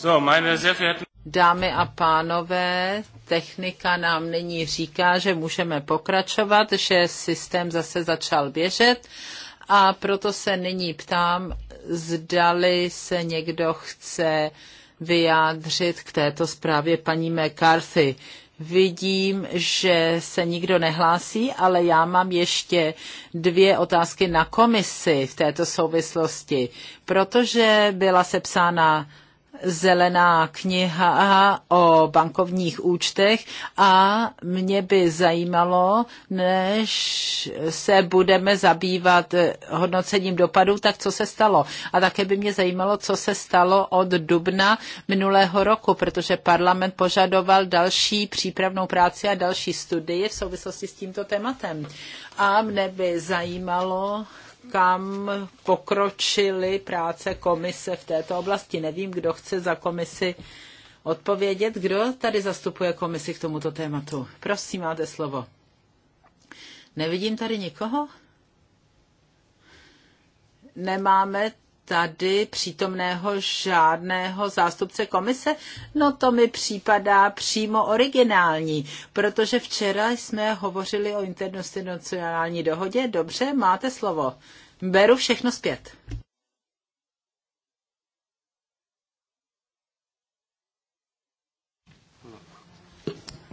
So, meine sehr verehrten... Dámy a pánové, technika nám nyní říká, že můžeme pokračovat, že systém zase začal běžet a proto se nyní ptám, zdali se někdo chce vyjádřit k této zprávě paní McCarthy. Vidím, že se nikdo nehlásí, ale já mám ještě dvě otázky na komisi v této souvislosti, protože byla sepsána zelená kniha o bankovních účtech a mě by zajímalo, než se budeme zabývat hodnocením dopadů, tak co se stalo. A také by mě zajímalo, co se stalo od dubna minulého roku, protože parlament požadoval další přípravnou práci a další studii v souvislosti s tímto tématem. A mne by zajímalo, kam pokročily práce komise v této oblasti. Nevím, kdo chce za komisi odpovědět. Kdo tady zastupuje komisi k tomuto tématu? Prosím, máte slovo. Nevidím tady nikoho? Nemáme tady přítomného žádného zástupce komise? No to mi případá přímo originální, protože včera jsme hovořili o internacionální dohodě. Dobře, máte slovo. Beru všechno zpět.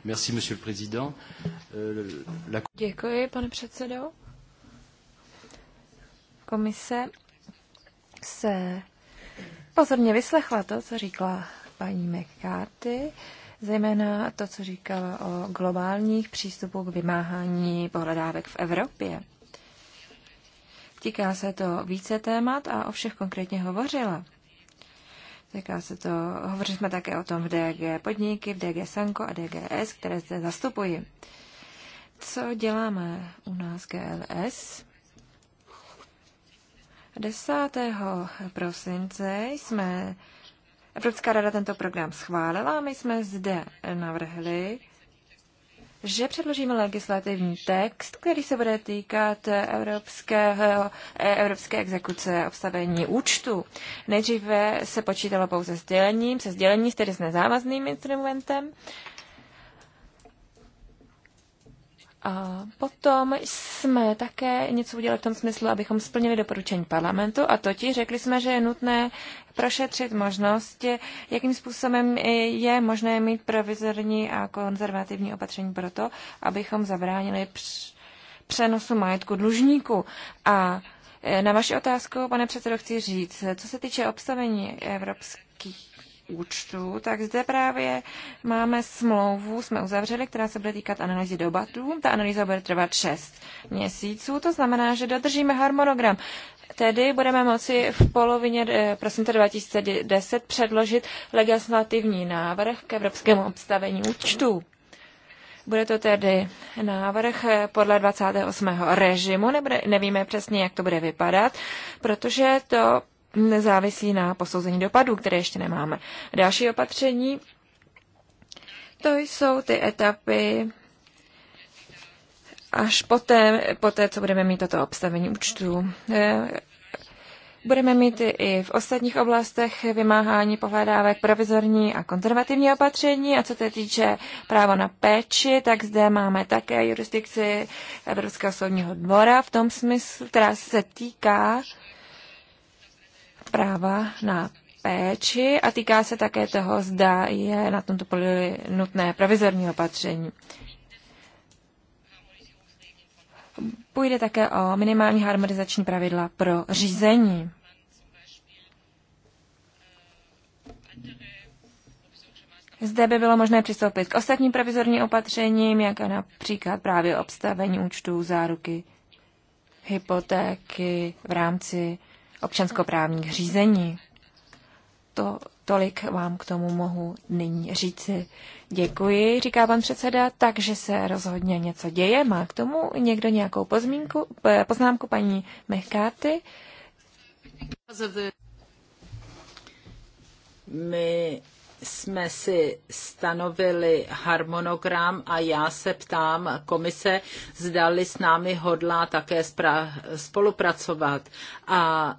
Merci, monsieur le président. Euh, Děkuji, pane předsedo. Komise se pozorně vyslechla to, co říkala paní McCarthy, zejména to, co říkala o globálních přístupu k vymáhání pohledávek v Evropě. Týká se to více témat a o všech konkrétně hovořila. Týká se to, hovořili jsme také o tom v DG Podniky, v DG Sanko a DGS, které zde zastupuji. Co děláme u nás GLS? 10. prosince jsme Evropská rada tento program schválila a my jsme zde navrhli, že předložíme legislativní text, který se bude týkat evropského, e, evropské exekuce obstavení účtu. Nejdříve se počítalo pouze sdělením, se sdělením, tedy s nezávazným instrumentem, a potom jsme také něco udělali v tom smyslu, abychom splnili doporučení parlamentu a totiž řekli jsme, že je nutné prošetřit možnost, jakým způsobem je možné mít provizorní a konzervativní opatření pro to, abychom zabránili přenosu majetku dlužníku. A e, na vaši otázku, pane předsedo, chci říct, co se týče obstavení evropských účtu. tak zde právě máme smlouvu, jsme uzavřeli, která se bude týkat analýzy dobatů. Ta analýza bude trvat 6 měsíců, to znamená, že dodržíme harmonogram. Tedy budeme moci v polovině eh, prosince 2010 předložit legislativní návrh k evropskému obstavení účtu. Bude to tedy návrh eh, podle 28. režimu, nebude, nevíme přesně, jak to bude vypadat, protože to nezávisí na posouzení dopadů, které ještě nemáme. Další opatření, to jsou ty etapy až poté, poté co budeme mít toto obstavení účtu. Eh, budeme mít i v ostatních oblastech vymáhání pohledávek provizorní a konzervativní opatření. A co se týče práva na péči, tak zde máme také jurisdikci Evropského soudního dvora v tom smyslu, která se týká práva na péči a týká se také toho, zda je na tomto poli nutné provizorní opatření. Půjde také o minimální harmonizační pravidla pro řízení. Zde by bylo možné přistoupit k ostatním provizorním opatřením, jako například právě obstavení účtů, záruky, hypotéky v rámci občanskoprávních řízení. To, tolik vám k tomu mohu nyní říci. Děkuji, říká pan předseda, takže se rozhodně něco děje. Má k tomu někdo nějakou pozmínku, eh, poznámku paní Mechkáty? My jsme si stanovili harmonogram a já se ptám komise, zdali s námi hodlá také spolupracovat. A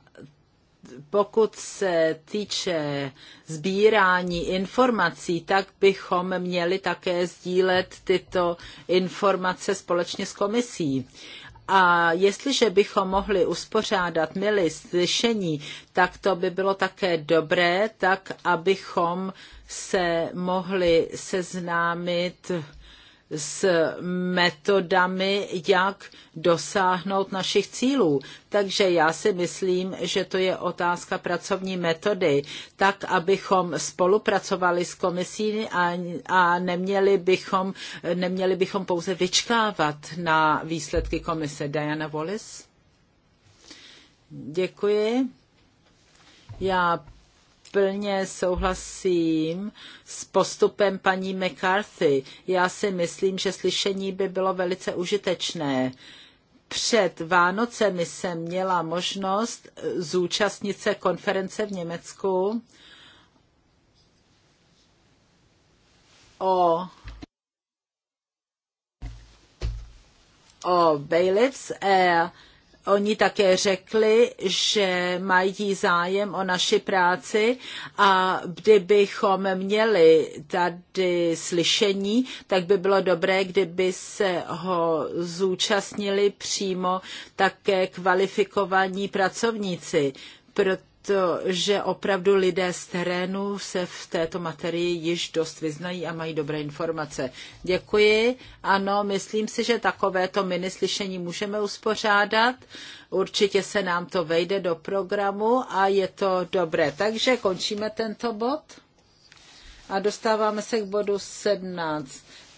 pokud se týče sbírání informací, tak bychom měli také sdílet tyto informace společně s komisí. A jestliže bychom mohli uspořádat mili slyšení, tak to by bylo také dobré, tak abychom se mohli seznámit s metodami, jak dosáhnout našich cílů. Takže já si myslím, že to je otázka pracovní metody, tak abychom spolupracovali s komisí a, a neměli, bychom, neměli bychom pouze vyčkávat na výsledky komise. Diana Wallace? Děkuji. Já plně souhlasím s postupem paní McCarthy. Já si myslím, že slyšení by bylo velice užitečné. Před Vánocemi jsem měla možnost zúčastnit se konference v Německu o o bailiffs eh. Oni také řekli, že mají zájem o naši práci a kdybychom měli tady slyšení, tak by bylo dobré, kdyby se ho zúčastnili přímo také kvalifikovaní pracovníci, protože to, že opravdu lidé z terénu se v této materii již dost vyznají a mají dobré informace. Děkuji. Ano, myslím si, že takovéto minislyšení můžeme uspořádat. Určitě se nám to vejde do programu a je to dobré. Takže končíme tento bod a dostáváme se k bodu 17.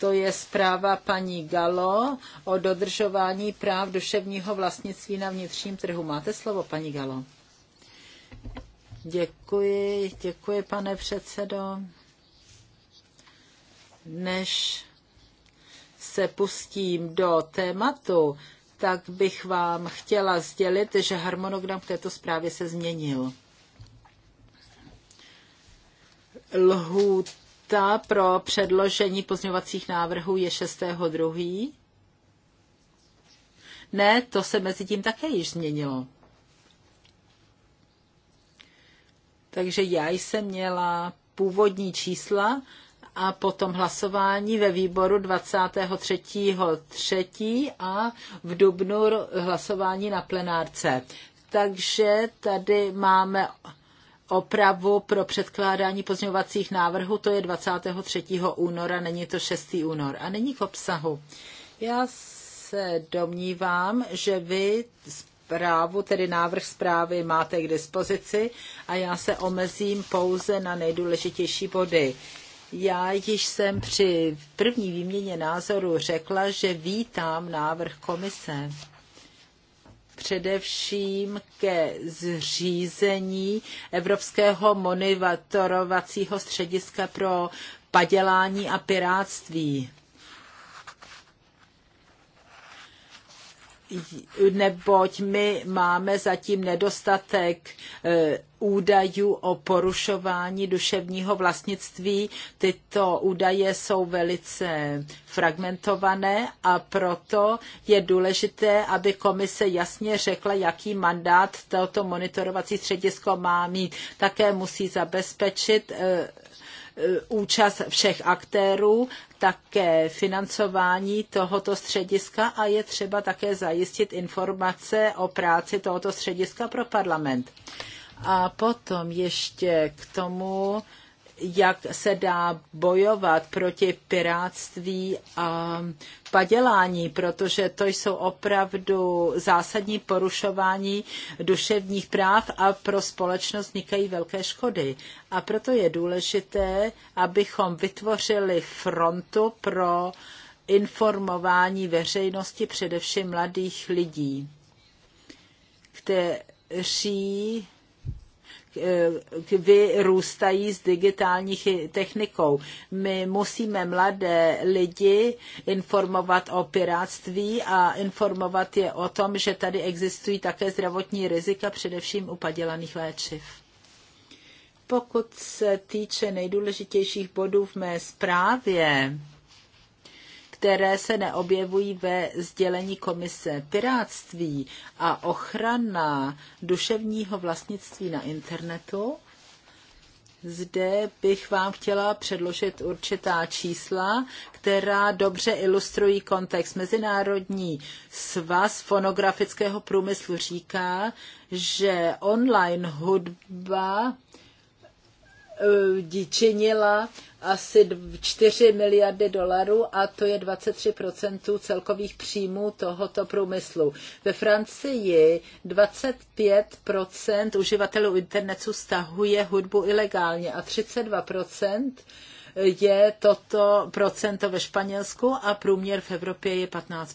To je zpráva paní Galo o dodržování práv duševního vlastnictví na vnitřním trhu. Máte slovo, paní Galo. Děkuji, děkuji, pane předsedo. Než se pustím do tématu, tak bych vám chtěla sdělit, že harmonogram k této zprávě se změnil. Lhůta pro předložení pozměňovacích návrhů je 6.2. Ne, to se mezi tím také již změnilo. Takže já jsem měla původní čísla a potom hlasování ve výboru 23.3. a v dubnu hlasování na plenárce. Takže tady máme opravu pro předkládání pozměňovacích návrhů, to je 23. února, není to 6. únor. A není k obsahu. Já se domnívám, že vy zprávu, tedy návrh zprávy máte k dispozici a já se omezím pouze na nejdůležitější body. Já již jsem při první výměně názoru řekla, že vítám návrh komise především ke zřízení Evropského monitorovacího střediska pro padělání a piráctví. neboť my máme zatím nedostatek e, údajů o porušování duševního vlastnictví. Tyto údaje jsou velice fragmentované a proto je důležité, aby komise jasně řekla, jaký mandát toto monitorovací středisko má mít. Také musí zabezpečit e, E, účast všech aktérů, také financování tohoto střediska a je třeba také zajistit informace o práci tohoto střediska pro parlament. A potom ještě k tomu, jak se dá bojovat proti piráctví a padělání, protože to jsou opravdu zásadní porušování duševních práv a pro společnost vznikají velké škody. A proto je důležité, abychom vytvořili frontu pro informování veřejnosti, především mladých lidí, kteří Eh, vyrůstají s digitální technikou. My musíme mladé lidi informovat o piráctví a informovat je o tom, že tady existují také zdravotní rizika, především u padělaných léčiv. Pokud se týče nejdůležitějších bodů v mé zprávě, které se neobjevují ve sdělení komise. Piráctví a ochrana duševního vlastnictví na internetu. Zde bych vám chtěla předložit určitá čísla, která dobře ilustrují kontext. Mezinárodní svaz fonografického průmyslu říká, že online hudba Eh, činila asi 4 miliardy dolarů a to je 23 celkových příjmů tohoto průmyslu. Ve Francii 25 uživatelů internetu stahuje hudbu ilegálně a 32 je toto procento ve Španělsku a průměr v Evropě je 15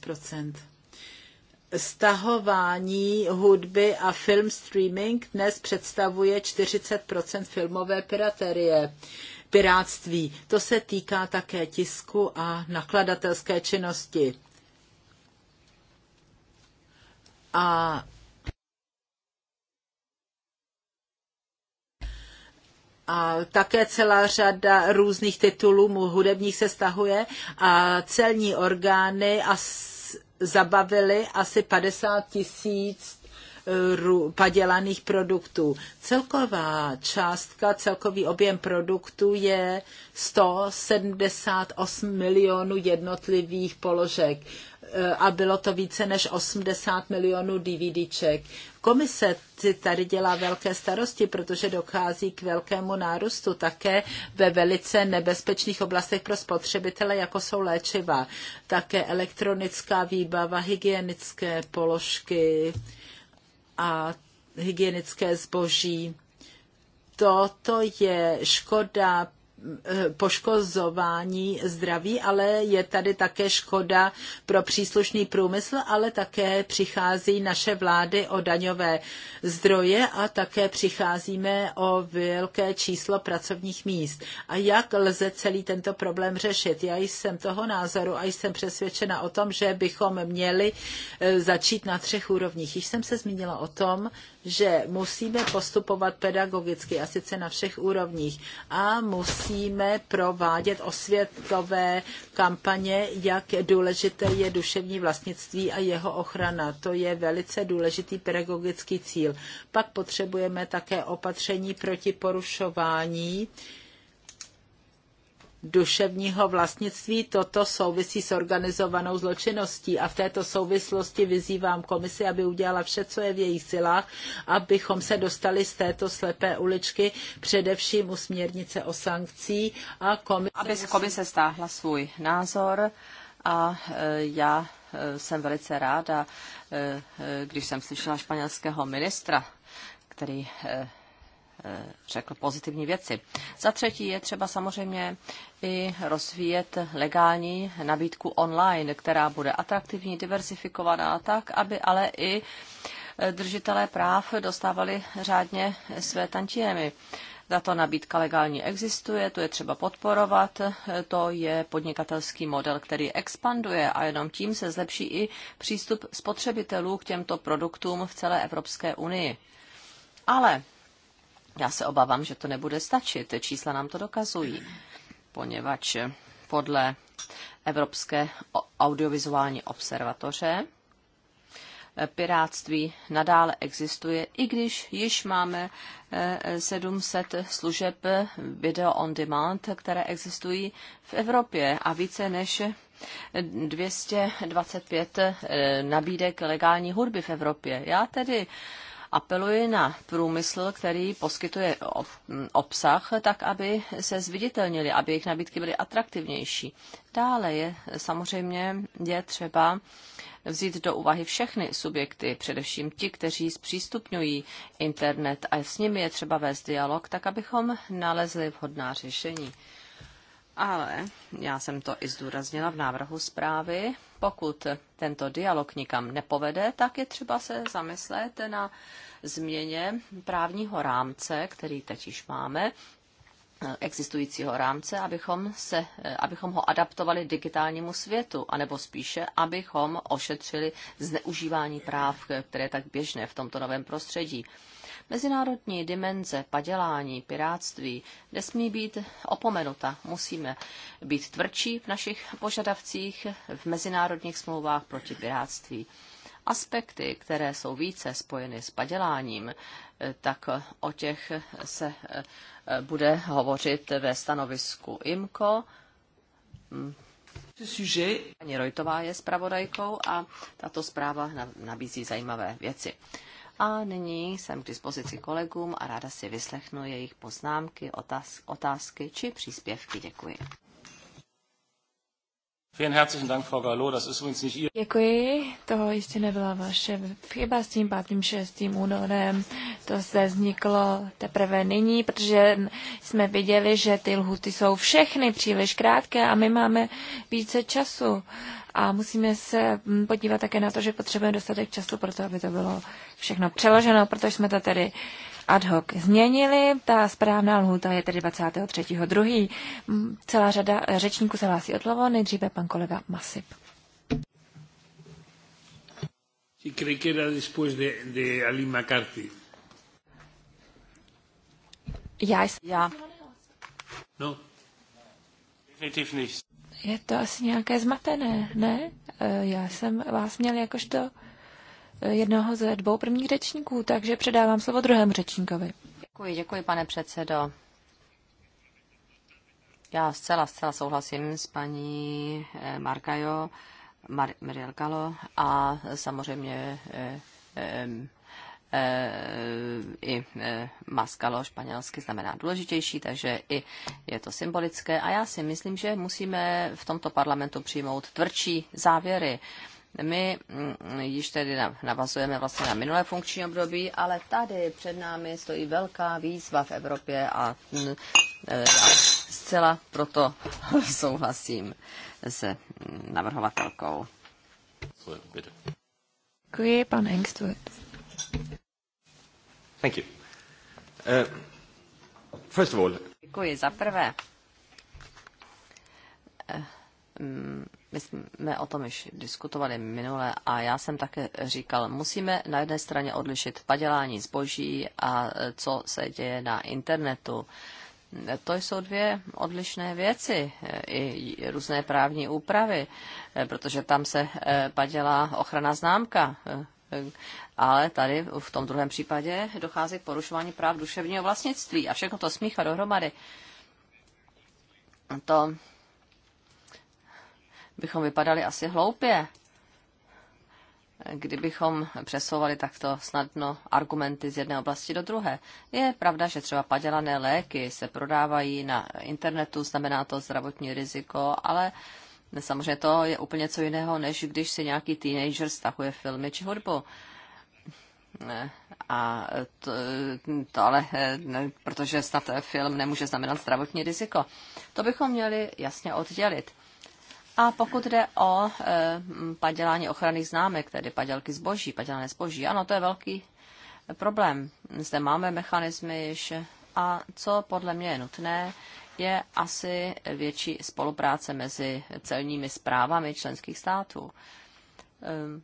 stahování hudby a film streaming dnes představuje 40 filmové piraterie. Piráctví. To se týká také tisku a nakladatelské činnosti. A a také celá řada různých titulů mu hudebních se stahuje a celní orgány a zabavili asi 50 tisíc eh, padělaných produktů. Celková částka, celkový objem produktů je 178 milionů jednotlivých položek eh, a bylo to více než 80 milionů DVDček. Komise si tady dělá velké starosti, protože dochází k velkému nárůstu také ve velice nebezpečných oblastech pro spotřebitele, jako jsou léčiva, také elektronická výbava, hygienické položky a hygienické zboží. Toto je škoda poškozování zdraví, ale je tady také škoda pro příslušný průmysl, ale také přichází naše vlády o daňové zdroje a také přicházíme o velké číslo pracovních míst. A jak lze celý tento problém řešit? Já jsem toho názoru a jsem přesvědčena o tom, že bychom měli eh, začít na třech úrovních. Již jsem se zmínila o tom, že musíme postupovat pedagogicky a sice na všech úrovních a musíme provádět osvětové kampaně, jak důležité je duševní vlastnictví a jeho ochrana. To je velice důležitý pedagogický cíl. Pak potřebujeme také opatření proti porušování duševního vlastnictví. Toto souvisí s organizovanou zločinností a v této souvislosti vyzývám komisi, aby udělala vše, co je v jejich silách, abychom se dostali z této slepé uličky, především u směrnice o sankcí a komise... Aby se komise stáhla svůj názor a e, já e, jsem velice ráda, e, když jsem slyšela španělského ministra, který Eh, řekl pozitivní věci. Za třetí je třeba samozřejmě i rozvíjet legální nabídku online, která bude atraktivní, diversifikovaná tak, aby ale i eh, držitelé práv dostávali řádně své tantiemy. Tato nabídka legální existuje, to je třeba podporovat, eh, to je podnikatelský model, který expanduje a jenom tím se zlepší i přístup spotřebitelů k těmto produktům v celé Evropské unii. Ale já se obávám, že to nebude stačit. Čísla nám to dokazují, poněvadž podle Evropské audiovizuální observatoře Pirátství nadále existuje, i když již máme 700 eh, služeb video on demand, které existují v Evropě a více než 225 eh, nabídek legální hudby v Evropě. Já tedy apeluji na průmysl, který poskytuje obsah, tak aby se zviditelnili, aby jejich nabídky byly atraktivnější. Dále je samozřejmě je třeba vzít do úvahy všechny subjekty, především ti, kteří zpřístupňují internet a s nimi je třeba vést dialog, tak abychom nalezli vhodná řešení. Ale já jsem to i zdůraznila v návrhu zprávy. Pokud tento dialog nikam nepovede, tak je třeba se zamyslet na změně právního rámce, který teď již máme, existujícího rámce, abychom, se, abychom ho adaptovali digitálnímu světu, anebo spíše, abychom ošetřili zneužívání práv, které je tak běžné v tomto novém prostředí. Mezinárodní dimenze padělání, piráctví nesmí být opomenuta. Musíme být tvrdší v našich požadavcích v mezinárodních smlouvách proti piráctví. Aspekty, které jsou více spojeny s paděláním, tak o těch se eh, bude hovořit ve stanovisku IMCO. Hmm. Pani Rojtová je zpravodajkou a tato zpráva nabízí zajímavé věci. A nyní jsem k dispozici kolegům a ráda si vyslechnu jejich poznámky, otázky či příspěvky. Děkuji. Děkuji, to jistě nebyla vaše chyba s tím 5. 6. únorem. To se vzniklo teprve nyní, protože jsme viděli, že ty lhuty jsou všechny příliš krátké a my máme více času. A musíme se mm, podívat také na to, že potřebujeme dostatek času pro to, aby to bylo všechno přeloženo, protože jsme to tedy ad hoc změnili. Ta správná lhůta je tedy 23.2. Celá řada řečníků se hlásí o slovo, nejdříve pan kolega Masip. Já jsem... Já. No. Definitivně. Je to asi nějaké zmatené, ne? Eh, já jsem vás měl jakožto jednoho ze dvou prvních řečníků, takže předávám slovo druhému řečníkovi. Děkuji, děkuji, pane předsedo. Já zcela, zcela souhlasím s paní eh, Markajo, Mar- Mariel Galo a samozřejmě e, e, i maskalo španělsky znamená důležitější, takže i je to symbolické. A já si myslím, že musíme v tomto parlamentu přijmout tvrdší závěry. E, my mm, již tedy navazujeme vlastně na minulé funkční období, ale tady před námi stojí velká výzva v Evropě a mm, e, já zcela proto souhlasím se mm, navrhovatelkou. Děkuji, pan Engstwood. Thank you. Uh, first of all... Děkuji. Za prvé, uh, my jsme o tom již diskutovali minule a já jsem také říkal, musíme na jedné straně odlišit padělání zboží a co se děje na internetu. To jsou dvě odlišné věci, i různé právní úpravy, protože tam se eh, padělá ochrana známka, eh, ale tady v tom druhém případě dochází k porušování práv duševního vlastnictví a všechno to smíchá dohromady. To bychom vypadali asi hloupě, kdybychom přesouvali takto snadno argumenty z jedné oblasti do druhé. Je pravda, že třeba padělané léky se prodávají na internetu, znamená to zdravotní riziko, ale samozřejmě to je úplně co jiného, než když si nějaký teenager stahuje filmy či hudbu. A to, to ale, ne, protože snad film nemůže znamenat zdravotní riziko. To bychom měli jasně oddělit. A pokud jde o eh, padělání ochranných známek, tedy padělky zboží, padělané zboží, ano, to je velký eh, problém. Zde máme mechanismy již a co podle mě je nutné, je asi větší spolupráce mezi celními zprávami členských států. Ehm,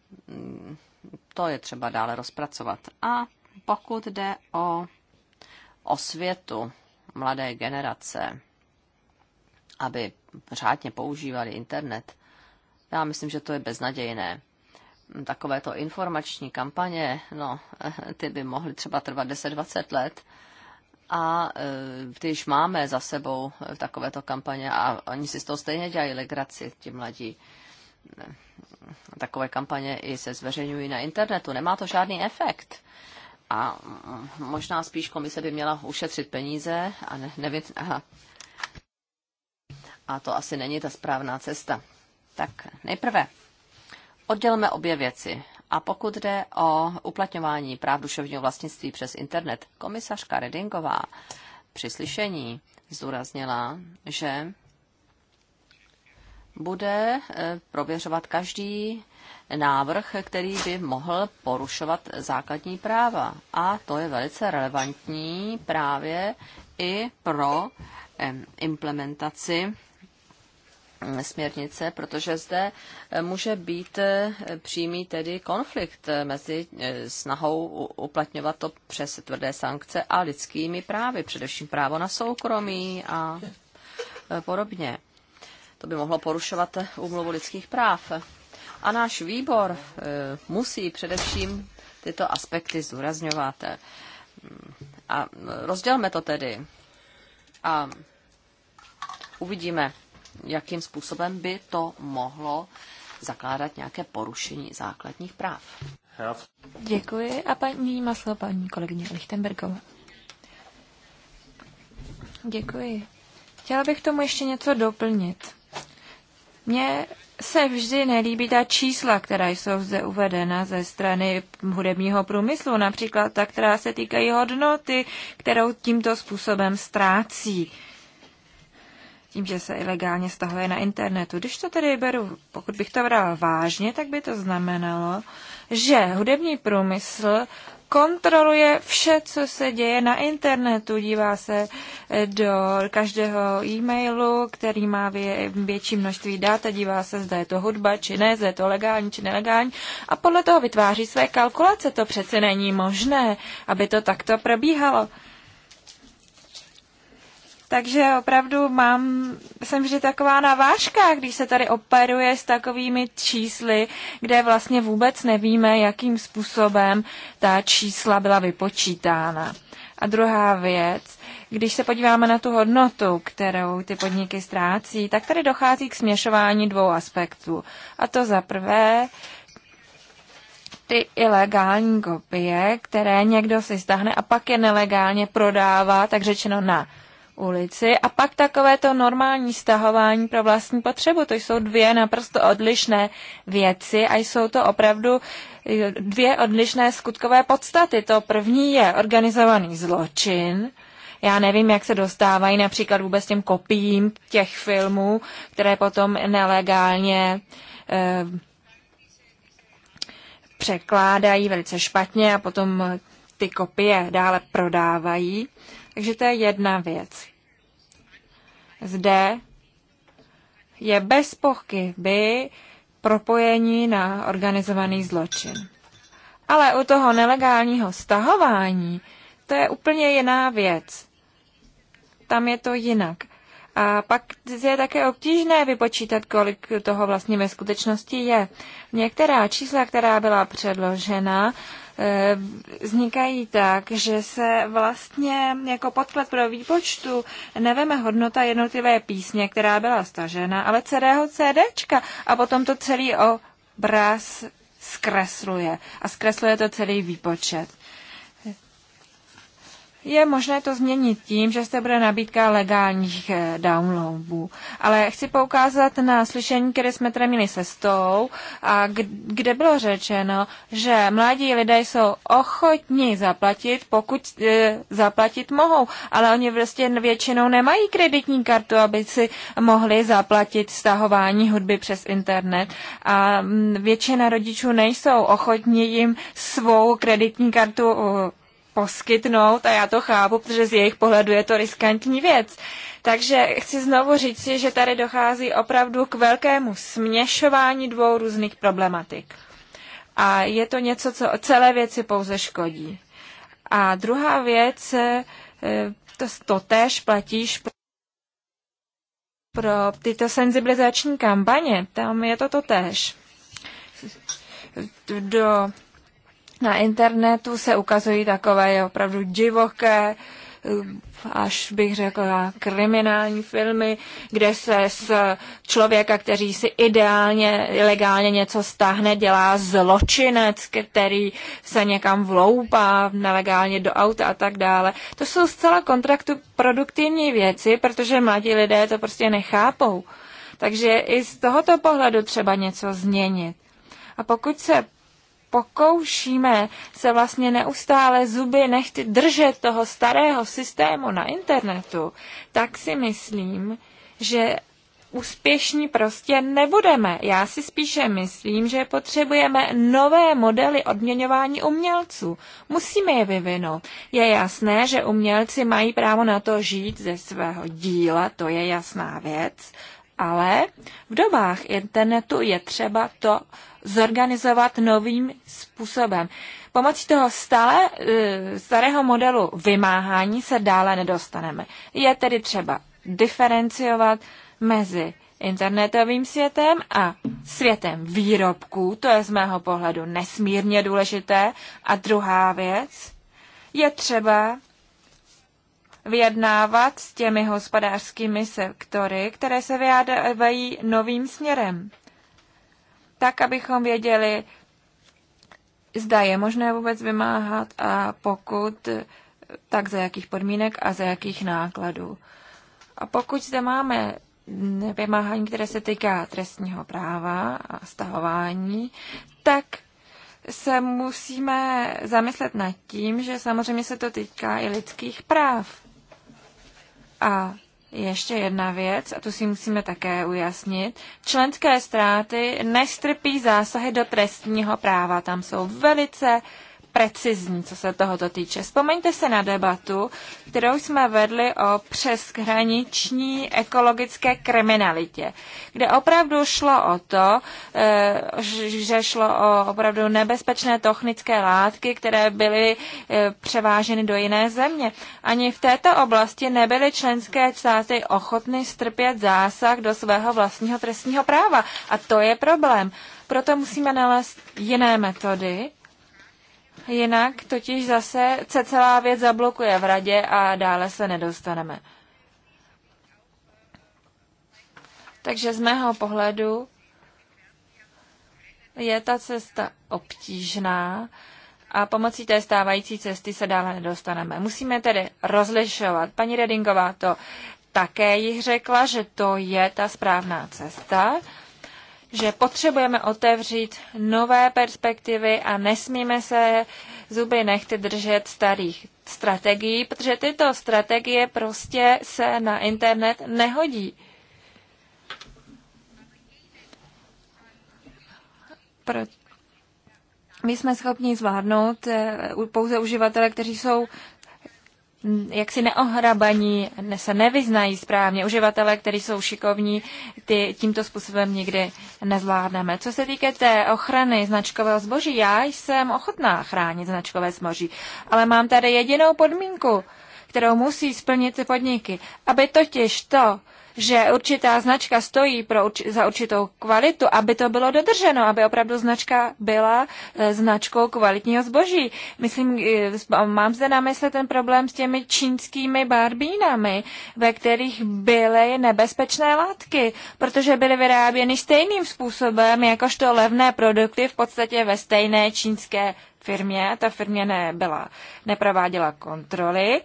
to je třeba dále rozpracovat. A pokud jde o osvětu mladé generace, aby řádně používali internet. Já myslím, že to je beznadějné. Takovéto informační kampaně, no, ty by mohly třeba trvat 10-20 let, a když e, máme za sebou takovéto kampaně a oni si z toho stejně dělají legraci, ti mladí. Takové kampaně i se zveřejňují na internetu. Nemá to žádný efekt. A možná spíš komise by měla ušetřit peníze a, ne, nevy, a a to asi není ta správná cesta. Tak nejprve oddělme obě věci. A pokud jde o uplatňování práv duševního vlastnictví přes internet, komisařka Redingová při slyšení zdůraznila, že bude eh, prověřovat každý návrh, který by mohl porušovat základní práva. A to je velice relevantní právě i pro implementaci směrnice, protože zde eh, může být eh, přímý tedy konflikt eh, mezi snahou uplatňovat to přes tvrdé sankce a lidskými právy, především právo na soukromí a podobně. To by mohlo porušovat úmluvu lidských práv. A náš výbor musí především tyto aspekty zdůrazňovat. Mm, a rozdělme to tedy. A uvidíme, jakým způsobem by to mohlo zakládat nějaké porušení základních práv. Děkuji a paní Maslo, paní kolegyně Lichtenbergová. Děkuji. Chtěla bych tomu ještě něco doplnit. Mně se vždy nelíbí ta čísla, která jsou zde uvedena ze strany hudebního průmyslu, například ta, která se týkají hodnoty, kterou tímto způsobem ztrácí tím, že se ilegálně stahuje na internetu. Když to tedy beru, pokud bych to brala vážně, tak by to znamenalo, že hudební průmysl kontroluje vše, co se děje na internetu. Dívá se eh, do každého e-mailu, který má vě, větší množství dat a dívá se, zda je to hudba či ne, zda je to legální či nelegální. A podle toho vytváří své kalkulace. To přece není možné, aby to takto probíhalo. Takže opravdu mám, jsem vždy taková navážka, když se tady operuje s takovými čísly, kde vlastně vůbec nevíme, jakým způsobem ta čísla byla vypočítána. A druhá věc, když se podíváme na tu hodnotu, kterou ty podniky ztrácí, tak tady dochází k směšování dvou aspektů. A to za prvé, ty ilegální kopie, které někdo si stáhne a pak je nelegálně prodává, tak řečeno na ulici a pak takové to normální stahování pro vlastní potřebu. To jsou dvě naprosto odlišné věci a jsou to opravdu eh, dvě odlišné skutkové podstaty. To první je organizovaný zločin, já nevím, jak se dostávají například vůbec těm kopiím těch filmů, které potom nelegálně eh, překládají velice špatně a potom ty kopie dále prodávají. Takže to je jedna věc zde je bez pochyby propojení na organizovaný zločin. Ale u toho nelegálního stahování to je úplně jiná věc. Tam je to jinak. A pak je také obtížné vypočítat, kolik toho vlastně ve skutečnosti je. Některá čísla, která byla předložena, Eh, vznikají tak, že se vlastně jako podklad pro výpočtu neveme hodnota jednotlivé písně, která byla stažena, ale celého CDčka a potom to celý obraz zkresluje a zkresluje to celý výpočet je možné to změnit tím, že se bude nabídka legálních eh, downloadů. Ale chci poukázat na slyšení, které jsme tady měli se Stou, a kde bylo řečeno, že mladí lidé jsou ochotní zaplatit, pokud e, zaplatit mohou, ale oni vlastně většinou nemají kreditní kartu, aby si mohli zaplatit stahování hudby přes internet. A mm, většina rodičů nejsou ochotní jim svou kreditní kartu eh, poskytnout a já to chápu, protože z jejich pohledu je to riskantní věc. Takže chci znovu říct si, že tady dochází opravdu k velkému směšování dvou různých problematik. A je to něco, co celé věci pouze škodí. A druhá věc, eh, to, to též platíš pro tyto senzibilizační kampaně. Tam je to to též. Do na internetu se ukazují takové opravdu divoké, až bych řekla, kriminální filmy, kde se z člověka, který si ideálně, ilegálně něco stáhne, dělá zločinec, který se někam vloupá nelegálně do auta a tak dále. To jsou zcela kontraktu-produktivní věci, protože mladí lidé to prostě nechápou. Takže i z tohoto pohledu třeba něco změnit. A pokud se pokoušíme se vlastně neustále zuby nechty držet toho starého systému na internetu, tak si myslím, že úspěšní prostě nebudeme. Já si spíše myslím, že potřebujeme nové modely odměňování umělců. Musíme je vyvinout. Je jasné, že umělci mají právo na to žít ze svého díla, to je jasná věc, ale v dobách internetu je třeba to zorganizovat novým způsobem. Pomocí toho stále, e, starého modelu vymáhání se dále nedostaneme. Je tedy třeba diferenciovat mezi internetovým světem a světem výrobků, to je z mého pohledu nesmírně důležité. A druhá věc, je třeba vyjednávat s těmi hospodářskými sektory, které se vyjádají novým směrem tak abychom věděli, zda je možné vůbec vymáhat a pokud, tak za jakých podmínek a za jakých nákladů. A pokud zde máme vymáhání, které se týká trestního práva a stahování, tak se musíme zamyslet nad tím, že samozřejmě se to týká i lidských práv. A ještě jedna věc, a tu si musíme také ujasnit. Členské ztráty nestrpí zásahy do trestního práva. Tam jsou velice precizní, co se tohoto týče. Vzpomeňte se na debatu, kterou jsme vedli o přeshraniční ekologické kriminalitě, kde opravdu šlo o to, eh, že šlo o opravdu nebezpečné technické látky, které byly eh, převáženy do jiné země. Ani v této oblasti nebyly členské státy ochotny strpět zásah do svého vlastního trestního práva. A to je problém. Proto musíme nalézt jiné metody, Jinak totiž zase se celá věc zablokuje v radě a dále se nedostaneme. Takže z mého pohledu je ta cesta obtížná a pomocí té stávající cesty se dále nedostaneme. Musíme tedy rozlišovat. Paní Redingová to také jich řekla, že to je ta správná cesta že potřebujeme otevřít nové perspektivy a nesmíme se zuby nechty držet starých strategií, protože tyto strategie prostě se na internet nehodí. Pro... My jsme schopni zvládnout eh, pouze uživatele, kteří jsou jaksi neohrabaní, se nevyznají správně. Uživatelé, kteří jsou šikovní, ty tímto způsobem nikdy nezvládneme. Co se týká té ochrany značkového zboží, já jsem ochotná chránit značkové zboží, ale mám tady jedinou podmínku, kterou musí splnit ty podniky, aby totiž to, že určitá značka stojí pro za určitou kvalitu, aby to bylo dodrženo, aby opravdu značka byla eh, značkou kvalitního zboží. Myslím, eh, mám zde na mysli ten problém s těmi čínskými barbínami, ve kterých byly nebezpečné látky, protože byly vyráběny stejným způsobem, jakožto levné produkty v podstatě ve stejné čínské firmě, ta firmě nebyla, neprováděla kontroly,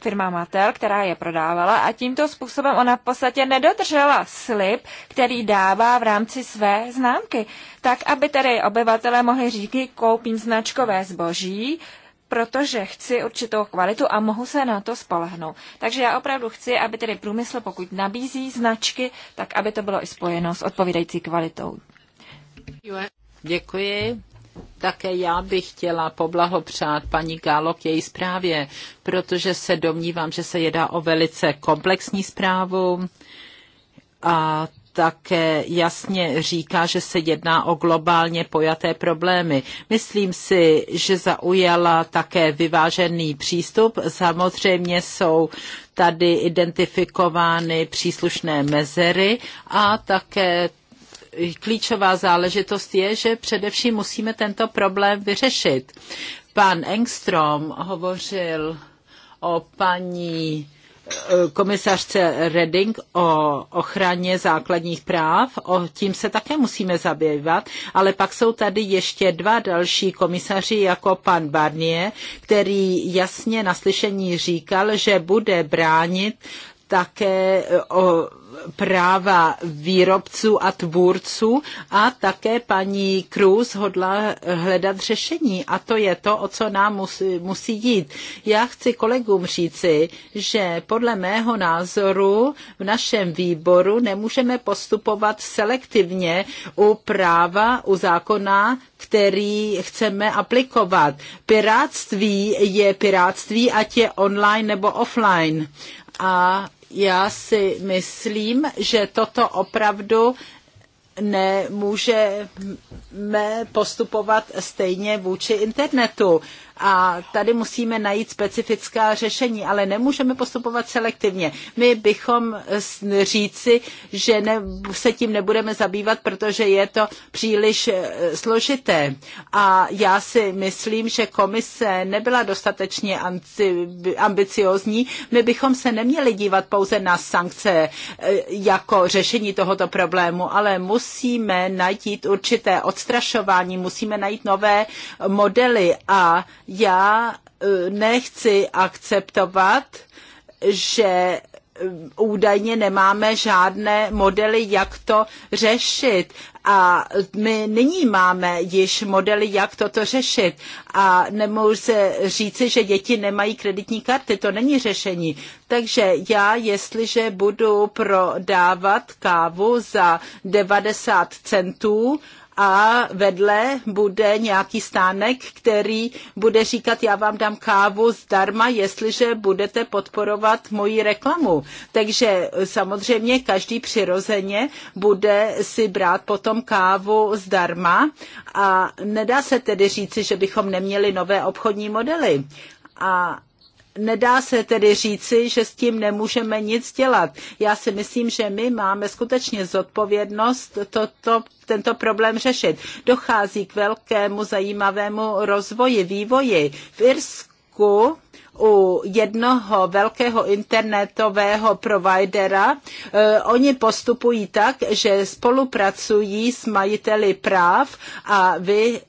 firma Matel, která je prodávala a tímto způsobem ona v podstatě nedodržela slib, který dává v rámci své známky. Tak, aby tedy obyvatelé mohli říct, koupím značkové zboží, protože chci určitou kvalitu a mohu se na to spolehnout. Takže já opravdu chci, aby tedy průmysl, pokud nabízí značky, tak aby to bylo i spojeno s odpovídající kvalitou. Děkuji. Také já bych chtěla poblahopřát paní Gálo k její zprávě, protože se domnívám, že se jedná o velice komplexní zprávu a také jasně říká, že se jedná o globálně pojaté problémy. Myslím si, že zaujala také vyvážený přístup. Samozřejmě jsou tady identifikovány příslušné mezery a také klíčová záležitost je, že především musíme tento problém vyřešit. Pan Engstrom hovořil o paní eh, komisařce Reding o ochraně základních práv, o tím se také musíme zabývat, ale pak jsou tady ještě dva další komisaři, jako pan Barnier, který jasně na slyšení říkal, že bude bránit také e, o práva výrobců a tvůrců a také paní Cruz hodla hledat řešení a to je to, o co nám musí, musí jít. Já chci kolegům říci, že podle mého názoru v našem výboru nemůžeme postupovat selektivně u práva, u zákona, který chceme aplikovat. Piráctví je piráctví, ať je online nebo offline. A já si myslím, že toto opravdu nemůžeme postupovat stejně vůči internetu a tady musíme najít specifická řešení, ale nemůžeme postupovat selektivně. My bychom říci, že ne, se tím nebudeme zabývat, protože je to příliš e, složité. A já si myslím, že komise nebyla dostatečně ambiciozní. My bychom se neměli dívat pouze na sankce e, jako řešení tohoto problému, ale musíme najít určité odstrašování, musíme najít nové modely a já e, nechci akceptovat, že e, údajně nemáme žádné modely, jak to řešit. A my nyní máme již modely, jak toto řešit. A nemůžu se říci, že děti nemají kreditní karty, to není řešení. Takže já, jestliže budu prodávat kávu za 90 centů, a vedle bude nějaký stánek, který bude říkat, já vám dám kávu zdarma, jestliže budete podporovat moji reklamu. Takže samozřejmě každý přirozeně bude si brát potom kávu zdarma a nedá se tedy říci, že bychom neměli nové obchodní modely. A Nedá se tedy říci, že s tím nemůžeme nic dělat. Já si myslím, že my máme skutečně zodpovědnost toto, tento problém řešit. Dochází k velkému zajímavému rozvoji, vývoji. V Irsku u jednoho velkého internetového providera. Eh, oni postupují tak, že spolupracují s majiteli práv a vy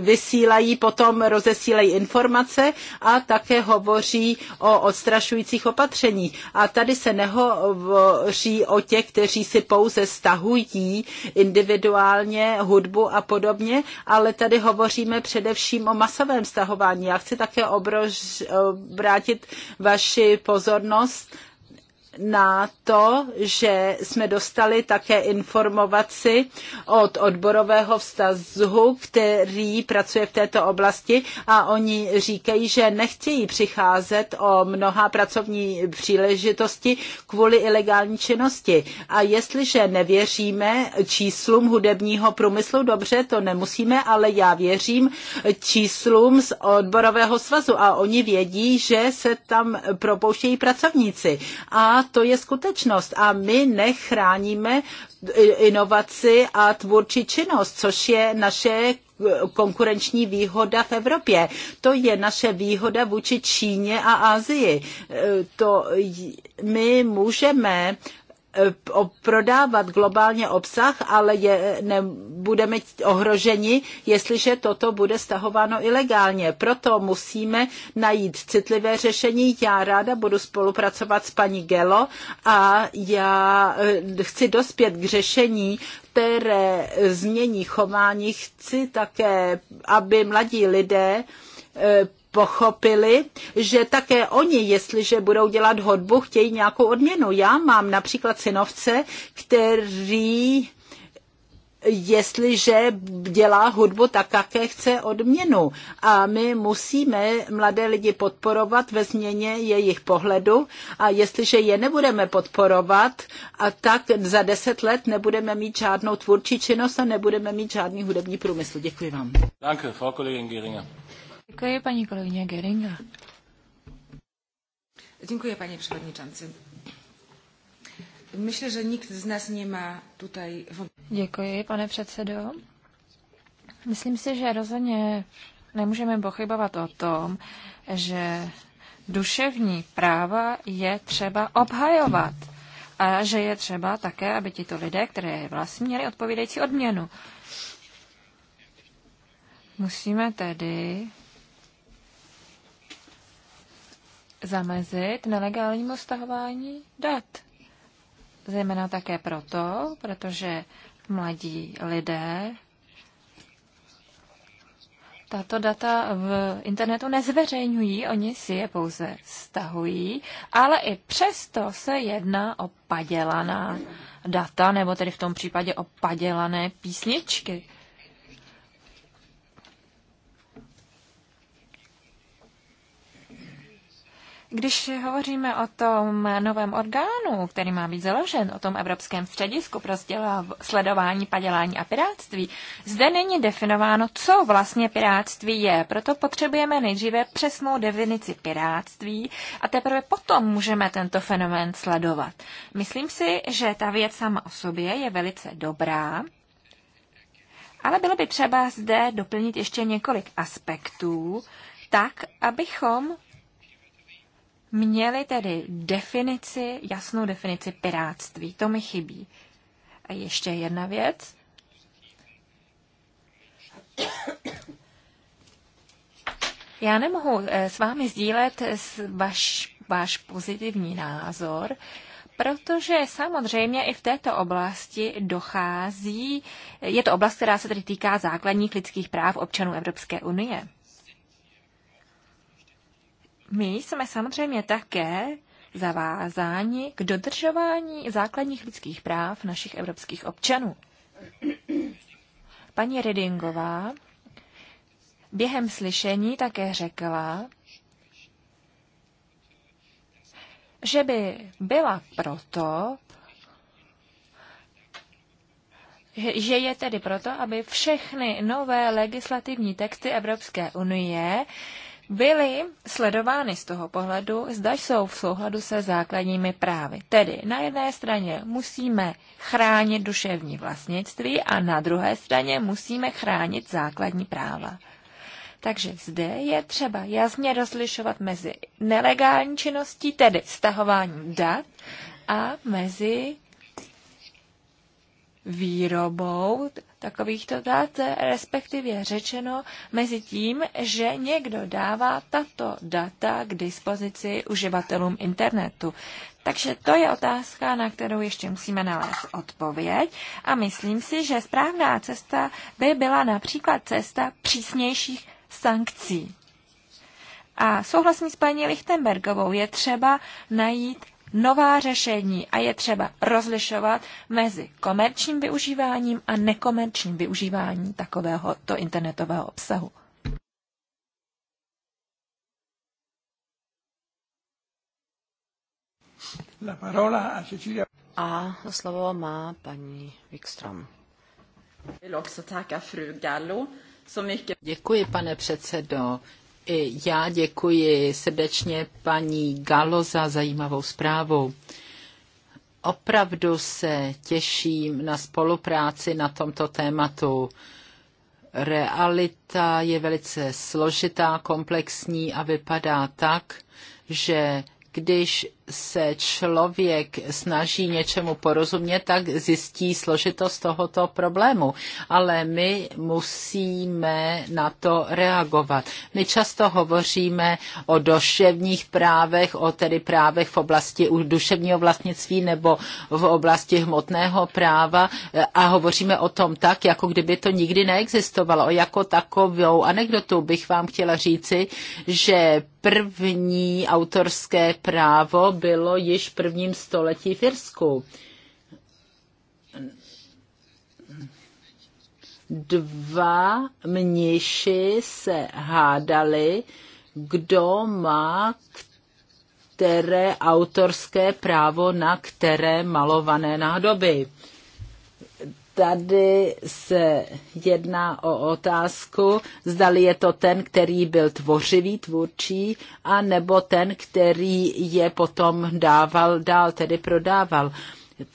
vysílají, potom rozesílají informace a také hovoří o odstrašujících opatřeních. A tady se nehovoří o těch, kteří si pouze stahují individuálně hudbu a podobně, ale tady hovoříme především o masovém stahování. Já chci také obrož, obrátit vaši pozornost na to, že jsme dostali také informaci od odborového vztazu, který pracuje v této oblasti a oni říkají, že nechtějí přicházet o mnoha pracovní příležitosti kvůli ilegální činnosti. A jestliže nevěříme číslům hudebního průmyslu, dobře, to nemusíme, ale já věřím číslům z odborového svazu a oni vědí, že se tam propouštějí pracovníci. A to je skutečnost. A my nechráníme inovaci a tvůrčí činnost, což je naše konkurenční výhoda v Evropě. To je naše výhoda vůči Číně a Asii. E, to my můžeme Eh, prodávat globálně obsah, ale je, ne, budeme ohroženi, jestliže toto bude stahováno ilegálně. Proto musíme najít citlivé řešení. Já ráda budu spolupracovat s paní Gelo a já eh, chci dospět k řešení, které změní chování. Chci také, aby mladí lidé eh, pochopili, že také oni, jestliže budou dělat hodbu, chtějí nějakou odměnu. Já mám například synovce, který jestliže dělá hudbu, tak také chce odměnu. A my musíme mladé lidi podporovat ve změně jejich pohledu a jestliže je nebudeme podporovat, a tak za deset let nebudeme mít žádnou tvůrčí činnost a nebudeme mít žádný hudební průmysl. Děkuji vám. Danke, Frau Kollegin Geringer. Děkuji, pani kolegyně Geringa. Děkuji, paní předsedající. Myslím, že nikt z nás nemá tutaj... Děkuji, pane předsedo. Myslím si, že rozhodně nemůžeme pochybovat o tom, že duševní práva je třeba obhajovat a že je třeba také, aby tito lidé, které vlastně měli odpovídající odměnu. Musíme tedy zamezit nelegálnímu stahování dat. Zejména také proto, protože mladí lidé tato data v internetu nezveřejňují, oni si je pouze stahují, ale i přesto se jedná o padělaná data, nebo tedy v tom případě o padělané písničky. Když hovoříme o tom novém orgánu, který má být založen, o tom Evropském středisku pro sledování, padělání a piráctví, zde není definováno, co vlastně piráctví je. Proto potřebujeme nejdříve přesnou definici piráctví a teprve potom můžeme tento fenomén sledovat. Myslím si, že ta věc sama o sobě je velice dobrá, ale bylo by třeba zde doplnit ještě několik aspektů, tak, abychom měli tedy definici, jasnou definici piráctví. To mi chybí. A ještě jedna věc. Já nemohu eh, s vámi sdílet váš, váš pozitivní názor, protože samozřejmě i v této oblasti dochází, je to oblast, která se tedy týká základních lidských práv občanů Evropské unie my jsme samozřejmě také zavázáni k dodržování základních lidských práv našich evropských občanů. Paní Redingová během slyšení také řekla, že by byla proto, že je tedy proto, aby všechny nové legislativní texty Evropské unie byly sledovány z toho pohledu, zda jsou v souhladu se základními právy. Tedy na jedné straně musíme chránit duševní vlastnictví a na druhé straně musíme chránit základní práva. Takže zde je třeba jasně rozlišovat mezi nelegální činností, tedy stahováním dat, a mezi výrobou takovýchto dat, respektive řečeno mezi tím, že někdo dává tato data k dispozici uživatelům internetu. Takže to je otázka, na kterou ještě musíme nalézt odpověď a myslím si, že správná cesta by byla například cesta přísnějších sankcí. A souhlasím s paní Lichtenbergovou, je třeba najít nová řešení a je třeba rozlišovat mezi komerčním využíváním a nekomerčním využíváním takového to internetového obsahu. A slovo má paní Wikström. Děkuji, pane předsedo já děkuji srdečně paní Galo za zajímavou zprávu. Opravdu se těším na spolupráci na tomto tématu. Realita je velice složitá, komplexní a vypadá tak, že když se člověk snaží něčemu porozumět, tak zjistí složitost tohoto problému. Ale my musíme na to reagovat. My často hovoříme o duševních právech, o tedy právech v oblasti duševního vlastnictví nebo v oblasti hmotného práva eh, a hovoříme o tom tak, jako kdyby to nikdy neexistovalo. Jako takovou anekdotu bych vám chtěla říci, že první autorské právo bylo již v prvním století v Irsku. Dva mniši se hádali, kdo má které autorské právo na které malované nádoby tady se jedná o otázku, zdali je to ten, který byl tvořivý, tvůrčí, a nebo ten, který je potom dával dál, tedy prodával.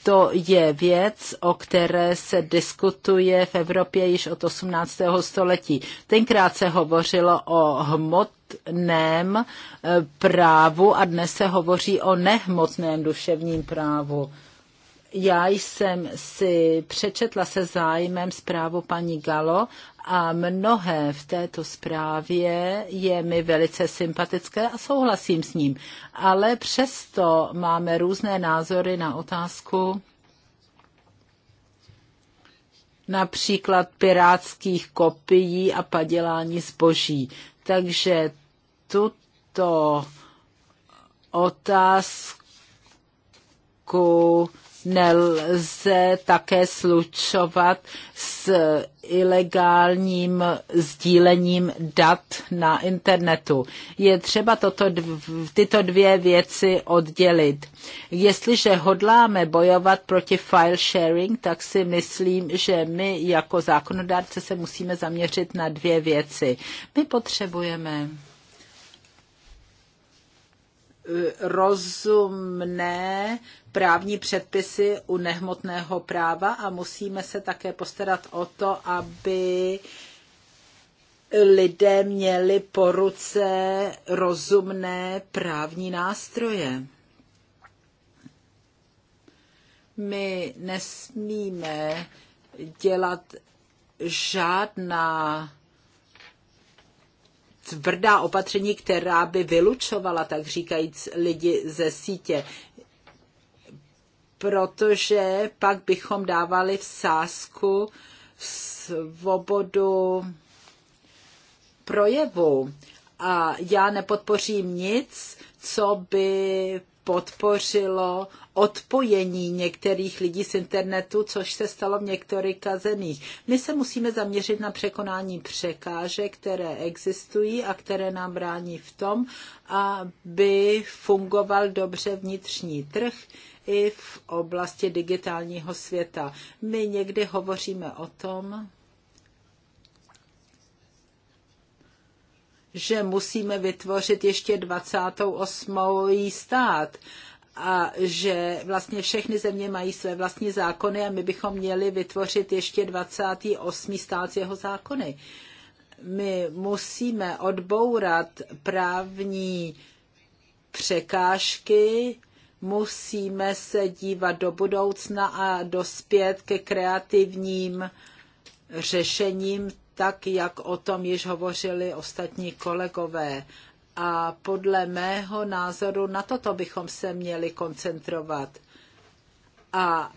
To je věc, o které se diskutuje v Evropě již od 18. století. Tenkrát se hovořilo o hmotném eh, právu a dnes se hovoří o nehmotném duševním právu já jsem si přečetla se zájmem zprávu paní Galo a mnohé v této zprávě je mi velice sympatické a souhlasím s ním. Ale přesto máme různé názory na otázku například pirátských kopií a padělání zboží. Takže tuto otázku nelze také slučovat s ilegálním sdílením dat na internetu. Je třeba toto, dv, tyto dvě věci oddělit. Jestliže hodláme bojovat proti file sharing, tak si myslím, že my jako zákonodárce se musíme zaměřit na dvě věci. My potřebujeme rozumné právní předpisy u nehmotného práva a musíme se také postarat o to, aby lidé měli po ruce rozumné právní nástroje. My nesmíme dělat žádná tvrdá opatření, která by vylučovala, tak říkajíc, lidi ze sítě protože pak bychom dávali v sázku svobodu projevu. A já nepodpořím nic, co by podpořilo odpojení některých lidí z internetu, což se stalo v některých kazených. My se musíme zaměřit na překonání překážek, které existují a které nám brání v tom, aby fungoval dobře vnitřní trh i v oblasti digitálního světa. My někdy hovoříme o tom, že musíme vytvořit ještě 28. stát a že vlastně všechny země mají své vlastní zákony a my bychom měli vytvořit ještě 28. stát s jeho zákony. My musíme odbourat právní překážky, musíme se dívat do budoucna a dospět ke kreativním řešením tak jak o tom již hovořili ostatní kolegové. A podle mého názoru na toto bychom se měli koncentrovat. A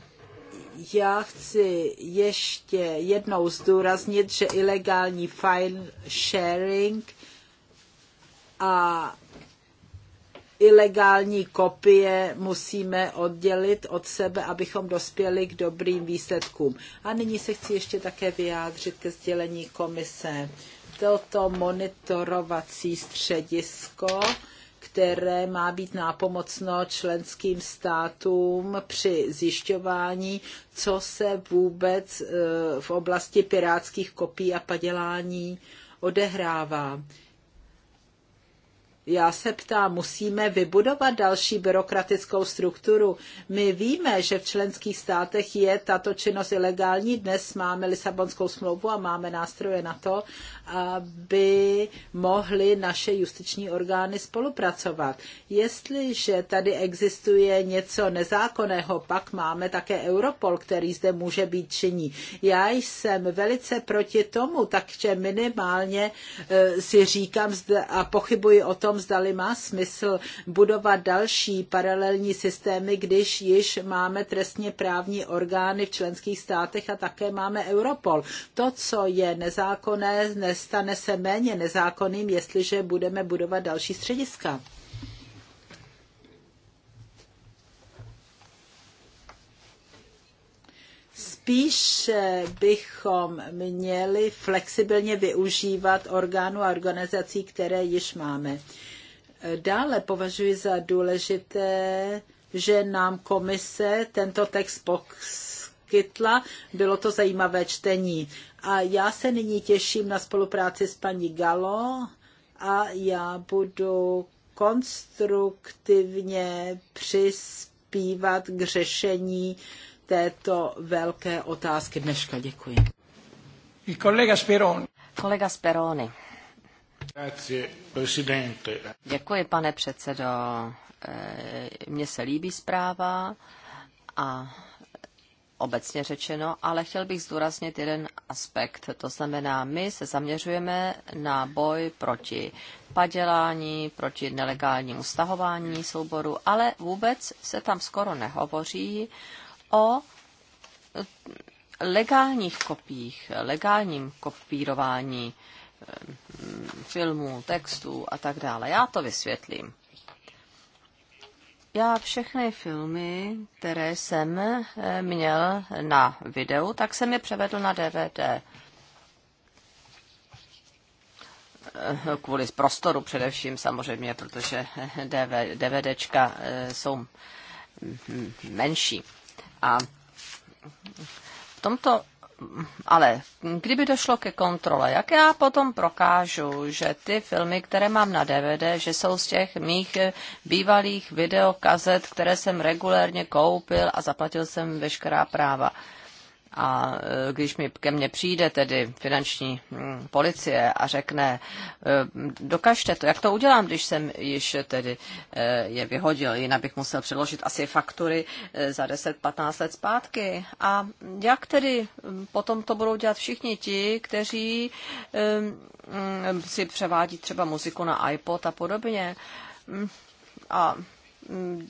já chci ještě jednou zdůraznit, že ilegální file sharing a ilegální kopie musíme oddělit od sebe, abychom dospěli k dobrým výsledkům. A nyní se chci ještě také vyjádřit ke sdělení komise. Toto monitorovací středisko které má být nápomocno členským státům při zjišťování, co se vůbec eh, v oblasti pirátských kopií a padělání odehrává. Já se ptám, musíme vybudovat další byrokratickou strukturu. My víme, že v členských státech je tato činnost ilegální. Dnes máme Lisabonskou smlouvu a máme nástroje na to, aby mohly naše justiční orgány spolupracovat. Jestliže tady existuje něco nezákonného, pak máme také Europol, který zde může být činí. Já jsem velice proti tomu, takže minimálně eh, si říkám a pochybuji o tom, zdali má smysl budovat další paralelní systémy, když již máme trestně právní orgány v členských státech a také máme Europol. To, co je nezákonné, nestane se méně nezákonným, jestliže budeme budovat další střediska. spíše bychom měli flexibilně využívat orgány a organizací, které již máme. Dále považuji za důležité, že nám komise tento text poskytla. Bylo to zajímavé čtení. A já se nyní těším na spolupráci s paní Galo a já budu konstruktivně přispívat k řešení této velké otázky dneška. Děkuji. Kolega Speroni. Kolega Speroni. Děkuji, pane předsedo. Eh, mně se líbí zpráva a obecně řečeno, ale chtěl bych zdůraznit jeden aspekt. To znamená, my se zaměřujeme na boj proti padělání, proti nelegálnímu stahování souboru, ale vůbec se tam skoro nehovoří o legálních kopiích, legálním kopírování. Eh, filmů, textů a tak dále. Já to vysvětlím. Já všechny filmy, které jsem eh, měl na videu, tak jsem je převedl na DVD. Eh, kvůli prostoru především samozřejmě, protože DVDčka jsou menší. A v tomto ale kdyby došlo ke kontrole, jak já potom prokážu, že ty filmy, které mám na DVD, že jsou z těch mých bývalých videokazet, které jsem regulérně koupil a zaplatil jsem veškerá práva. A e, když mi ke mně přijde tedy finanční hm, policie a řekne, e, dokažte to, jak to udělám, když jsem již tedy e, je vyhodil, jinak bych musel předložit asi faktury za 10-15 let zpátky. A jak tedy hm, potom to budou dělat všichni ti, kteří hm, si převádí třeba muziku na iPod a podobně. A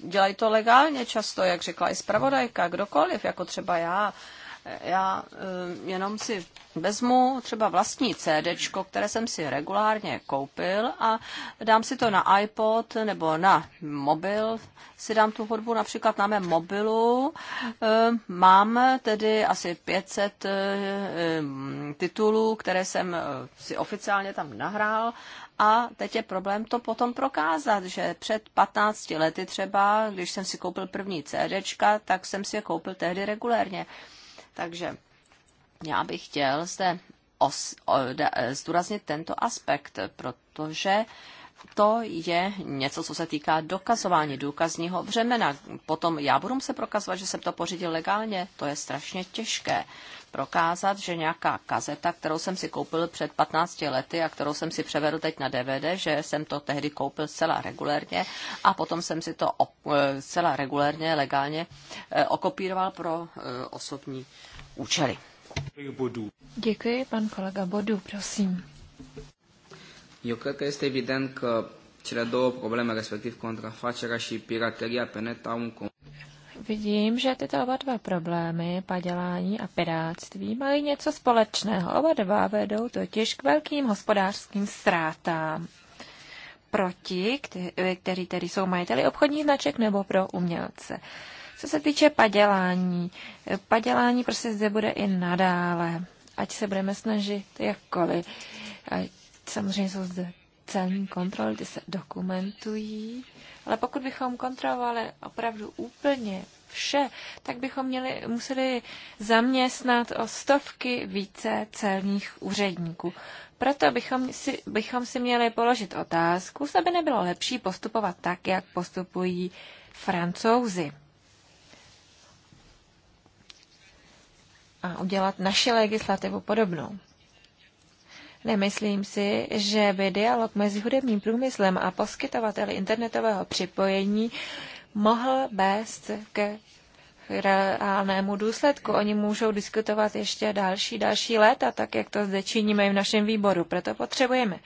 dělají to legálně často, jak řekla i zpravodajka, kdokoliv, jako třeba já, já eh, jenom si vezmu třeba vlastní CD, které jsem si regulárně koupil a dám si to na iPod nebo na mobil, si dám tu hudbu například na mém mobilu. Eh, mám tedy asi 500 eh, titulů, které jsem si oficiálně tam nahrál a teď je problém to potom prokázat, že před 15 lety třeba, když jsem si koupil první CD, tak jsem si je koupil tehdy regulérně. Takže já bych chtěl zde os, o, da, zdůraznit tento aspekt, protože to je něco, co se týká dokazování důkazního břemena. Potom já budu se prokazovat, že jsem to pořídil legálně, to je strašně těžké prokázat, že nějaká kazeta, kterou jsem si koupil před 15 lety a kterou jsem si převedl teď na DVD, že jsem to tehdy koupil zcela regulérně a potom jsem si to eh, zcela regulérně, legálně eh, okopíroval pro eh, osobní účely. Děkuji, pan kolega Bodu, prosím. Eu cred că este evident că cele două probleme, respectiv contrafacerea și pirateria pe net, au un vidím, že tyto oba dva problémy, padělání a piráctví, mají něco společného. Oba dva vedou totiž k velkým hospodářským ztrátám pro ti, kteří tedy jsou majiteli obchodních značek nebo pro umělce. Co se týče padělání, padělání prostě zde bude i nadále, ať se budeme snažit jakkoliv. Ať samozřejmě jsou zde celní kontroly, ty se dokumentují ale pokud bychom kontrolovali opravdu úplně vše, tak bychom měli, museli zaměstnat o stovky více celních úředníků. Proto bychom si, bychom si měli položit otázku, zda by nebylo lepší postupovat tak, jak postupují francouzi. A udělat naši legislativu podobnou. Nemyslím si, že by dialog mezi hudebním průmyslem a poskytovateli internetového připojení mohl vést ke reálnému důsledku. Oni můžou diskutovat ještě další, další léta, tak jak to zde činíme i v našem výboru. Proto potřebujeme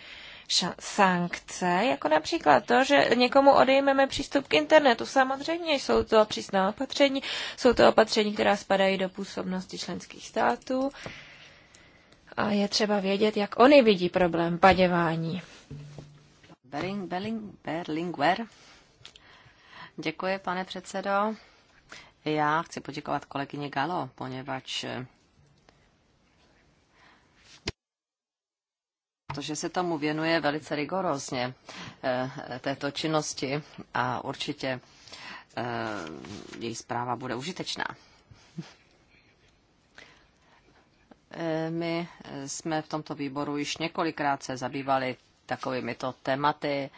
sankce, jako například to, že někomu odejmeme přístup k internetu. Samozřejmě jsou to přísná opatření, jsou to opatření, která spadají do působnosti členských států a je třeba vědět, jak oni vidí problém paděvání. Berling, Berling, Berlingwer. Děkuji, pane předsedo. Já chci poděkovat kolegyni Galo, poněvadž eh, protože se tomu věnuje velice rigorózně eh, této činnosti a určitě eh, její zpráva bude užitečná. My jsme v tomto výboru již několikrát se zabývali takovýmito to tématy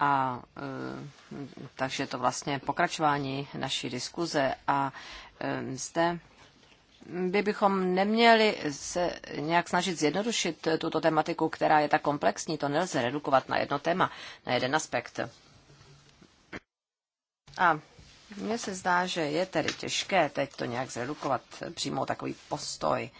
a e, takže to vlastně pokračování naší diskuze a e, zde by bychom neměli se nějak snažit zjednodušit tuto tematiku, která je tak komplexní, to nelze redukovat na jedno téma, na jeden aspekt. A mně se zdá, že je tedy těžké teď to nějak zredukovat, přímo takový postoj.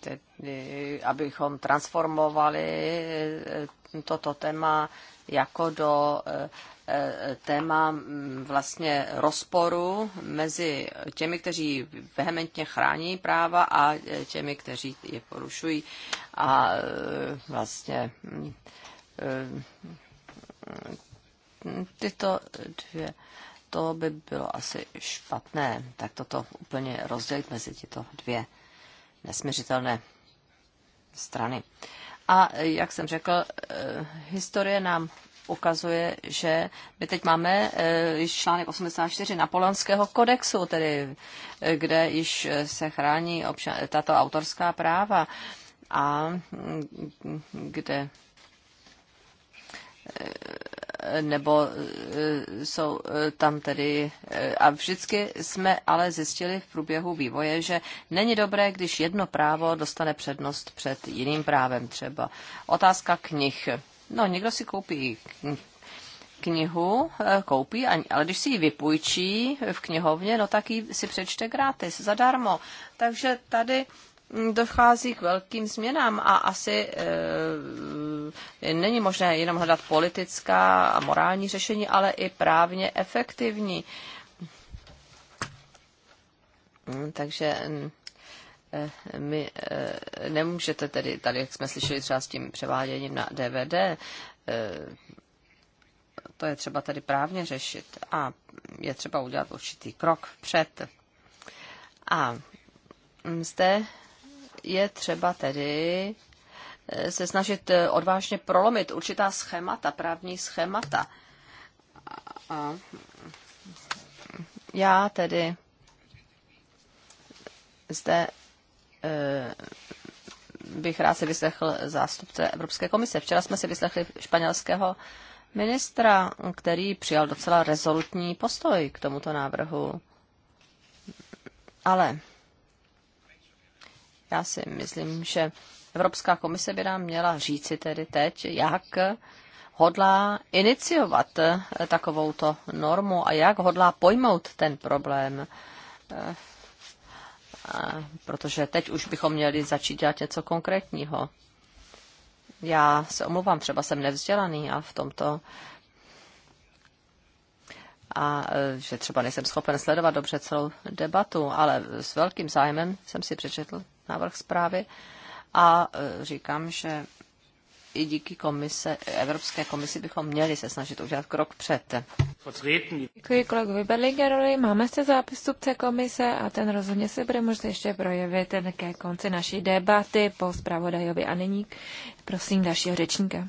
tedy abychom transformovali eh, toto téma jako do eh, eh, téma mm, vlastně rozporu mezi těmi, kteří vehementně chrání práva a těmi, kteří je porušují. A vlastně mm, tyto dvě, to by bylo asi špatné, tak toto úplně rozdělit mezi tyto dvě nesměřitelné strany. A jak jsem řekl, eh, historie nám ukazuje, že my teď máme eh, již článek 84 Napoleonského kodexu, tedy eh, kde již se chrání občan, tato autorská práva a mm, kde nebo e, jsou e, tam tedy... E, a vždycky jsme ale zjistili v průběhu vývoje, že není dobré, když jedno právo dostane přednost před jiným právem třeba. Otázka knih. No, někdo si koupí knihu, koupí, ale když si ji vypůjčí v knihovně, no tak ji si přečte gratis, zadarmo. Takže tady Mm, dochází k velkým změnám a asi e, není možné jenom hledat politická a morální řešení, ale i právně efektivní. Mm, takže mm, eh, my e, nemůžete tedy, tady jak jsme slyšeli třeba s tím převáděním na DVD, e, to je třeba tady právně řešit a je třeba udělat určitý krok před. A zde je třeba tedy eh, se snažit eh, odvážně prolomit určitá schémata, právní schémata. A já tedy zde eh, bych rád si vyslechl zástupce Evropské komise. Včera jsme si vyslechli španělského ministra, který přijal docela rezolutní postoj k tomuto návrhu. Ale já si myslím, že Evropská komise by nám měla říci tedy teď, jak hodlá iniciovat eh, takovouto normu a jak hodlá pojmout ten problém. Eh, protože teď už bychom měli začít dělat něco konkrétního. Já se omluvám, třeba jsem nevzdělaný a v tomto a eh, že třeba nejsem schopen sledovat dobře celou debatu, ale s velkým zájmem jsem si přečetl návrh zprávy a e, říkám, že i díky komise, Evropské komisi bychom měli se snažit udělat krok před. Děkuji kolegovi Berlingerovi. Máme se zápistupce komise a ten rozhodně se bude možná ještě projevit ke konci naší debaty po zpravodajovi. A nyní prosím dalšího řečníka.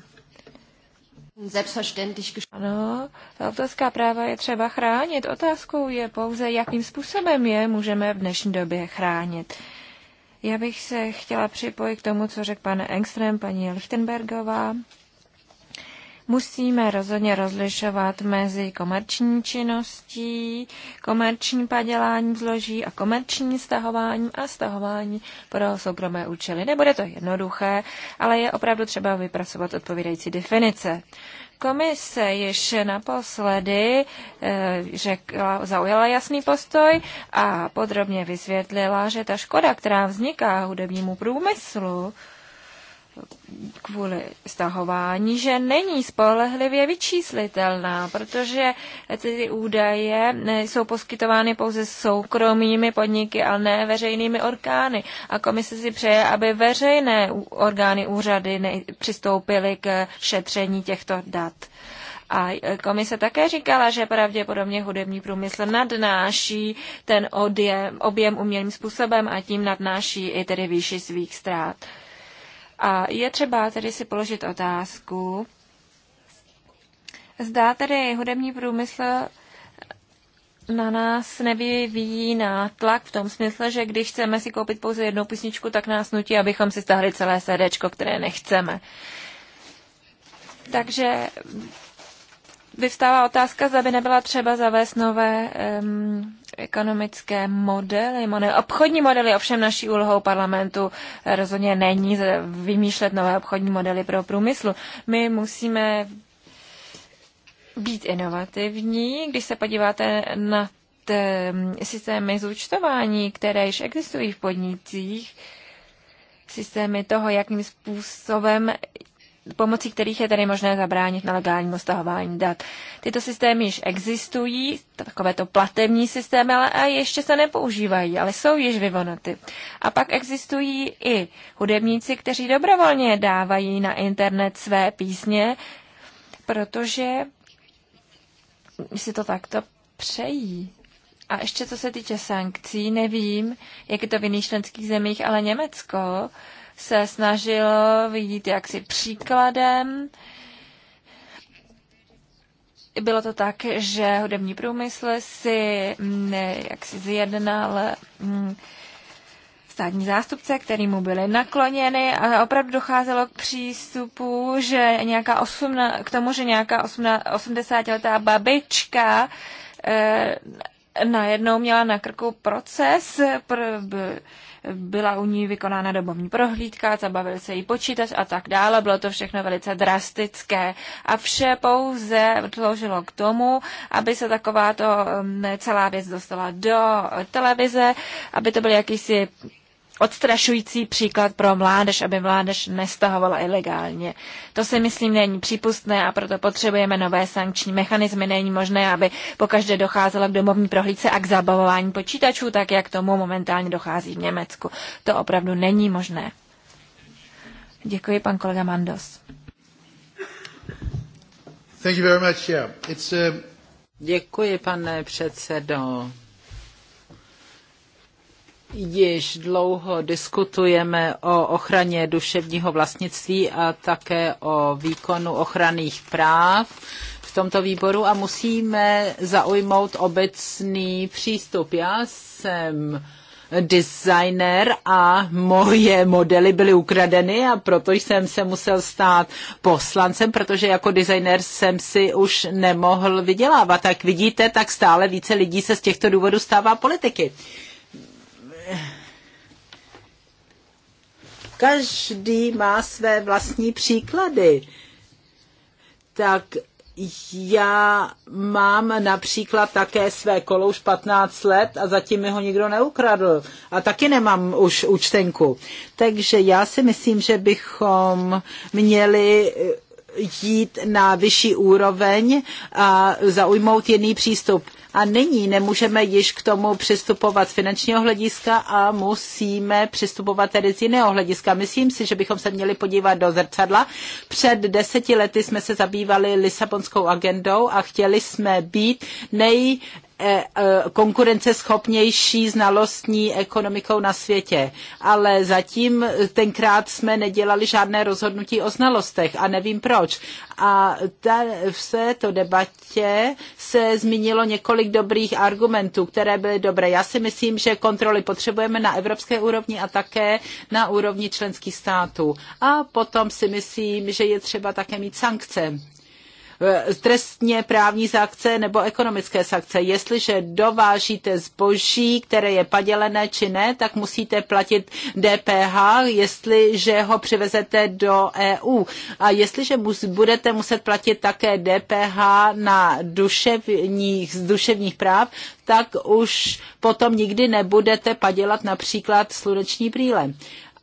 Ano, autorská práva je třeba chránit. Otázkou je pouze, jakým způsobem je můžeme v dnešní době chránit. Já bych se chtěla připojit k tomu, co řekl pan Engström, paní Lichtenbergová musíme rozhodně rozlišovat mezi komerční činností, komerční padělání zloží a komerční stahování a stahování pro soukromé účely. Nebude to jednoduché, ale je opravdu třeba vypracovat odpovídající definice. Komise již naposledy eh, řekla, zaujala jasný postoj a podrobně vysvětlila, že ta škoda, která vzniká hudebnímu průmyslu, kvůli stahování, že není spolehlivě vyčíslitelná, protože ty údaje jsou poskytovány pouze soukromými podniky, ale ne veřejnými orgány. A komise si přeje, aby veřejné orgány úřady přistoupily k šetření těchto dat. A e, komise také říkala, že pravděpodobně hudební průmysl nadnáší ten odjem, objem umělým způsobem a tím nadnáší i tedy výši svých ztrát. A je třeba tedy si položit otázku, zda tedy hudební průmysl na nás nevyvíjí nátlak v tom smyslu, že když chceme si koupit pouze jednu písničku, tak nás nutí, abychom si stáhli celé CD, které nechceme. Takže vyvstává otázka, zda by nebyla třeba zavést nové um, ekonomické modely, modely. Obchodní modely ovšem naší úlohou parlamentu eh, rozhodně není vymýšlet nové obchodní modely pro průmysl. My musíme být inovativní. Když se podíváte na systémy zúčtování, které již existují v podnicích, systémy toho, jakým způsobem pomocí kterých je tedy možné zabránit nelegálnímu stahování dat. Tyto systémy již existují, takovéto platební systémy, ale a ještě se nepoužívají, ale jsou již vyvonuty. A pak existují i hudebníci, kteří dobrovolně dávají na internet své písně, protože si to takto přejí. A ještě co se týče sankcí, nevím, jak je to v jiných členských zemích, ale Německo uh, se snažil vidět jaksi příkladem. Bylo to tak, že hudební průmysl si mm, jaksi zjednal mm, státní zástupce, který mu byly nakloněny a opravdu docházelo k přístupu, že nějaká osmna, k tomu, že nějaká 80-letá babička eh, najednou měla na krku proces, pr, b, byla u ní vykonána domovní prohlídka, zabavil se jí počítač a tak dále. Bylo to všechno velice drastické. A vše pouze sloužilo k tomu, aby se takováto um, celá věc dostala do televize, aby to byl jakýsi odstrašující příklad pro mládež, aby mládež nestahovala ilegálně. To si myslím není přípustné a proto potřebujeme nové sankční mechanismy. Není možné, aby pokaždé docházelo k domovní prohlídce a k zabavování počítačů, tak jak tomu momentálně dochází v Německu. To opravdu není možné. Děkuji, pan kolega Mandos. Thank you very much, yeah. It's, uh... Děkuji, pane předsedo. Již dlouho diskutujeme o ochraně duševního vlastnictví a také o výkonu ochranných práv v tomto výboru a musíme zaujmout obecný přístup. Já jsem designer a moje modely byly ukradeny a proto jsem se musel stát poslancem, protože jako designer jsem si už nemohl vydělávat. Tak vidíte, tak stále více lidí se z těchto důvodů stává politiky. Každý má své vlastní příklady. Tak já mám například také své kolo už 15 let a zatím mi ho nikdo neukradl. A taky nemám už účtenku. Takže já si myslím, že bychom měli jít na vyšší úroveň a zaujmout jiný přístup. A nyní nemůžeme již k tomu přistupovat z finančního hlediska a musíme přistupovat tedy z jiného hlediska. Myslím si, že bychom se měli podívat do zrcadla. Před deseti lety jsme se zabývali Lisabonskou agendou a chtěli jsme být nej E, e, konkurenceschopnější znalostní ekonomikou na světě. Ale zatím tenkrát jsme nedělali žádné rozhodnutí o znalostech a nevím proč. A ta, v této debatě se zmínilo několik dobrých argumentů, které byly dobré. Já si myslím, že kontroly potřebujeme na evropské úrovni a také na úrovni členských států. A potom si myslím, že je třeba také mít sankce Eh, trestně právní sankce nebo ekonomické sankce. Jestliže dovážíte zboží, které je padělené či ne, tak musíte platit DPH, jestliže ho přivezete do EU. A jestliže mus, budete muset platit také DPH na duševních, z duševních práv, tak už potom nikdy nebudete padělat například sluneční brýle.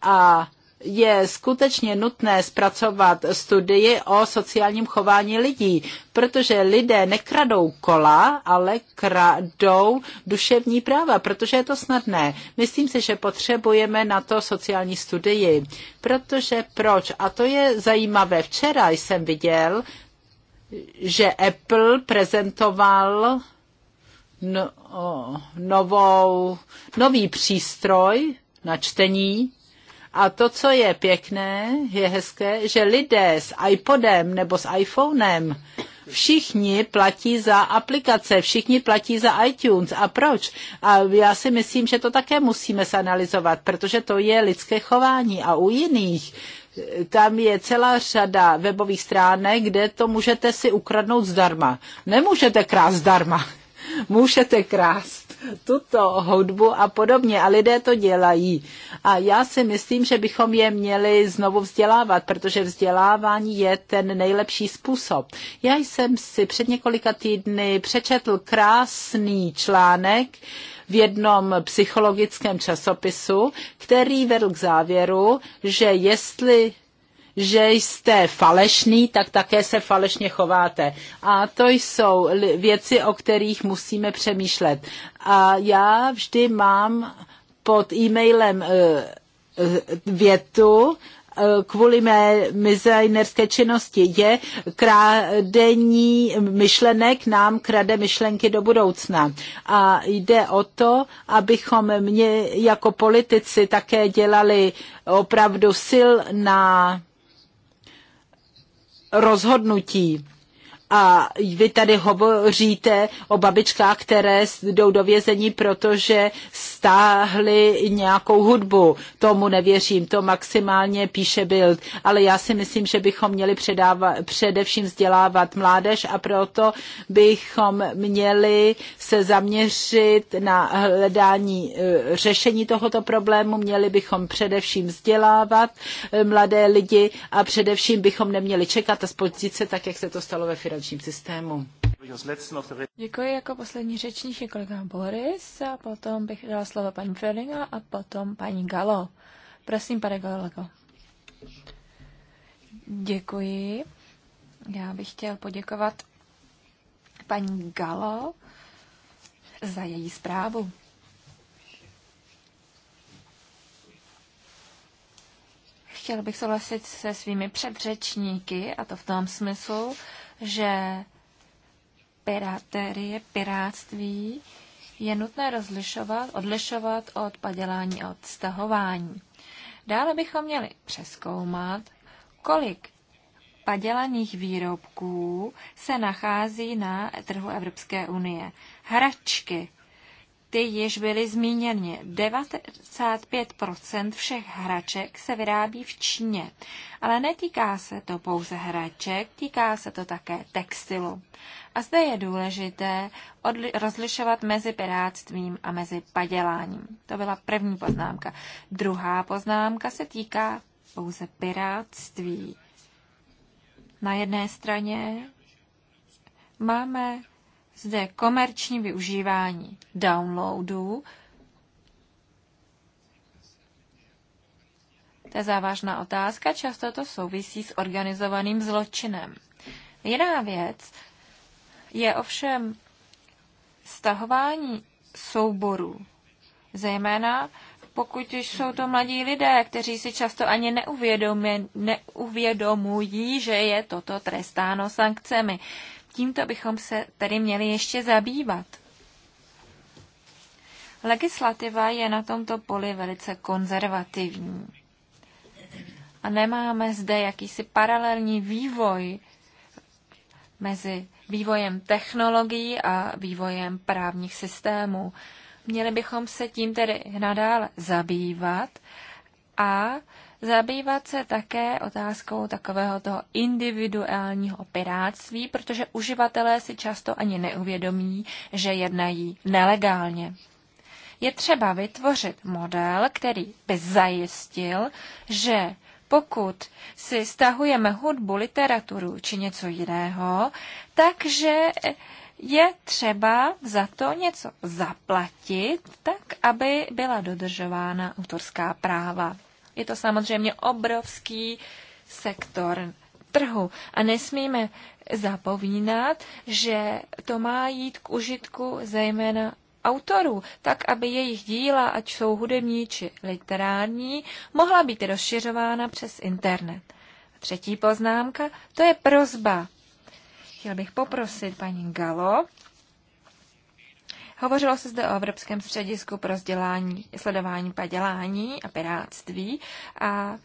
A je skutečně nutné zpracovat studii o sociálním chování lidí, protože lidé nekradou kola, ale kradou duševní práva, protože je to snadné. Myslím si, že potřebujeme na to sociální studii, protože proč? A to je zajímavé. Včera jsem viděl, že Apple prezentoval no, novou, nový přístroj na čtení a to, co je pěkné, je hezké, že lidé s iPodem nebo s iPhonem všichni platí za aplikace, všichni platí za iTunes. A proč? A já si myslím, že to také musíme zanalizovat, protože to je lidské chování a u jiných tam je celá řada webových stránek, kde to můžete si ukradnout zdarma. Nemůžete krást zdarma, můžete krást tuto hudbu a podobně. A lidé to dělají. A já si myslím, že bychom je měli znovu vzdělávat, protože vzdělávání je ten nejlepší způsob. Já jsem si před několika týdny přečetl krásný článek, v jednom psychologickém časopisu, který vedl k závěru, že jestli že jste falešný, tak také se falešně chováte. A to jsou věci, o kterých musíme přemýšlet. A já vždy mám pod e-mailem e, e, větu, e, kvůli mé mizajnerské činnosti je krádení myšlenek, nám krade myšlenky do budoucna. A jde o to, abychom mě jako politici také dělali opravdu sil na rozhodnutí. A vy tady hovoříte o babičkách, které jdou do vězení, protože stáhly nějakou hudbu. Tomu nevěřím, to maximálně píše Bild. Ale já si myslím, že bychom měli předáva, především vzdělávat mládež a proto bychom měli se zaměřit na hledání e, řešení tohoto problému. Měli bychom především vzdělávat e, mladé lidi a především bychom neměli čekat a spodit se tak, jak se to stalo ve Firenze finančním systému. Děkuji jako poslední řečník je kolega Boris a potom bych dala slovo paní Ferlinga a potom paní Galo. Prosím, pane Galo. Děkuji. Já bych chtěl poděkovat paní Galo za její zprávu. Chtěl bych souhlasit se svými předřečníky, a to v tom smyslu, že piraterie, piráctví je nutné rozlišovat, odlišovat od padělání a od stahování. Dále bychom měli přeskoumat, kolik padělaných výrobků se nachází na trhu Evropské unie. Hračky, ty již byly zmíněny. 95% všech hraček se vyrábí v Číně. Ale netýká se to pouze hraček, týká se to také textilu. A zde je důležité rozlišovat mezi piráctvím a mezi paděláním. To byla první poznámka. Druhá poznámka se týká pouze piráctví. Na jedné straně máme zde komerční využívání downloadů. To je závažná otázka, často to souvisí s organizovaným zločinem. Jiná věc je ovšem stahování souborů, zejména pokud jsou to mladí lidé, kteří si často ani neuvědomují, neuvědomují že je toto trestáno sankcemi. Tímto bychom se tedy měli ještě zabývat. Legislativa je na tomto poli velice konzervativní. A nemáme zde jakýsi paralelní vývoj mezi vývojem technologií a vývojem právních systémů. Měli bychom se tím tedy nadále zabývat a zabývat se také otázkou takového toho individuálního piráctví, protože uživatelé si často ani neuvědomí, že jednají nelegálně. Je třeba vytvořit model, který by zajistil, že pokud si stahujeme hudbu, literaturu či něco jiného, takže je třeba za to něco zaplatit, tak aby byla dodržována autorská práva je to samozřejmě obrovský sektor trhu. A nesmíme zapovínat, že to má jít k užitku zejména autorů, tak aby jejich díla, ať jsou hudební či literární, mohla být rozšiřována přes internet. A třetí poznámka, to je prozba. Chtěl bych poprosit paní Galo, Hovořilo se zde o Evropském středisku pro vzdělání, sledování padělání a piráctví a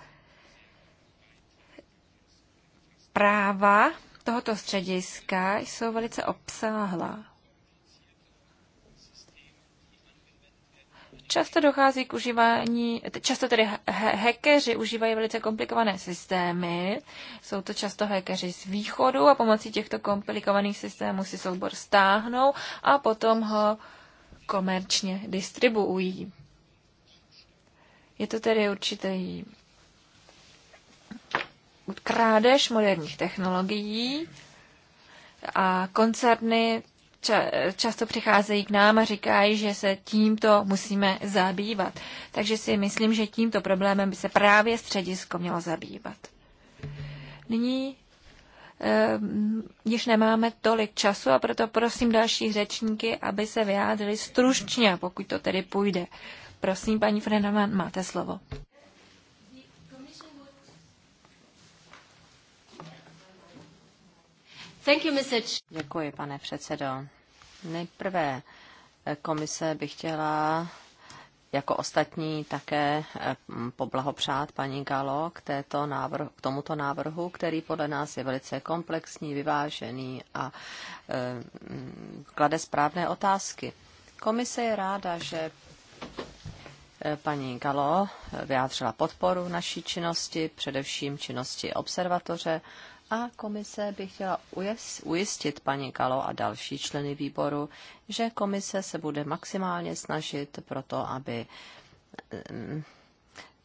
práva tohoto střediska jsou velice obsáhlá. Často dochází k užívání, často tedy hackeři užívají velice komplikované systémy. Jsou to často hackeři z východu a pomocí těchto komplikovaných systémů si soubor stáhnou a potom ho komerčně distribuují. Je to tedy určitý krádež moderních technologií a koncerny často přicházejí k nám a říkají, že se tímto musíme zabývat. Takže si myslím, že tímto problémem by se právě středisko mělo zabývat. Nyní eh, již nemáme tolik času a proto prosím další řečníky, aby se vyjádřili stručně, pokud to tedy půjde. Prosím, paní Freneman, máte slovo. Děkuji, pane předsedo. Nejprve eh, komise bych chtěla jako ostatní také eh, poblahopřát paní Galo k, této návrhu, k tomuto návrhu, který podle nás je velice komplexní, vyvážený a e, klade správné otázky. Komise je ráda, že paní Galo vyjádřila podporu naší činnosti, především činnosti observatoře a komise by chtěla ujistit paní Kalo a další členy výboru, že komise se bude maximálně snažit pro to, aby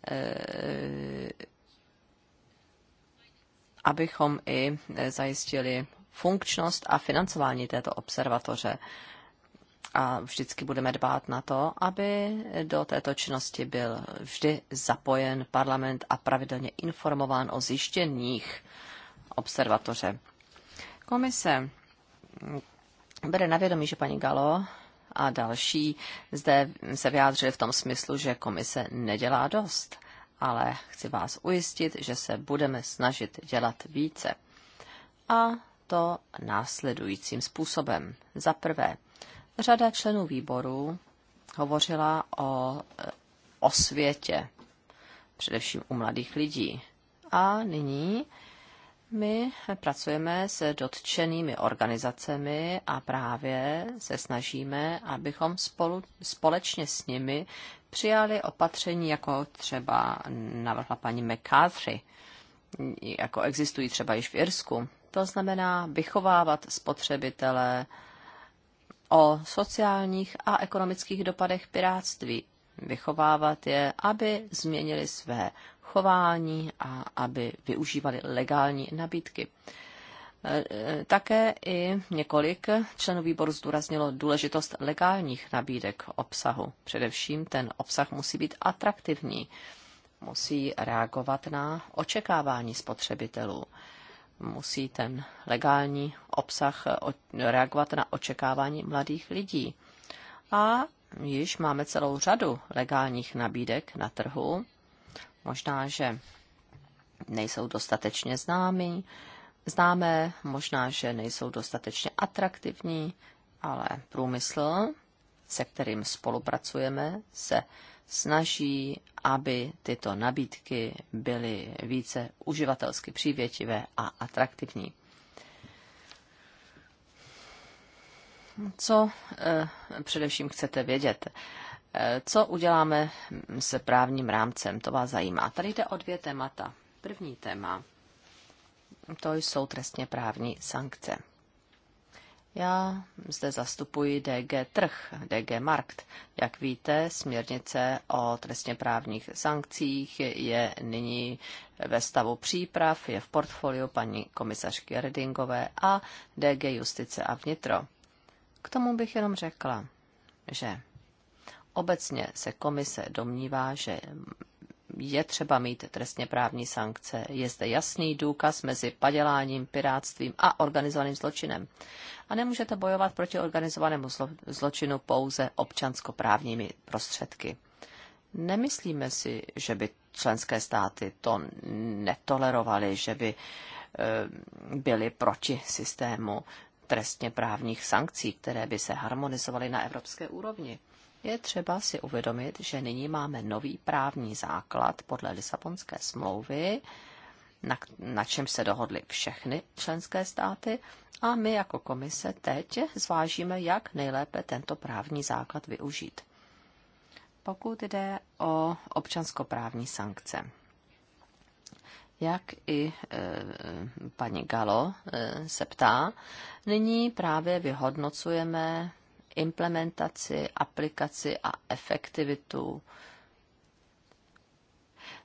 eh, abychom i zajistili funkčnost a financování této observatoře. A vždycky budeme dbát na to, aby do této činnosti byl vždy zapojen parlament a pravidelně informován o zjištěních observatoře. Komise bere na vědomí, že paní Galo a další zde se vyjádřili v tom smyslu, že komise nedělá dost, ale chci vás ujistit, že se budeme snažit dělat více. A to následujícím způsobem. Za prvé, řada členů výboru hovořila o e, osvětě, především u mladých lidí. A nyní my pracujeme s dotčenými organizacemi a právě se snažíme, abychom spolu, společně s nimi přijali opatření, jako třeba navrhla paní McCarthy, jako existují třeba již v Irsku. To znamená vychovávat spotřebitele o sociálních a ekonomických dopadech pirátství vychovávat je, aby změnili své chování a aby využívali legální nabídky. E, e, také i několik členů výboru zdůraznilo důležitost legálních nabídek obsahu. Především ten obsah musí být atraktivní, musí reagovat na očekávání spotřebitelů. Musí ten legální obsah reagovat na očekávání mladých lidí. A již máme celou řadu legálních nabídek na trhu. Možná, že nejsou dostatečně známí, známé, možná, že nejsou dostatečně atraktivní, ale průmysl, se kterým spolupracujeme, se snaží, aby tyto nabídky byly více uživatelsky přívětivé a atraktivní. co eh, především chcete vědět? Eh, co uděláme se právním rámcem? To vás zajímá. Tady jde o dvě témata. První téma, to jsou trestně právní sankce. Já zde zastupuji DG Trh, DG Markt. Jak víte, směrnice o trestně právních sankcích je nyní ve stavu příprav, je v portfoliu paní komisařky Redingové a DG Justice a vnitro. K tomu bych jenom řekla, že obecně se komise domnívá, že je třeba mít trestně právní sankce. Je zde jasný důkaz mezi paděláním, pirátstvím a organizovaným zločinem. A nemůžete bojovat proti organizovanému zločinu pouze občanskoprávními prostředky. Nemyslíme si, že by členské státy to netolerovaly, že by eh, byly proti systému trestně právních sankcí, které by se harmonizovaly na evropské úrovni. Je třeba si uvědomit, že nyní máme nový právní základ podle Lisabonské smlouvy, na, na čem se dohodly všechny členské státy a my jako komise teď zvážíme, jak nejlépe tento právní základ využít. Pokud jde o občanskoprávní sankce jak i eh, paní Galo eh, se ptá, nyní právě vyhodnocujeme implementaci, aplikaci a efektivitu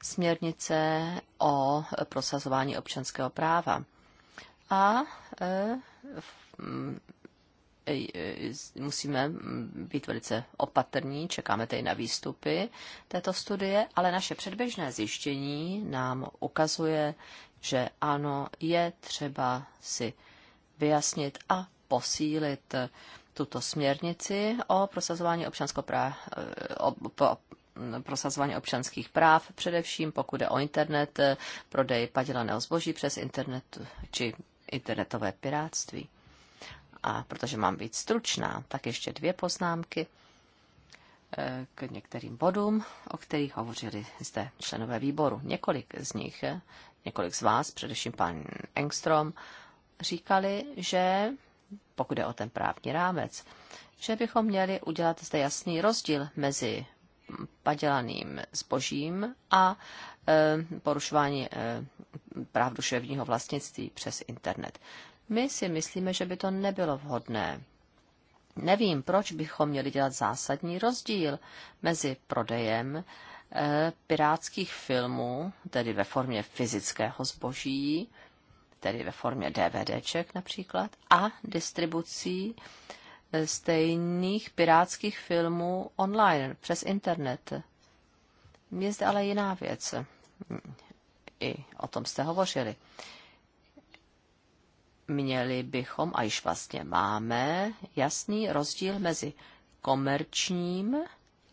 směrnice o prosazování občanského práva. A eh, musíme být velice opatrní, čekáme tedy na výstupy této studie, ale naše předběžné zjištění nám ukazuje, že ano, je třeba si vyjasnit a posílit tuto směrnici o prosazování eh, o, o, prosazování občanských práv, především pokud je o internet, eh, prodej padělaného zboží přes internet eh, či internetové piráctví a protože mám být stručná, tak ještě dvě poznámky eh, k některým bodům, o kterých hovořili zde členové výboru. Několik z nich, eh, několik z vás, především pan Engstrom, říkali, že pokud je o ten právní rámec, že bychom měli udělat zde jasný rozdíl mezi padělaným zbožím a e, porušování e, práv duševního vlastnictví přes internet. My si myslíme, že by to nebylo vhodné. Nevím, proč bychom měli dělat zásadní rozdíl mezi prodejem eh, pirátských filmů, tedy ve formě fyzického zboží, tedy ve formě DVDček například, a distribucí eh, stejných pirátských filmů online, přes internet. Je zde ale jiná věc. I o tom jste hovořili měli bychom, a již vlastně máme, jasný rozdíl mezi komerčním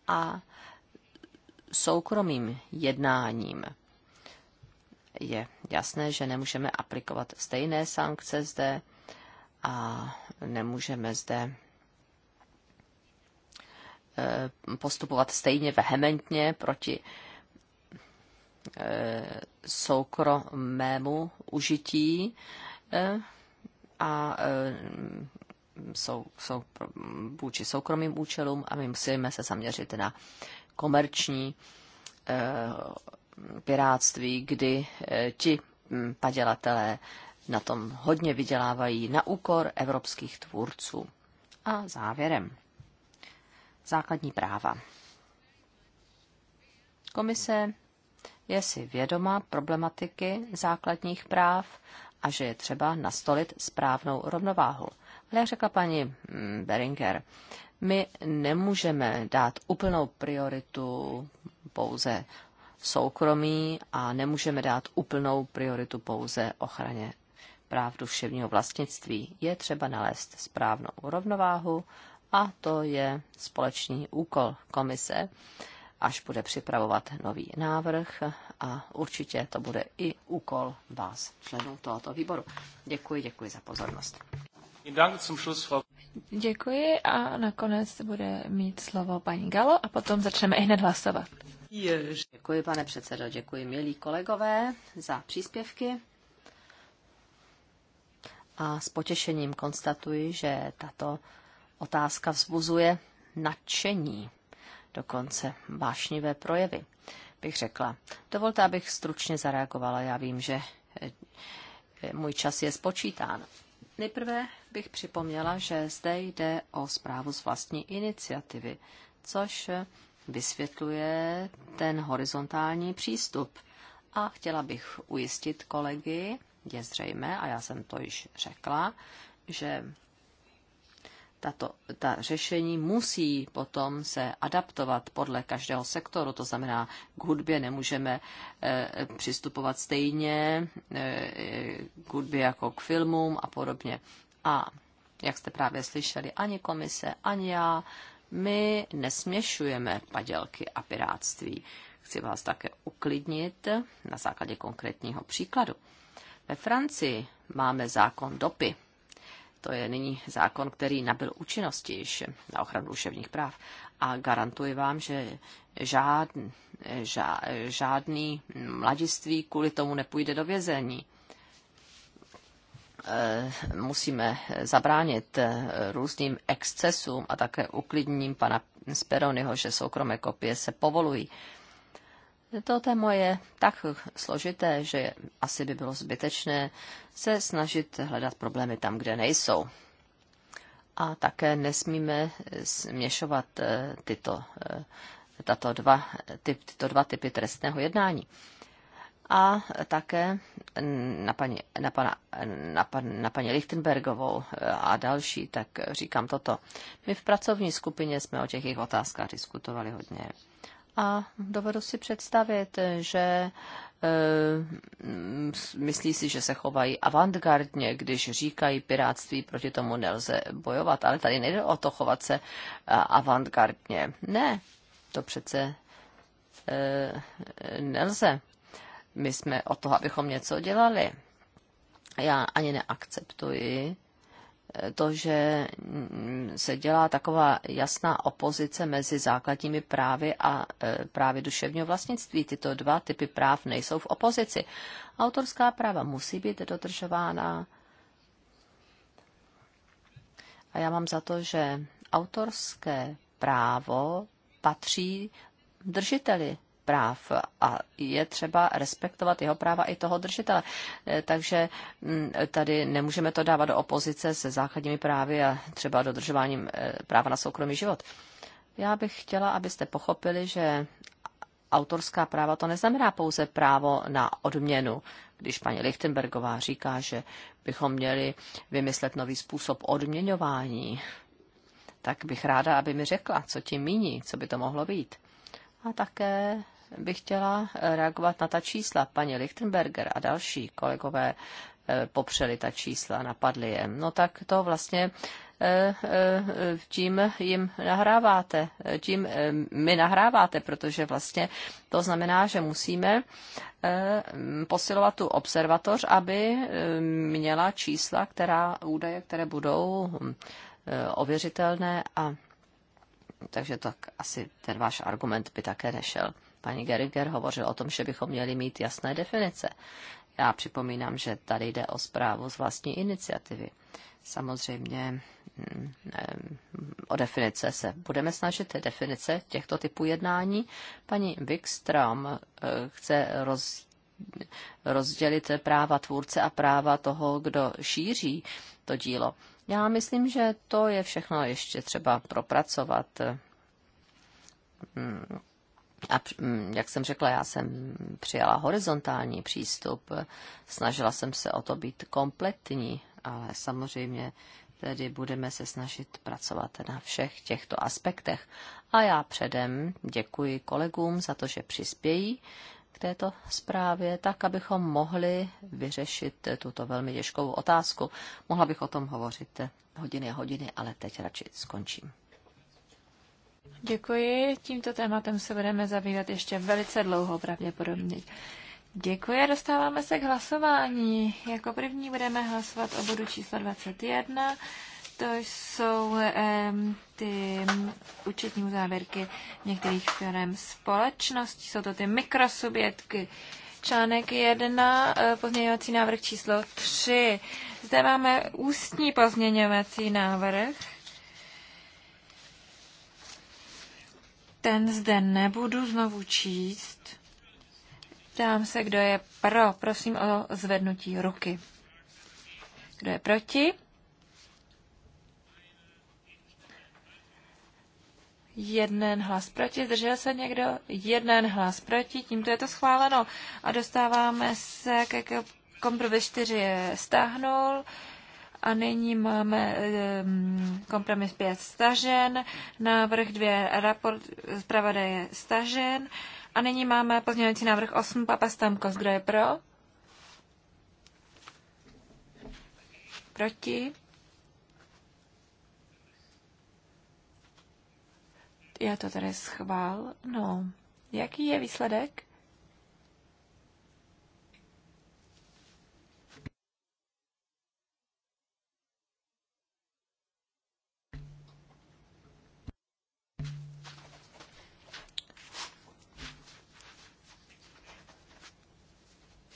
a soukromým jednáním. Je jasné, že nemůžeme aplikovat stejné sankce zde a nemůžeme zde eh, postupovat stejně vehementně proti eh, soukromému užití eh, a e, jsou, jsou vůči soukromým účelům a my musíme se zaměřit na komerční e, piráctví, kdy e, ti padělatelé na tom hodně vydělávají na úkor evropských tvůrců. A závěrem. Základní práva. Komise je si vědoma problematiky základních práv a že je třeba nastolit správnou rovnováhu. Ale jak řekla paní mm, Beringer, my nemůžeme dát úplnou prioritu pouze soukromí a nemůžeme dát úplnou prioritu pouze ochraně práv duševního vlastnictví. Je třeba nalézt správnou rovnováhu a to je společný úkol komise až bude připravovat nový návrh a určitě to bude i úkol vás, členů tohoto výboru. Děkuji, děkuji za pozornost. Děkuji a nakonec bude mít slovo paní Galo a potom začneme i hned hlasovat. Jež. Děkuji, pane předsedo, děkuji, milí kolegové, za příspěvky. A s potěšením konstatuji, že tato otázka vzbuzuje nadšení dokonce vášnivé projevy, bych řekla. Dovolte, abych stručně zareagovala. Já vím, že eh, můj čas je spočítán. Nejprve bych připomněla, že zde jde o zprávu z vlastní iniciativy, což vysvětluje ten horizontální přístup. A chtěla bych ujistit kolegy, je zřejmé, a já jsem to již řekla, že tato, ta řešení musí potom se adaptovat podle každého sektoru, to znamená, k hudbě nemůžeme e, přistupovat stejně, e, k hudbě jako k filmům a podobně. A jak jste právě slyšeli, ani komise, ani já, my nesměšujeme padělky a piráctví. Chci vás také uklidnit na základě konkrétního příkladu. Ve Francii máme zákon dopy, to je nyní zákon, který nabil účinnosti již na ochranu duševních práv. A garantuji vám, že žádný, žádný mladiství kvůli tomu nepůjde do vězení eh, musíme zabránit eh, různým excesům a také uklidním pana Speronyho, že soukromé kopie se povolují. To téma je tak složité, že asi by bylo zbytečné se snažit hledat problémy tam, kde nejsou. A také nesmíme směšovat eh, tyto, eh, tato dva, ty, tyto dva typy trestného jednání. A také na paní, na, pana, na, pan, na paní Lichtenbergovou eh, a další, tak říkám toto. My v pracovní skupině jsme o těch jejich otázkách diskutovali hodně. A dovedu si představit, že eh, myslí si, že se chovají avantgardně, když říkají piráctví, proti tomu nelze bojovat. Ale tady nejde o to chovat se eh, avantgardně. Ne, to přece eh, nelze. My jsme o to, abychom něco dělali. Já ani neakceptuji to, že se dělá taková jasná opozice mezi základními právy a e, právy duševního vlastnictví. Tyto dva typy práv nejsou v opozici. Autorská práva musí být dodržována. A já mám za to, že autorské právo patří držiteli práv a je třeba respektovat jeho práva i toho držitele. Eh, takže mm, tady nemůžeme to dávat do opozice se základními právy a třeba dodržováním eh, práva na soukromý život. Já bych chtěla, abyste pochopili, že autorská práva to neznamená pouze právo na odměnu. Když paní Lichtenbergová říká, že bychom měli vymyslet nový způsob odměňování, tak bych ráda, aby mi řekla, co tím míní, co by to mohlo být. A také bych chtěla eh, reagovat na ta čísla. Paní Lichtenberger a další kolegové eh, popřeli ta čísla, napadli je. No tak to vlastně eh, tím jim nahráváte, tím my nahráváte, protože vlastně to znamená, že musíme posilovat tu observatoř, aby měla čísla, která údaje, které budou hm, ověřitelné a takže tak asi ten váš argument by také nešel. Paní Geringer hovořil o tom, že bychom měli mít jasné definice. Já připomínám, že tady jde o zprávu z vlastní iniciativy. Samozřejmě mm, mm, o definice se budeme snažit, definice těchto typů jednání. Paní Wikström eh, chce roz, rozdělit práva tvůrce a práva toho, kdo šíří to dílo. Já myslím, že to je všechno ještě třeba propracovat mm, a mm, jak jsem řekla, já jsem přijala horizontální přístup, snažila jsem se o to být kompletní, ale samozřejmě tedy budeme se snažit pracovat na všech těchto aspektech. A já předem děkuji kolegům za to, že přispějí k této zprávě, tak abychom mohli vyřešit tuto velmi těžkou otázku. Mohla bych o tom hovořit hodiny a hodiny, ale teď radši skončím. Děkuji. Tímto tématem se budeme zabývat ještě velice dlouho pravděpodobně. Děkuji. Dostáváme se k hlasování. Jako první budeme hlasovat o bodu číslo 21. To jsou um, ty účetní závěrky některých firm společností. Jsou to ty mikrosubjektky. Článek 1, eh, pozměňovací návrh číslo 3. Zde máme ústní pozměňovací návrh ten zde nebudu znovu číst. Ptám se, kdo je pro. Prosím o zvednutí ruky. Kdo je proti? Jeden hlas proti, zdržel se někdo? Jeden hlas proti, tímto je to schváleno. A dostáváme se ke kompromisu. 4 je stáhnul. A nyní máme ehm, kompromis 5 stažen, návrh 2 raport zpravodaje stažen. A nyní máme pozměňovací návrh 8 Papa Stamkos. Kdo je pro? Proti? Já to tady schvál. No, jaký je výsledek?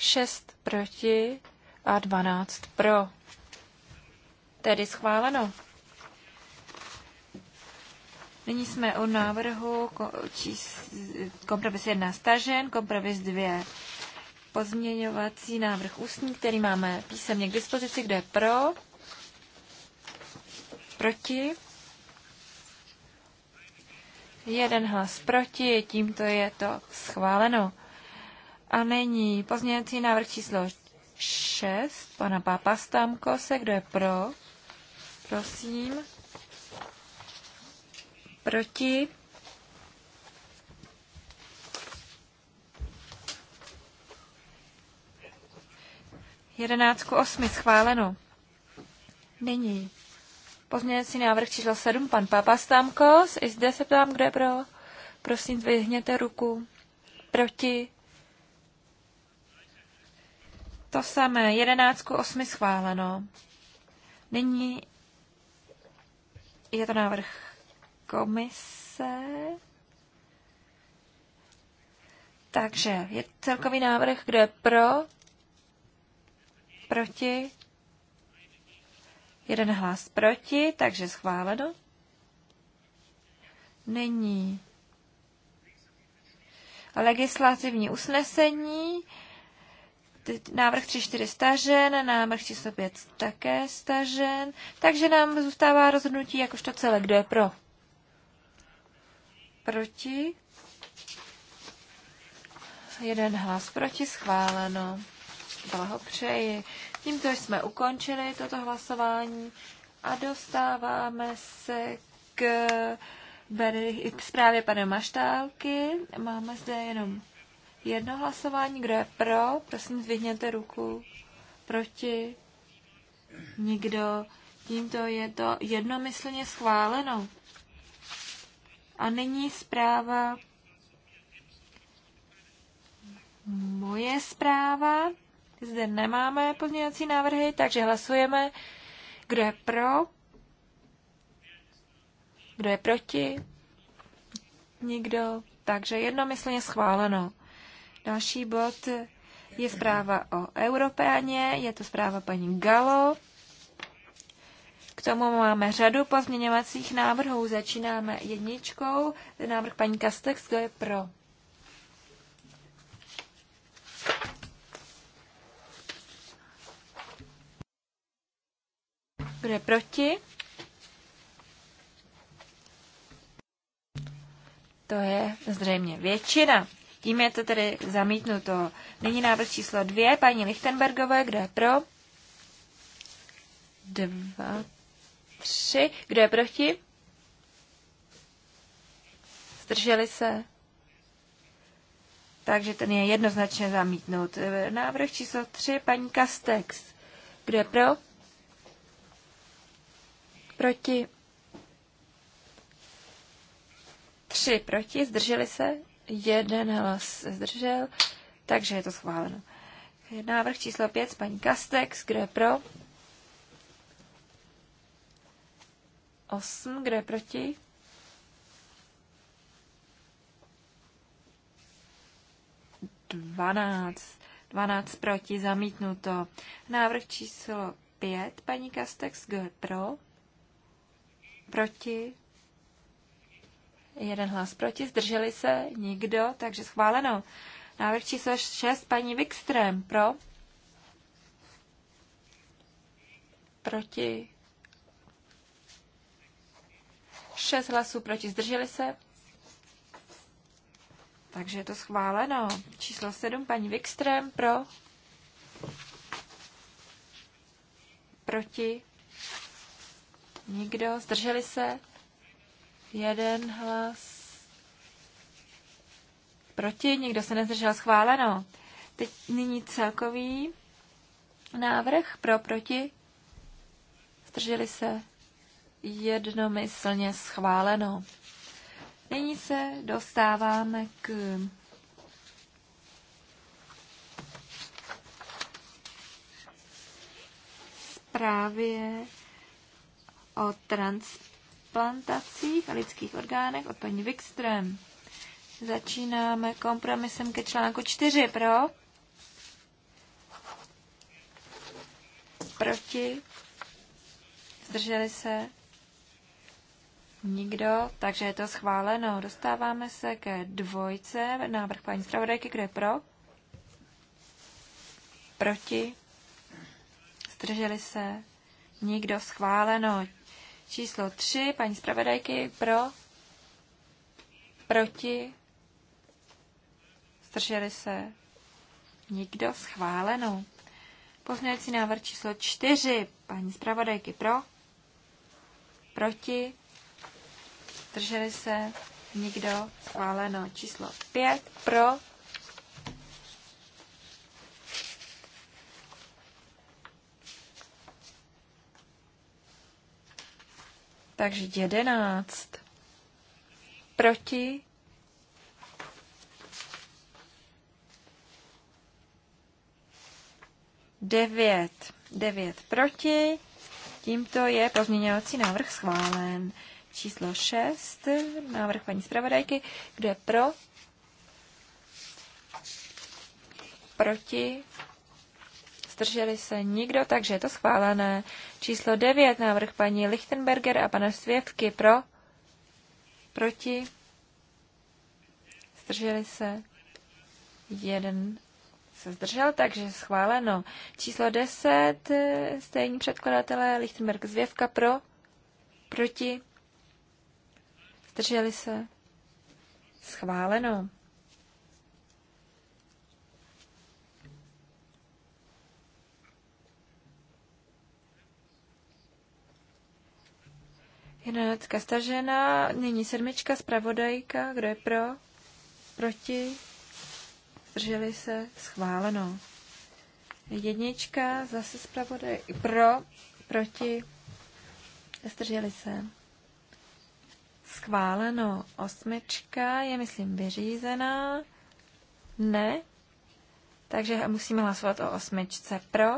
6 proti a 12 pro. Tedy schváleno. Nyní jsme u návrhu kompromis 1 stažen, kompromis 2 pozměňovací návrh ústní, který máme písemně k dispozici, kde je pro, proti, jeden hlas proti, tímto je to schváleno. A není pozměňovací návrh číslo 6 pana Pápa Stamkose. Kdo je pro? Prosím. Proti? Jedenáctku osmi schváleno. Nyní. Pozměňovací návrh číslo 7, pan Papa Stamkos. I zde se ptám, kde pro. Prosím, vyhněte ruku. Proti. To samé, 11 ku 8 schváleno. Nyní je to návrh komise. Takže je celkový návrh, kdo je pro, proti, jeden hlas proti, takže schváleno. Nyní legislativní usnesení. Návrh 3.4 stažen, návrh číslo 5 také stažen, takže nám zůstává rozhodnutí jakožto celé. Kdo je pro? Proti? Jeden hlas proti, schváleno. Blahopřeji. Tímto jsme ukončili toto hlasování a dostáváme se k, zprávě pana Maštálky. Máme zde jenom Jedno hlasování, kdo je pro, prosím zvedněte ruku. Proti? Nikdo. Tímto je to jednomyslně schváleno. A nyní zpráva. Moje zpráva. Zde nemáme pozměňovací návrhy, takže hlasujeme. Kdo je pro? Kdo je proti? Nikdo. Takže jednomyslně schváleno. Další bod je zpráva o Europeaně, je to zpráva paní Galo. K tomu máme řadu pozměňovacích návrhů. Začínáme jedničkou. Návrh paní Kastex, kdo je pro? Kdo je proti? To je zřejmě většina. Tím je to tedy zamítnuto. Nyní návrh číslo dvě, paní Lichtenbergové, kdo je pro? Dva, tři. Kdo je proti? Zdrželi se? Takže ten je jednoznačně zamítnut. Návrh číslo tři, paní Kastex. Kdo je pro? Proti. Tři proti, zdrželi se? jeden hlas se zdržel, takže je to schváleno. Návrh číslo 5 paní Kastex, kdo je pro? 8, kdo je proti? Dvanáct. 12 proti, zamítnuto. Návrh číslo 5, paní Kastex, kdo je pro? Proti? jeden hlas proti, zdrželi se nikdo, takže schváleno. Návrh číslo 6, paní Wikström, pro, proti, 6 hlasů proti, zdrželi se, takže je to schváleno. Číslo 7, paní Wikström, pro, proti, nikdo, zdrželi se, Jeden hlas. Proti, nikdo se nezdržel schváleno. Teď nyní celkový návrh pro, proti. Zdrželi se jednomyslně schváleno. Nyní se dostáváme k zprávě o trans transplantacích a lidských orgánech od paní Wikström. Začínáme kompromisem ke článku 4 pro. Proti. Zdrželi se. Nikdo, takže je to schváleno. Dostáváme se ke dvojce. Návrh paní zpravodajky, kdo je pro? Proti? Zdrželi se? Nikdo schváleno číslo 3, paní zpravodajky, pro, proti, zdrželi se, nikdo, schválenou. Pozměňující návrh číslo 4, paní zpravodajky, pro, proti, zdrželi se, nikdo, schváleno. Číslo 5, pro, Takže jedenáct. Proti. Devět. Devět proti. Tímto je pozměňovací návrh schválen. Číslo šest návrh paní zpravodajky. Kdo je pro? Proti? zdrželi se nikdo, takže je to schválené. Číslo 9, návrh paní Lichtenberger a pana Svěvky pro, proti, zdrželi se, jeden se zdržel, takže schváleno. Číslo 10, stejní předkladatelé, Lichtenberg Zvěvka pro, proti, zdrželi se, schváleno. Jedenáctka stažena, nyní sedmička, zpravodajka, kdo je pro, proti, zdrželi se, schváleno. Jednička, zase zpravodaj, pro, proti, zdrželi se. Schváleno. Osmička je, myslím, vyřízená. Ne. Takže musíme hlasovat o osmičce pro,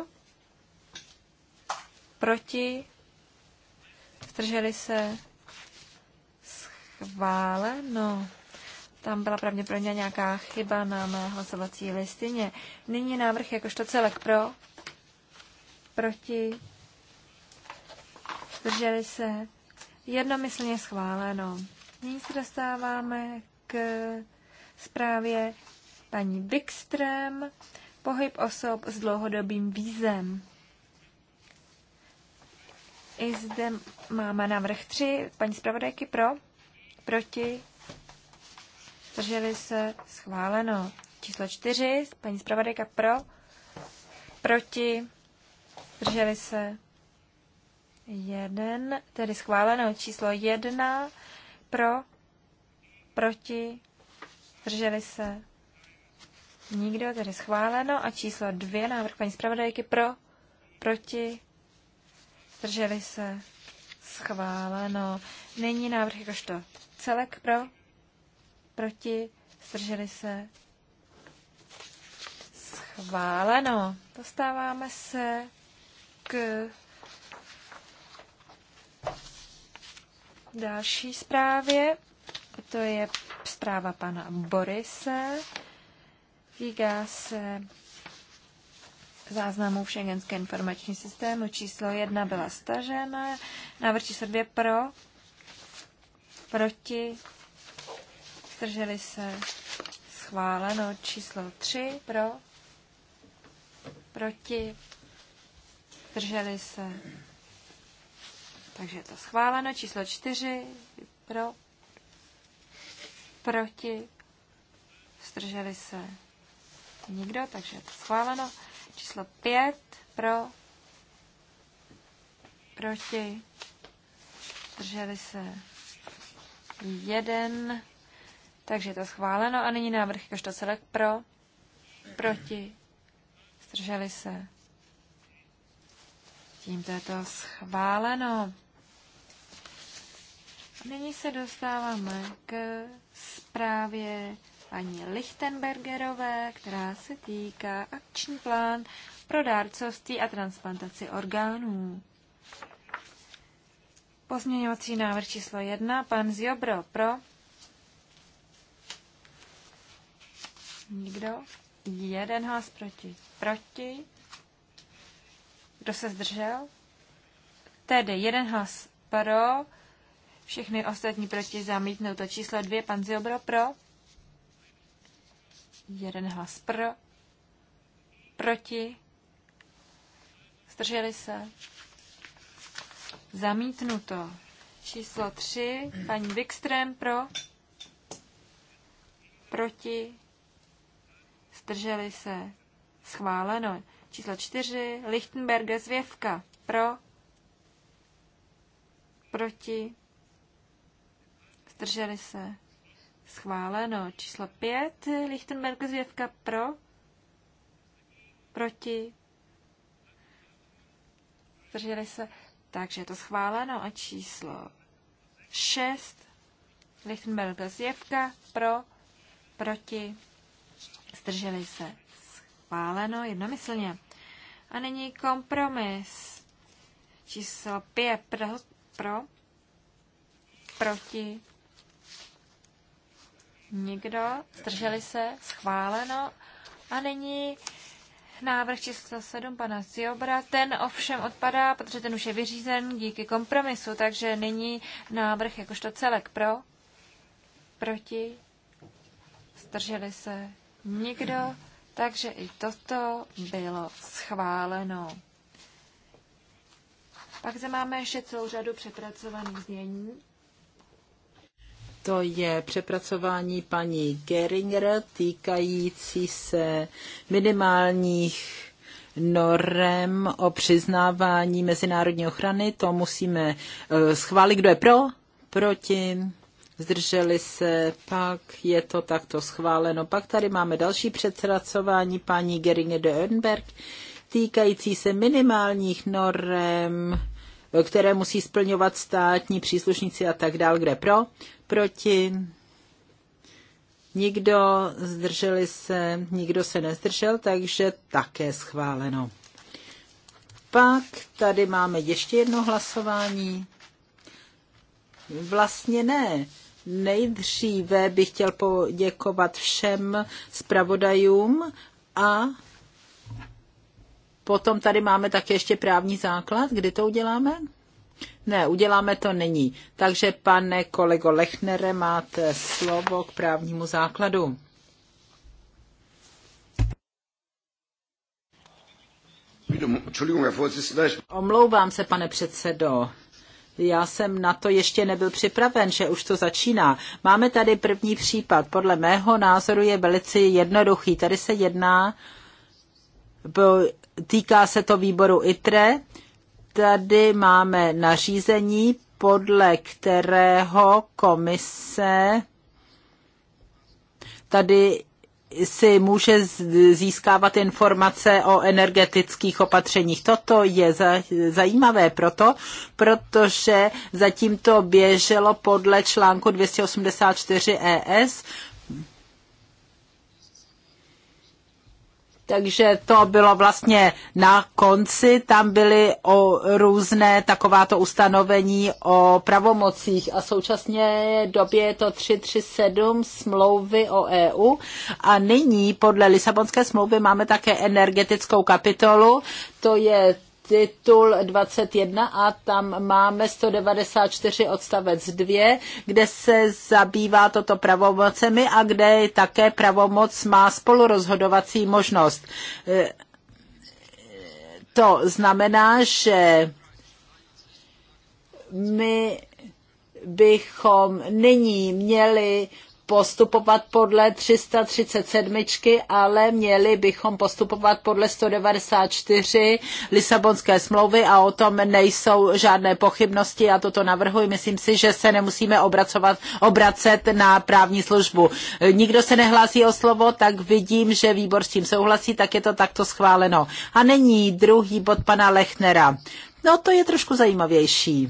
proti, zdrželi se, schváleno. Tam byla pravděpodobně nějaká chyba na mé hlasovací listině. Nyní návrh jakožto celek pro, proti, zdrželi se, jednomyslně schváleno. Nyní se dostáváme k zprávě paní Bikström, pohyb osob s dlouhodobým vízem. I zde máme návrh 3, paní zpravodajky pro, proti, zdrželi se, schváleno. Číslo 4, paní zpravodajka pro, proti, zdrželi se, jeden, tedy schváleno. Číslo 1, pro, proti, zdrželi se, nikdo, tedy schváleno. A číslo 2, návrh paní zpravodajky pro, proti, zdrželi se, schváleno. Není návrh jakožto celek pro, proti, zdrželi se, schváleno. Dostáváme se k další zprávě. To je zpráva pana Borise. Týká se záznamů v Schengenské informační systému. Číslo 1 byla stažena. Návrh číslo 2 pro, proti, zdrželi se, schváleno. Číslo 3 pro, proti, zdrželi se. Takže je to schváleno. Číslo 4 pro, proti, zdrželi se nikdo, takže je to schváleno číslo 5 pro, proti, drželi se jeden, takže je to schváleno. A nyní návrh jakožto celek pro, proti, zdrželi se. Tímto je to schváleno. A nyní se dostáváme k zprávě paní Lichtenbergerové, která se týká akční plán pro dárcovství a transplantaci orgánů. Pozměňovací návrh číslo jedna, pan Zjobro, pro. Nikdo? Jeden hlas proti. Proti. Kdo se zdržel? Tedy jeden hlas pro, všechny ostatní proti zamítnou To číslo dvě, pan Zjobro, pro. Jeden hlas pro, proti, zdrželi se. Zamítnuto. Číslo 3, paní Wikström pro, proti, zdrželi se. Schváleno. Číslo 4, Lichtenberger zvěvka pro, proti, zdrželi se. Schváleno. Číslo 5. Lichtenberg zvěvka pro. Proti. Zdrželi se. Takže je to schváleno. A číslo 6. Lichtenberg zjevka pro. Proti. Zdrželi se. Schváleno jednomyslně. A nyní kompromis. Číslo 5 pro, pro proti Nikdo. Zdrželi se? Schváleno. A nyní návrh číslo 7 pana Ziobra. Ten ovšem odpadá, protože ten už je vyřízen díky kompromisu, takže nyní návrh jakožto celek pro, proti, zdrželi se nikdo, takže i toto bylo schváleno. Pak zde máme ještě celou řadu přepracovaných znění to je přepracování paní Geringer týkající se minimálních norem o přiznávání mezinárodní ochrany. To musíme eh, schválit. Kdo je pro? Proti? Zdrželi se, pak je to takto schváleno. Pak tady máme další přepracování paní Geringer de Önberg týkající se minimálních norem které musí splňovat státní příslušníci a tak dál, kde pro, proti, nikdo, zdrželi se, nikdo se nezdržel, takže také schváleno. Pak tady máme ještě jedno hlasování. Vlastně ne. Nejdříve bych chtěl poděkovat všem zpravodajům a potom tady máme také ještě právní základ, kdy to uděláme? Ne, uděláme to nyní. Takže, pane kolego Lechnere, máte slovo k právnímu základu. Omlouvám se, pane předsedo. Já jsem na to ještě nebyl připraven, že už to začíná. Máme tady první případ. Podle mého názoru je velice jednoduchý. Tady se jedná týká se to výboru ITRE. Tady máme nařízení, podle kterého komise tady si může získávat informace o energetických opatřeních. Toto je zajímavé proto, protože zatím to běželo podle článku 284 ES, takže to bylo vlastně na konci, tam byly o různé takováto ustanovení o pravomocích a současně době je to 337 smlouvy o EU a nyní podle Lisabonské smlouvy máme také energetickou kapitolu, to je titul 21 a tam máme 194 odstavec 2, kde se zabývá toto pravomocemi a kde také pravomoc má spolurozhodovací možnost. E, to znamená, že my bychom nyní měli postupovat podle 337, ale měli bychom postupovat podle 194 Lisabonské smlouvy a o tom nejsou žádné pochybnosti. Já toto navrhuji. Myslím si, že se nemusíme obracovat, obracet na právní službu. Nikdo se nehlásí o slovo, tak vidím, že výbor s tím souhlasí, tak je to takto schváleno. A není druhý bod pana Lechnera. No to je trošku zajímavější.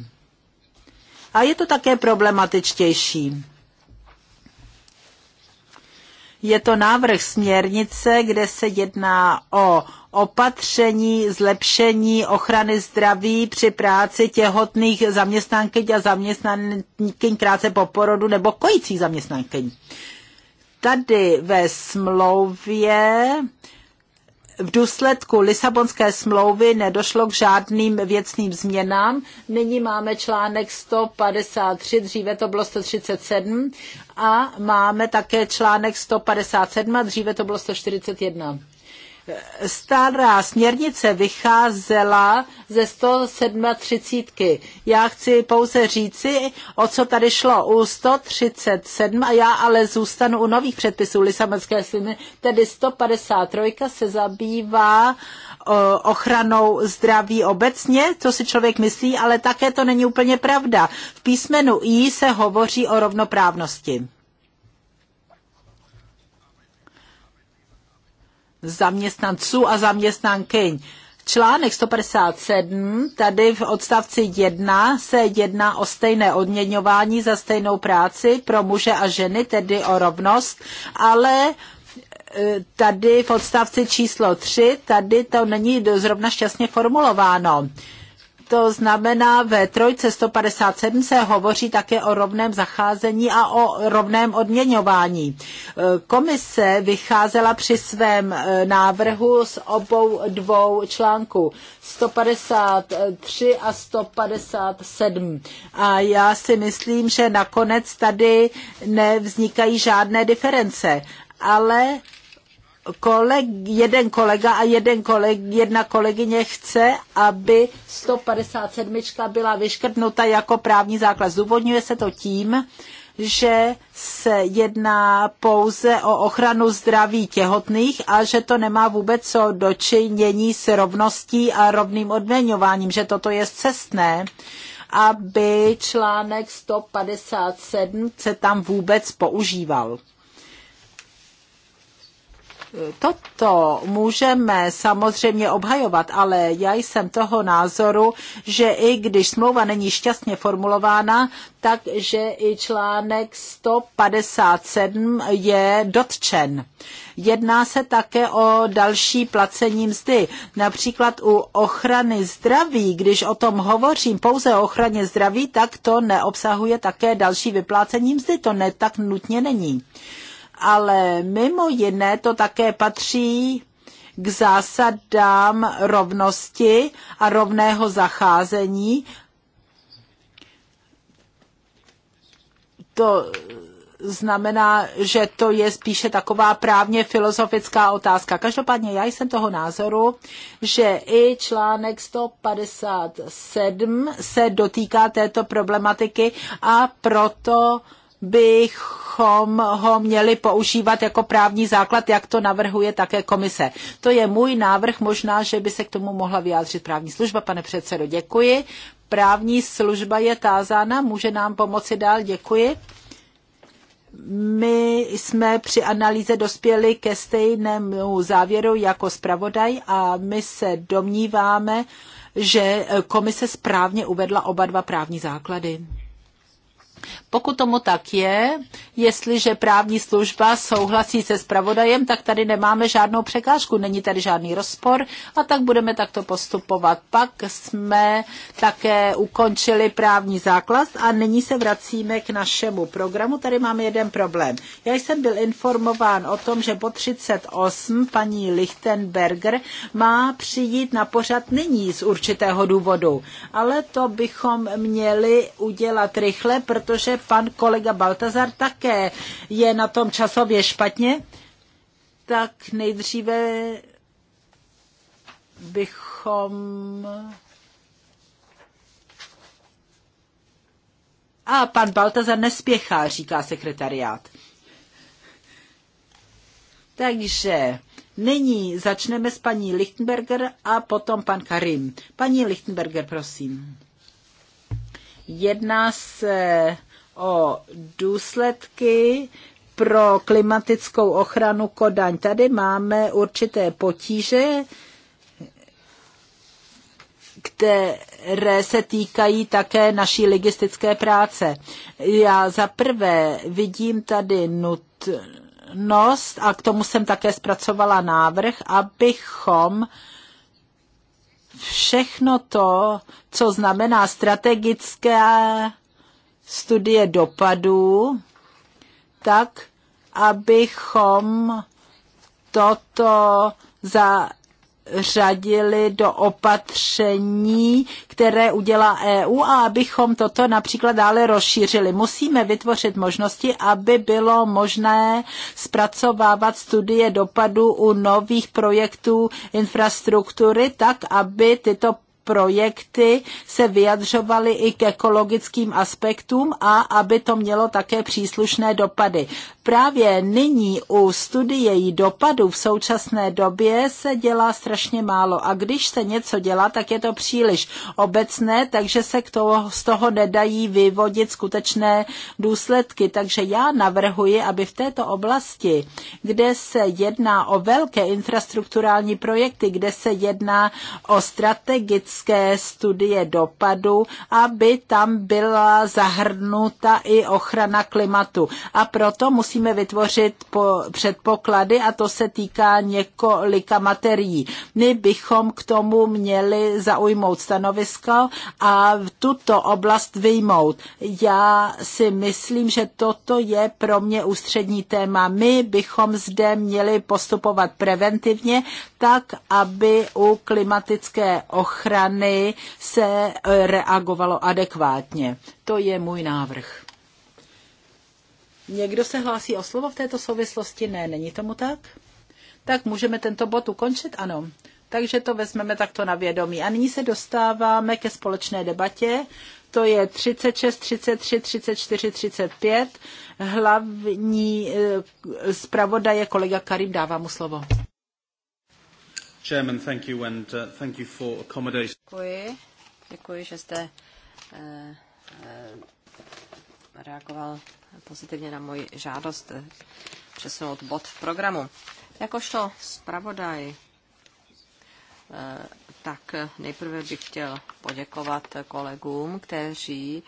A je to také problematičtější. Je to návrh směrnice, kde se jedná o opatření zlepšení ochrany zdraví při práci těhotných zaměstnankyň a zaměstnankyň krátce po porodu nebo kojících zaměstnankyň. Tady ve smlouvě v důsledku Lisabonské smlouvy nedošlo k žádným věcným změnám. Nyní máme článek 153, dříve to bylo 137 a máme také článek 157 a dříve to bylo 141 stará směrnice vycházela ze 137. Já chci pouze říci, o co tady šlo u 137 a já ale zůstanu u nových předpisů Lisabonské sliny, tedy 153 se zabývá ochranou zdraví obecně, co si člověk myslí, ale také to není úplně pravda. V písmenu I se hovoří o rovnoprávnosti. zaměstnanců a zaměstnankyň. Článek 157, tady v odstavci 1 se jedná o stejné odměňování za stejnou práci pro muže a ženy, tedy o rovnost, ale e, tady v odstavci číslo 3, tady to není zrovna šťastně formulováno. To znamená, ve trojce 157 se hovoří také o rovném zacházení a o rovném odměňování. Komise vycházela při svém eh, návrhu z obou dvou článků 153 a 157. A já si myslím, že nakonec tady nevznikají žádné diference. Ale koleg, jeden kolega a jeden koleg, jedna kolegyně chce, aby 157 byla vyškrtnuta jako právní základ. Zdůvodňuje se to tím, že se jedná pouze o ochranu zdraví těhotných a že to nemá vůbec co dočinění s rovností a rovným odměňováním, že toto je cestné aby článek 157 se tam vůbec používal. Toto můžeme samozřejmě obhajovat, ale já jsem toho názoru, že i když smlouva není šťastně formulována, takže i článek 157 je dotčen. Jedná se také o další placení mzdy. Například u ochrany zdraví, když o tom hovořím pouze o ochraně zdraví, tak to neobsahuje také další vyplácení mzdy. To ne tak nutně není ale mimo jiné to také patří k zásadám rovnosti a rovného zacházení. To znamená, že to je spíše taková právně filozofická otázka. Každopádně já jsem toho názoru, že i článek 157 se dotýká této problematiky a proto bychom ho měli používat jako právní základ, jak to navrhuje také komise. To je můj návrh, možná, že by se k tomu mohla vyjádřit právní služba. Pane předsedo, děkuji. Právní služba je tázána, může nám pomoci dál, děkuji. My jsme při analýze dospěli ke stejnému závěru jako zpravodaj a my se domníváme, že komise správně uvedla oba dva právní základy. Pokud tomu tak je, jestliže právní služba souhlasí se zpravodajem, tak tady nemáme žádnou překážku, není tady žádný rozpor a tak budeme takto postupovat. Pak jsme také ukončili právní základ a nyní se vracíme k našemu programu. Tady máme jeden problém. Já jsem byl informován o tom, že po 38 paní Lichtenberger má přijít na pořad nyní z určitého důvodu, ale to bychom měli udělat rychle, protože protože pan kolega Baltazar také je na tom časově špatně, tak nejdříve bychom A pan Baltazar nespěchá, říká sekretariát. Takže nyní začneme s paní Lichtenberger a potom pan Karim. Paní Lichtenberger, prosím. Jedná se o důsledky pro klimatickou ochranu Kodaň. Tady máme určité potíže, které se týkají také naší logistické práce. Já za prvé vidím tady nutnost, a k tomu jsem také zpracovala návrh, abychom eh, všechno to, co znamená strategické studie dopadů, tak abychom toto za řadili do opatření, které udělá EU a abychom toto například dále rozšířili. Musíme vytvořit možnosti, aby bylo možné zpracovávat studie dopadu u nových projektů infrastruktury tak, aby tyto projekty se vyjadřovaly i k ekologickým aspektům a aby to mělo také příslušné dopady. Právě nyní u studie dopadů v současné době se dělá strašně málo a když se něco dělá, tak je to příliš obecné, takže se k toho, z toho nedají vyvodit skutečné důsledky. Takže já navrhuji, aby v této oblasti, kde se jedná o velké infrastrukturální projekty, kde se jedná o strategické vědecké studie dopadu, aby tam byla zahrnuta i ochrana klimatu. A proto musíme vytvořit po, předpoklady a to se týká několika materií. My bychom k tomu měli zaujmout stanovisko a tuto oblast vyjmout. Já si myslím, že toto je pro mě ústřední téma. My bychom zde měli postupovat preventivně, tak aby u klimatické ochrany strany se eh, reagovalo adekvátně. To je můj návrh. Někdo se hlásí o slovo v této souvislosti? Ne, není tomu tak? Tak můžeme tento bod ukončit? Ano. Takže to vezmeme takto na vědomí. A nyní se dostáváme ke společné debatě. To je 36, 33, 34, 35. Hlavní eh, zpravodaj je kolega Karim, dává mu slovo. Chairman, thank you and uh, thank you for accommodation. Děkuji. Děkuji, že jste eh, eh reagoval pozitivně na moji žádost eh, přesunout bod v programu. Jakožto zpravodaj, eh, tak nejprve bych chtěl poděkovat kolegům, kteří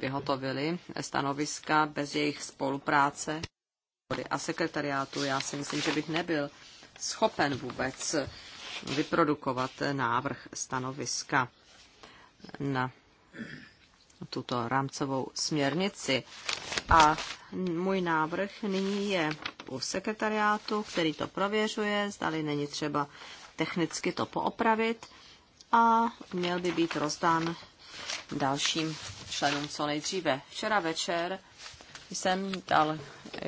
vyhotovili stanoviska bez jejich spolupráce a sekretariátu. Já si myslím, že bych nebyl schopen vůbec vyprodukovat návrh stanoviska na tuto rámcovou směrnici. A můj návrh nyní je u sekretariátu, který to prověřuje, zdali není třeba technicky to poopravit a měl by být rozdán dalším členům co nejdříve. Včera večer jsem dal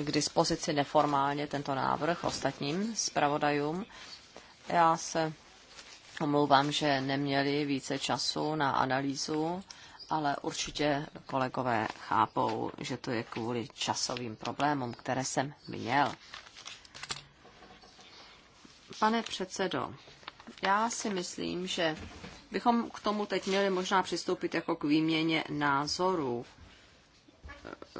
k dispozici neformálně tento návrh ostatním zpravodajům. Já se omlouvám, že neměli více času na analýzu, ale určitě kolegové chápou, že to je kvůli časovým problémům, které jsem měl. Pane předsedo, já si myslím, že bychom k tomu teď měli možná přistoupit jako k výměně názorů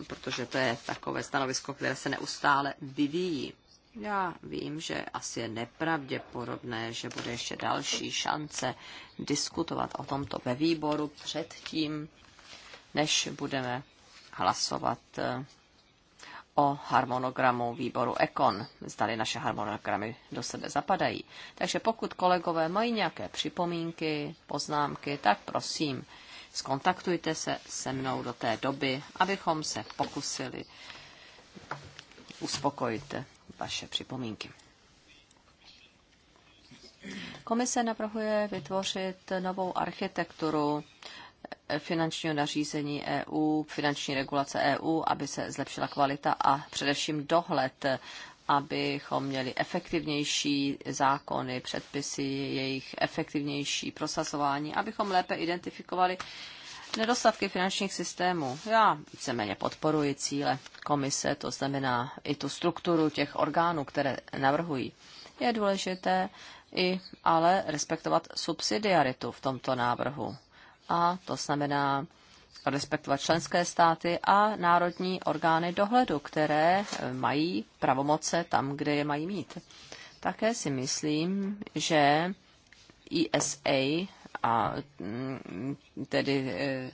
protože to je takové stanovisko, které se neustále vyvíjí. Já vím, že asi je nepravděpodobné, že bude ještě další šance diskutovat o tomto ve výboru předtím, než budeme hlasovat eh, o harmonogramu výboru Ekon. Zdali naše harmonogramy do sebe zapadají. Takže pokud kolegové mají nějaké připomínky, poznámky, tak prosím, skontaktujte se se mnou do té doby, abychom se pokusili uspokojit vaše připomínky. Komise naprohuje vytvořit novou architekturu finančního nařízení EU, finanční regulace EU, aby se zlepšila kvalita a především dohled abychom měli efektivnější zákony, předpisy, jejich efektivnější prosazování, abychom lépe identifikovali nedostatky finančních systémů. Já víceméně podporuji cíle komise, to znamená i tu strukturu těch orgánů, které navrhují. Je důležité i ale respektovat subsidiaritu v tomto návrhu. A to znamená respektovat členské státy a národní orgány dohledu, které eh, mají pravomoce tam, kde je mají mít. Také si myslím, že ESA a mm, tedy eh,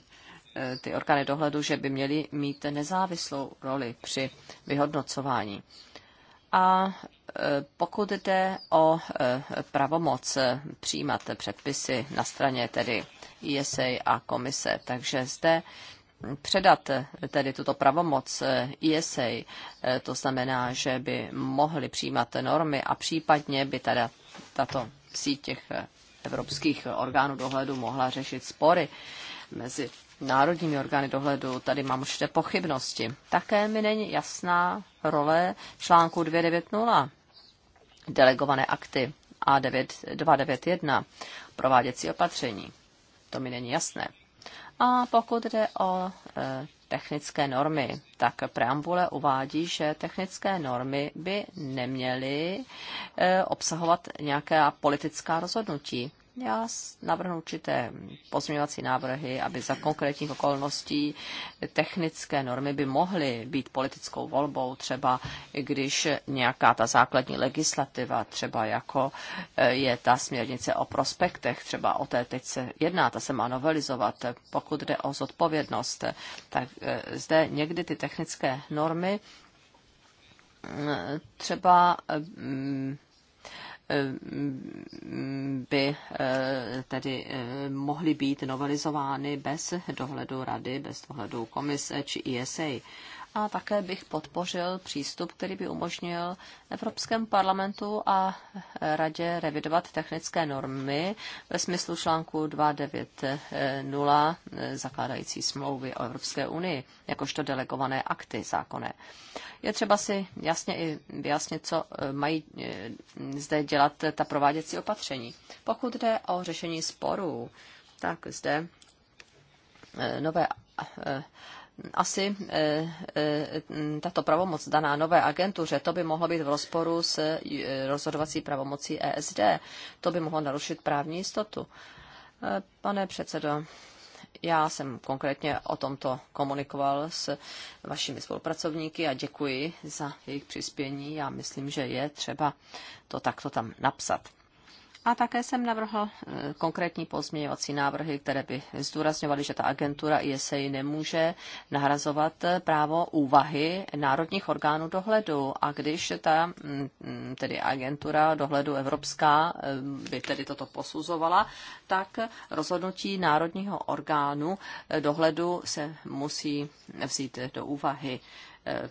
eh, ty orgány dohledu, že by měly mít nezávislou roli při vyhodnocování. A pokud jde o pravomoc přijímat předpisy na straně tedy ESA a komise. Takže zde předat tedy tuto pravomoc ESA, to znamená, že by mohli přijímat normy a případně by teda tato síť těch evropských orgánů dohledu mohla řešit spory mezi národními orgány dohledu. Tady mám určité pochybnosti. Také mi není jasná role článku 290 delegované akty a 9291, prováděcí opatření to mi není jasné. A pokud jde o e, technické normy, tak preambule uvádí, že technické normy by neměly e, obsahovat nějaká politická rozhodnutí. Já navrhnu určité pozměňovací návrhy, aby za konkrétních okolností technické normy by mohly být politickou volbou, třeba když nějaká ta základní legislativa, třeba jako e, je ta směrnice o prospektech, třeba o té teď se jedná, ta se má novelizovat, pokud jde o zodpovědnost, tak e, zde někdy ty technické normy třeba e, Eh, by eh, tedy eh, mohly být novelizovány bez dohledu rady, bez dohledu komise či ISA. E a také bych podpořil přístup, který by umožnil Evropskému parlamentu a radě revidovat technické normy ve smyslu článku 290 zakládající smlouvy o Evropské unii, jakožto delegované akty zákonné. Je třeba si jasně i vyjasnit, co eh, mají eh, zde dělat ta prováděcí opatření. Pokud jde o řešení sporů, tak zde eh, nové asi eh, eh, tato pravomoc daná nové agentuře, to by mohlo být v rozporu s eh, rozhodovací pravomocí ESD. To by mohlo narušit právní jistotu. Pane předsedo, já jsem konkrétně o tomto komunikoval s vašimi spolupracovníky a děkuji za jejich přispění. Já myslím, že je třeba to takto tam napsat. A také jsem navrhl eh, konkrétní pozměňovací návrhy, které by zdůrazňovaly, že ta agentura ISA nemůže nahrazovat eh, právo úvahy národních orgánů dohledu. A když ta mm, mm, tedy agentura dohledu evropská eh, by tedy toto posuzovala, tak rozhodnutí národního orgánu dohledu se musí vzít do úvahy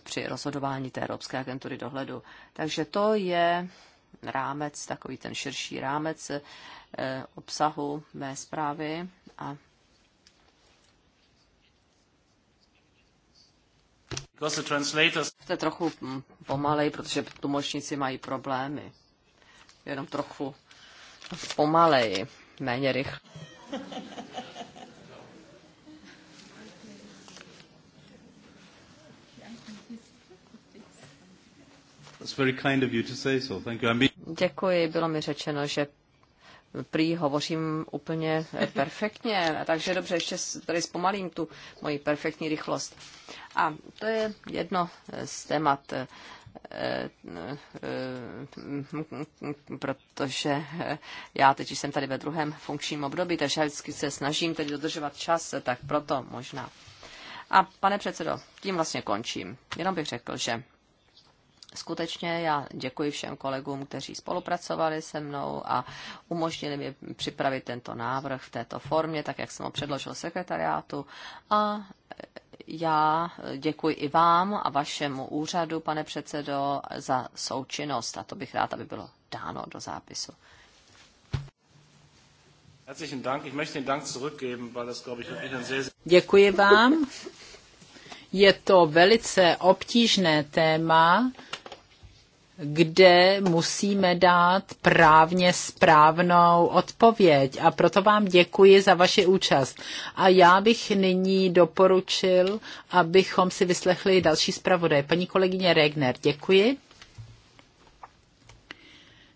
při rozhodování té Evropské agentury dohledu. Takže to je rámec, takový ten širší rámec eh, obsahu mé zprávy a Jste trochu hm, pomalej, protože tlumočníci mají problémy. Jenom trochu pomalej, méně rychle. Děkuji, bylo mi řečeno, že prý hovořím úplně perfektně, takže dobře, ještě tady zpomalím tu moji perfektní rychlost. A to je jedno z témat, eh, eh, protože já teď jsem tady ve druhém funkčním období, takže já vždycky se snažím tedy dodržovat čas, tak proto možná. A pane předsedo, tím vlastně končím. Jenom bych řekl, že skutečně já děkuji všem kolegům, kteří spolupracovali se mnou a umožnili mi připravit tento návrh v této formě, tak jak jsem ho předložil sekretariátu. A já děkuji i vám a vašemu úřadu, pane předsedo, za součinnost a to bych rád, aby bylo dáno do zápisu. Děkuji vám. Je to velice obtížné téma kde musíme dát právně správnou odpověď. A proto vám děkuji za vaši účast. A já bych nyní doporučil, abychom si vyslechli další zpravodaj. Paní kolegyně Regner, děkuji.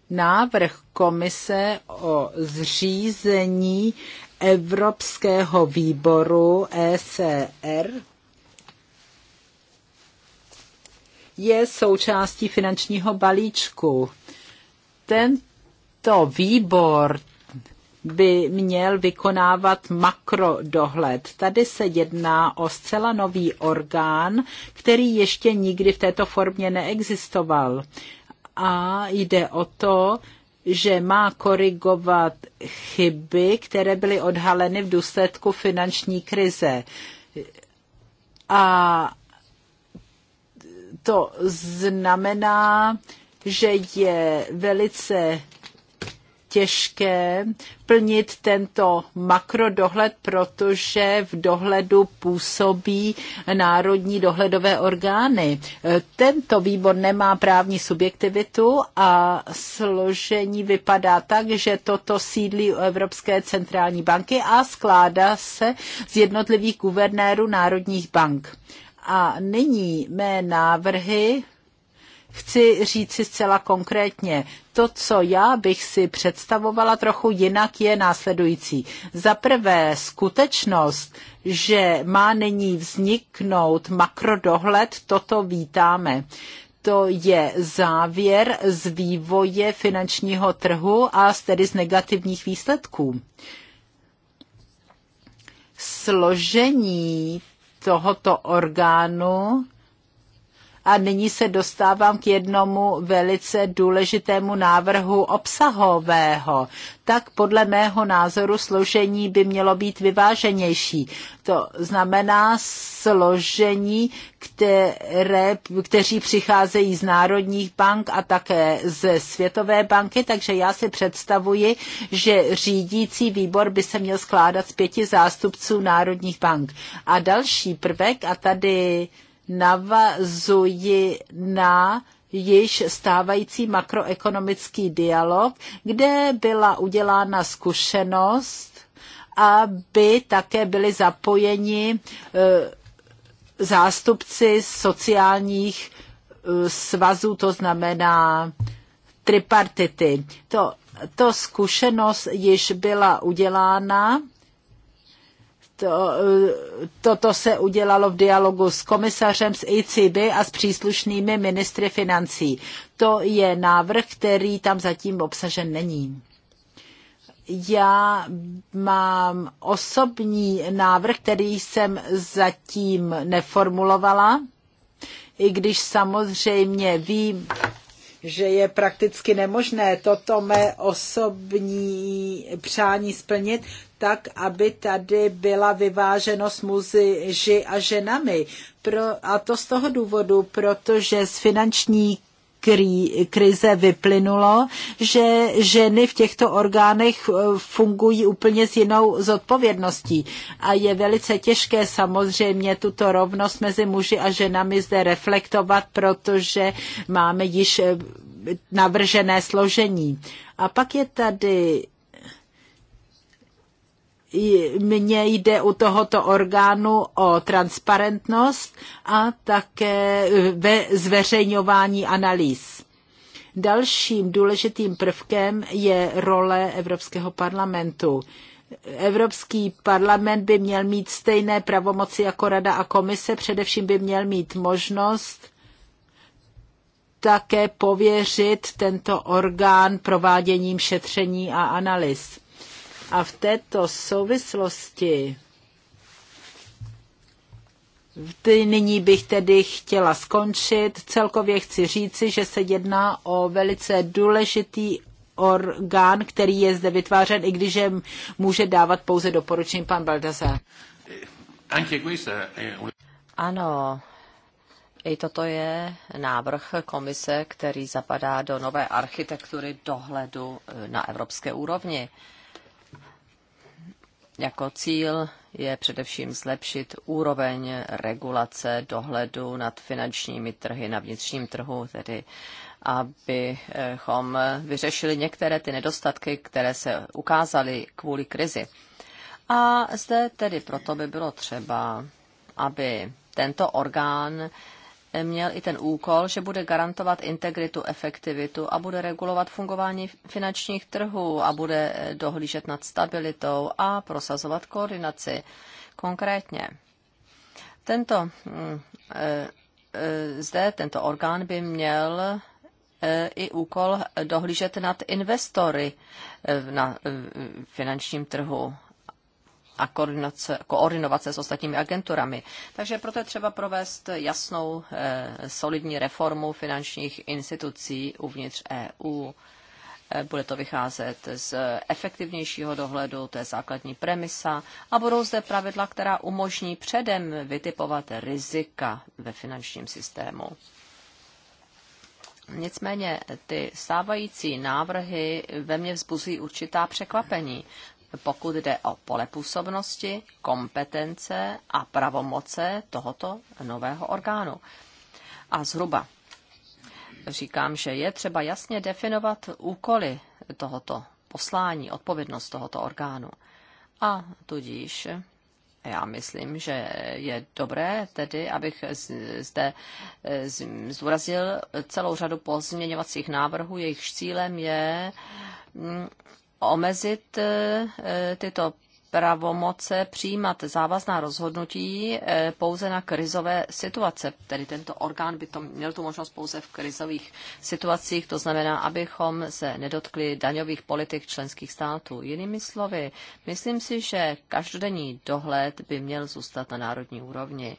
Návrh komise o zřízení Evropského výboru ECR je součástí finančního balíčku. Tento výbor by měl vykonávat makrodohled. Tady se jedná o zcela nový orgán, který ještě nikdy v této formě neexistoval. A jde o to, že má korigovat chyby, které byly odhaleny v důsledku finanční krize. A to znamená, že je velice těžké plnit tento makrodohled, protože v dohledu působí národní dohledové orgány. Tento výbor nemá právní subjektivitu a složení vypadá tak, že toto sídlí u Evropské centrální banky a skládá se z jednotlivých guvernérů národních bank. A nyní mé návrhy chci říci zcela konkrétně. To, co já bych si představovala trochu jinak, je následující. Za prvé, skutečnost, že má nyní vzniknout makrodohled, toto vítáme to je závěr z vývoje finančního trhu a z tedy z negativních výsledků. Složení tohoto orgánu a nyní se dostávám k jednomu velice důležitému návrhu obsahového. Tak podle mého názoru složení by mělo být vyváženější. To znamená složení, které, kteří přicházejí z národních bank a také ze Světové banky, takže já si představuji, že řídící výbor by se měl skládat z pěti zástupců národních bank. A další prvek, a tady navazuji na již stávající makroekonomický dialog, kde byla udělána zkušenost, aby také byli zapojeni e, zástupci sociálních e, svazů, to znamená tripartity. To, to zkušenost již byla udělána to, toto se udělalo v dialogu s komisařem, s ECB a s příslušnými ministry financí. To je návrh, který tam zatím obsažen není. Já mám osobní návrh, který jsem zatím neformulovala, i když samozřejmě vím, že je prakticky nemožné toto mé osobní přání splnit, tak, aby tady byla vyváženost muži a ženami. Pro, a to z toho důvodu, protože z finanční krize vyplynulo, že ženy v těchto orgánech eh, fungují úplně s jinou zodpovědností. A je velice těžké samozřejmě tuto rovnost mezi muži a ženami zde reflektovat, protože máme již eh, navržené složení. A pak je tady mně jde u tohoto orgánu o transparentnost a také eh, ve zveřejňování analýz. Dalším důležitým prvkem je role Evropského parlamentu. Evropský parlament by měl mít stejné pravomoci jako Rada a komise, především by měl mít možnost také pověřit tento orgán prováděním šetření a analýz a v této souvislosti Nyní bych tedy chtěla skončit. Celkově chci říci, že se jedná o velice důležitý orgán, který je zde vytvářen, i když je může dávat pouze doporučení pan Baldaza. Ano, i toto je návrh komise, který zapadá do nové architektury dohledu na evropské úrovni jako cíl je především zlepšit úroveň regulace dohledu nad finančními trhy na vnitřním trhu, tedy abychom vyřešili některé ty nedostatky, které se ukázaly kvůli krizi. A zde tedy proto by bylo třeba, aby tento orgán měl i ten úkol, že bude garantovat integritu, efektivitu a bude regulovat fungování finančních trhů a bude eh, dohlížet nad stabilitou a prosazovat koordinaci. Konkrétně tento, mm, eh, eh, zde tento orgán by měl i úkol dohlížet nad investory na finančním trhu a koordinovat se s ostatními agenturami. Takže proto je třeba provést jasnou eh, solidní reformu finančních institucí uvnitř EU. Eh, bude to vycházet z efektivnějšího dohledu, to je základní premisa, a budou zde pravidla, která umožní předem vytipovat rizika ve finančním systému. Nicméně ty stávající návrhy ve mně vzbuzují určitá překvapení pokud jde o pole působnosti, kompetence a pravomoce tohoto nového orgánu. A zhruba říkám, že je třeba jasně definovat úkoly tohoto poslání, odpovědnost tohoto orgánu. A tudíž já myslím, že je dobré tedy, abych zde e, zdůraznil celou řadu pozměňovacích návrhů. Jejich cílem je mm, omezit e, e, tyto pravomoce přijímat závazná rozhodnutí e, pouze na krizové situace. Tedy tento orgán by to měl tu možnost pouze v krizových situacích, to znamená, abychom se nedotkli daňových politik členských států. Jinými slovy, myslím si, že každodenní dohled by měl zůstat na národní úrovni.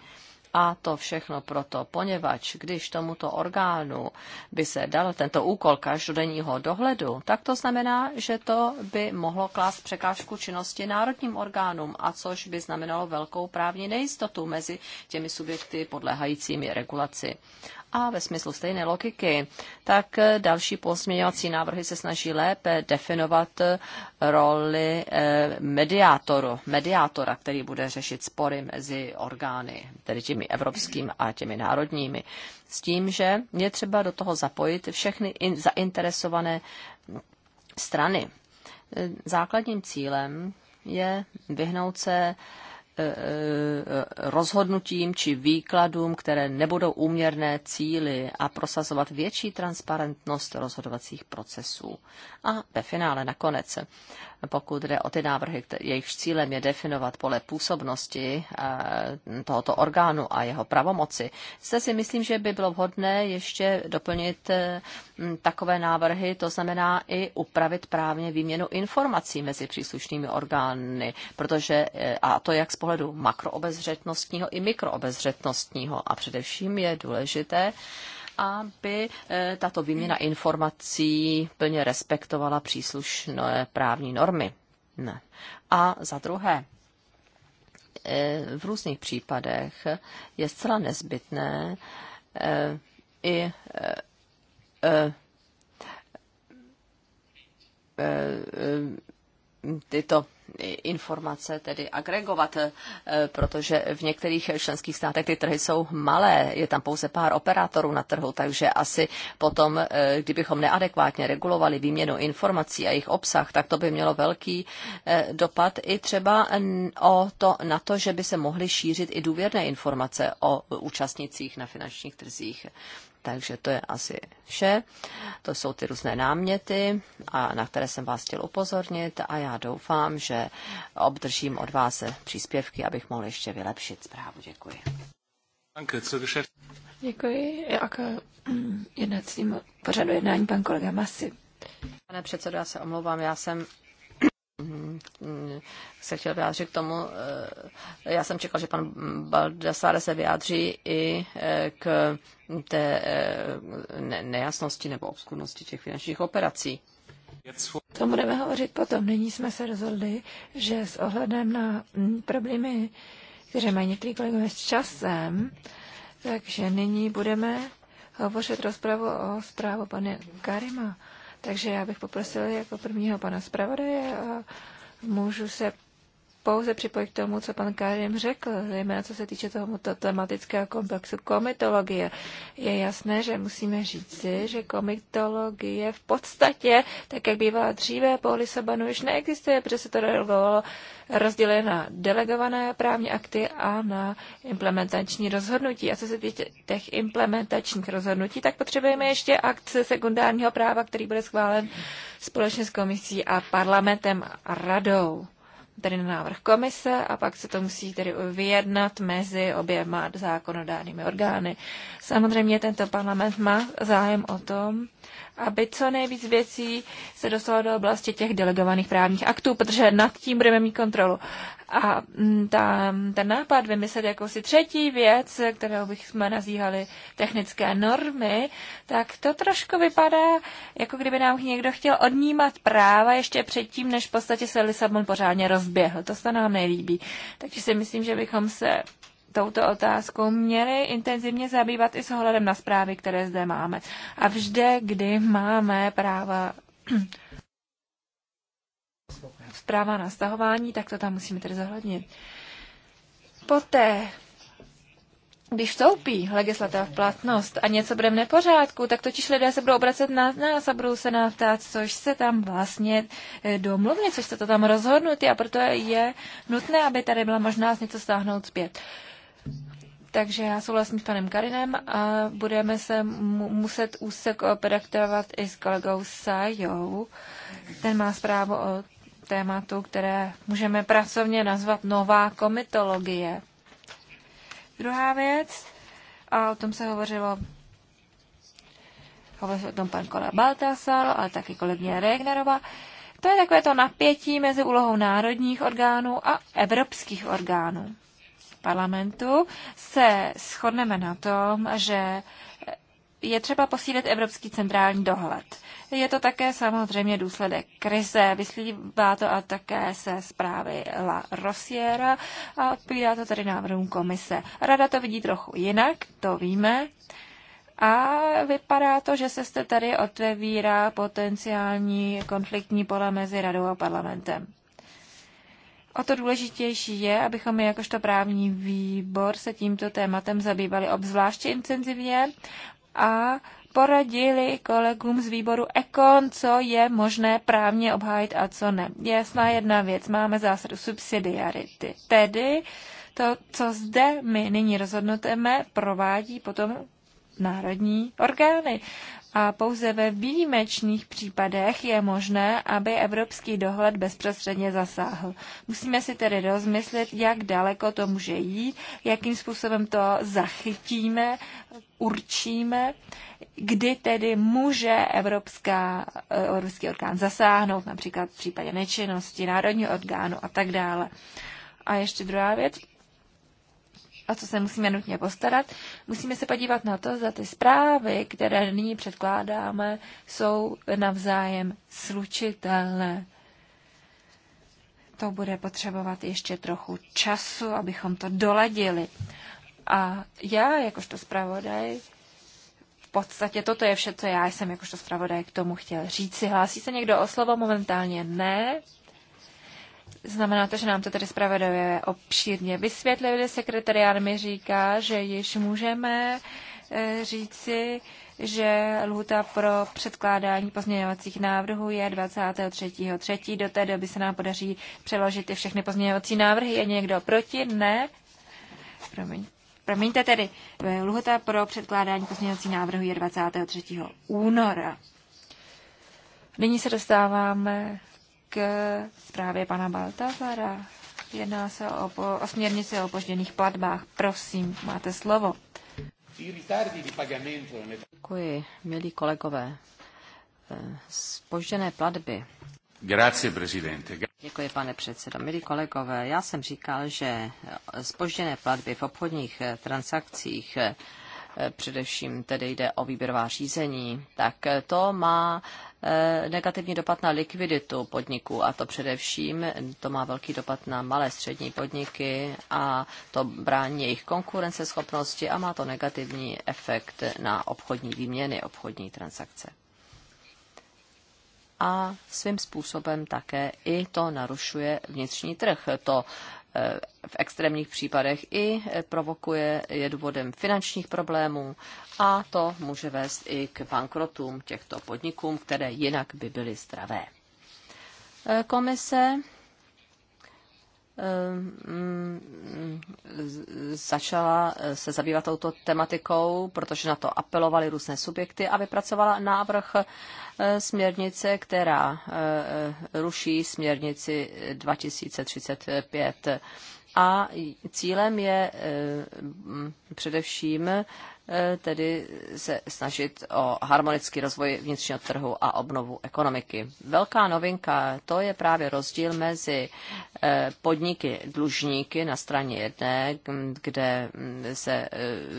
A to všechno proto, poněvadž když tomuto orgánu by se dal tento úkol každodenního dohledu, tak to znamená, že to by mohlo klást překážku činnosti národním orgánům, a což by znamenalo velkou právní nejistotu mezi těmi subjekty podléhajícími regulaci. A ve smyslu stejné logiky, tak další pozměňovací návrhy se snaží lépe definovat roli eh, mediátoru, mediátora, který bude řešit spory mezi orgány, tedy těmi evropskými a těmi národními, s tím, že je třeba do toho zapojit všechny in, zainteresované strany. Eh, základním cílem je vyhnout se E, e, rozhodnutím či výkladům, které nebudou úměrné cíly a prosazovat větší transparentnost rozhodovacích procesů. A ve finále nakonec, pokud jde o ty návrhy, jejich cílem je definovat pole působnosti e, tohoto orgánu a jeho pravomoci, se si myslím, že by bylo vhodné ještě doplnit takové návrhy, to znamená i upravit právně výměnu informací mezi příslušnými orgány, protože, a to jak z pohledu makroobezřetnostního i mikroobezřetnostního. A především je důležité, aby eh, tato výměna informací plně respektovala příslušné právní normy. Ne. A za druhé, eh, v různých případech je zcela nezbytné eh, i tyto informace tedy agregovat, eh, protože v některých členských státech ty trhy jsou malé, je tam pouze pár operátorů na trhu, takže asi potom, eh, kdybychom neadekvátně regulovali výměnu informací a jejich obsah, tak to by mělo velký eh, dopad i třeba o to, na to, že by se mohly šířit i důvěrné informace o účastnicích na finančních trzích. Takže to je asi vše. To jsou ty různé náměty, a na které jsem vás chtěl upozornit a já doufám, že obdržím od vás příspěvky, abych mohl ještě vylepšit zprávu. Děkuji. Děkuji. Jak mm, jednacím pořadu jednání pan kolega Masy. Pane předsedo, já se omlouvám, já jsem Mm, se chtěl vyjádřit k tomu, eh, já jsem čekal, že pan Baldassare se vyjádří i eh, k té eh, nejasnosti nebo obskurnosti těch finančních operací. To budeme hovořit potom. Nyní jsme se rozhodli, že s ohledem na mm, problémy, které mají některý kolegové s časem, takže nyní budeme hovořit rozpravu o zprávu pana Karima. Takže já bych poprosil jako prvního pana zpravodaje a můžu se pouze připojit k tomu, co pan Karim řekl, zejména co se týče tohoto tematického komplexu komitologie. Je jasné, že musíme říci, že komitologie v podstatě, tak jak bývala dříve po Lisabonu, už neexistuje, protože se to delegovalo rozdělené na delegované právní akty a na implementační rozhodnutí. A co se týče těch implementačních rozhodnutí, tak potřebujeme ještě akt sekundárního práva, který bude schválen společně s komisí a parlamentem a radou tedy na návrh komise a pak se to musí tedy vyjednat mezi oběma zákonodárnými orgány. Samozřejmě tento parlament má zájem o tom, aby co nejvíc věcí se dostalo do oblasti těch delegovaných právních aktů, protože nad tím budeme mít kontrolu. A mm, ta, ten nápad vymyslet jako si třetí věc, kterou bychom nazývali technické normy, tak to trošku vypadá, jako kdyby nám někdo chtěl odnímat práva ještě předtím, než v podstatě se Lisabon pořádně rozběhl. To se nám nelíbí. Takže si myslím, že bychom se touto otázkou měli intenzivně zabývat i s ohledem na zprávy, které zde máme. A vždy, kdy máme práva zpráva na stahování, tak to tam musíme tedy zahlednit. Poté, když vstoupí legislativa v platnost a něco bude v nepořádku, tak totiž lidé se budou obracet na nás a budou se nám ptát, což se tam vlastně eh, domluvně, což se to tam rozhodnutí, a proto je nutné, aby tady byla možnost něco stáhnout zpět. Takže já souhlasím s panem Karinem a budeme se mu muset úsek operaktovat i s kolegou Sajou. Ten má zprávu o tématu, které můžeme pracovně nazvat nová komitologie. Druhá věc, a o tom se hovořilo hovořil o tom pan kolega Baltasar, ale taky kolegyně Regnerova, to je takové to napětí mezi úlohou národních orgánů a evropských orgánů parlamentu se shodneme na tom, že je třeba posílit evropský centrální dohled. Je to také samozřejmě důsledek krize, vyslívá to a také se zprávy La Rosiera a odpovídá to tedy návrhům komise. Rada to vidí trochu jinak, to víme. A vypadá to, že se zde tady otevírá potenciální konfliktní pole mezi radou a parlamentem. O to důležitější je, abychom my jakožto právní výbor se tímto tématem zabývali obzvláště intenzivně a poradili kolegům z výboru Ekon, co je možné právně obhájit a co ne. Jasná jedna věc, máme zásadu subsidiarity. Tedy to, co zde my nyní rozhodnuteme, provádí potom národní orgány. A pouze ve výjimečných případech je možné, aby evropský dohled bezprostředně zasáhl. Musíme si tedy rozmyslet, jak daleko to může jít, jakým způsobem to zachytíme, určíme, kdy tedy může evropská, eh, evropský orgán zasáhnout, například v případě nečinnosti národního orgánu a tak dále. A ještě druhá věc, a co se musíme nutně postarat, musíme se podívat na to, zda ty zprávy, které nyní předkládáme, jsou navzájem slučitelné. To bude potřebovat ještě trochu času, abychom to doladili. A já, jakožto zpravodaj, v podstatě toto je vše, co já jsem jakožto zpravodaj k tomu chtěl říct. hlásí se někdo o slovo? Momentálně ne. Znamená to, že nám to tedy zpravodajové obšírně vysvětlili. Sekretariát mi říká, že již můžeme eh, říci, že lhuta pro předkládání pozměňovacích návrhů je 23.3. Do té doby se nám podaří přeložit i všechny pozměňovací návrhy. Je někdo proti? Ne? Promiň. Promiňte tedy, eh, lhuta pro předkládání pozměňovacích návrhů je 23. února. Nyní se dostáváme k zprávě pana Baltazara. Jedná se o, o směrnici o opožděných platbách. Prosím, máte slovo. Děkuji, milí kolegové. Spožděné eh, platby. Grazie, presidente. Děkuji, pane předsedo. Milí kolegové, já jsem říkal, že spožděné platby v obchodních eh, transakcích eh, především tedy jde o výběrová řízení, tak to má eh, negativní dopad na likviditu podniků a to především to má velký dopad na malé střední podniky a to brání jejich konkurenceschopnosti a má to negativní efekt na obchodní výměny, obchodní transakce. A svým způsobem také i to narušuje vnitřní trh. To uh, v extrémních případech i provokuje, je důvodem finančních problémů a to může vést i k bankrotům těchto podnikům, které jinak by byly zdravé. E, komise Eh, mm, začala eh, se zabývat touto tematikou, protože na to apelovali různé subjekty a vypracovala návrh eh, směrnice, která ruší směrnici 2035. A cílem je především Eh, tedy se snažit o harmonický rozvoj vnitřního trhu a obnovu ekonomiky. Velká novinka to je právě rozdíl mezi eh, podniky dlužníky na straně jedné, kde mm, se eh,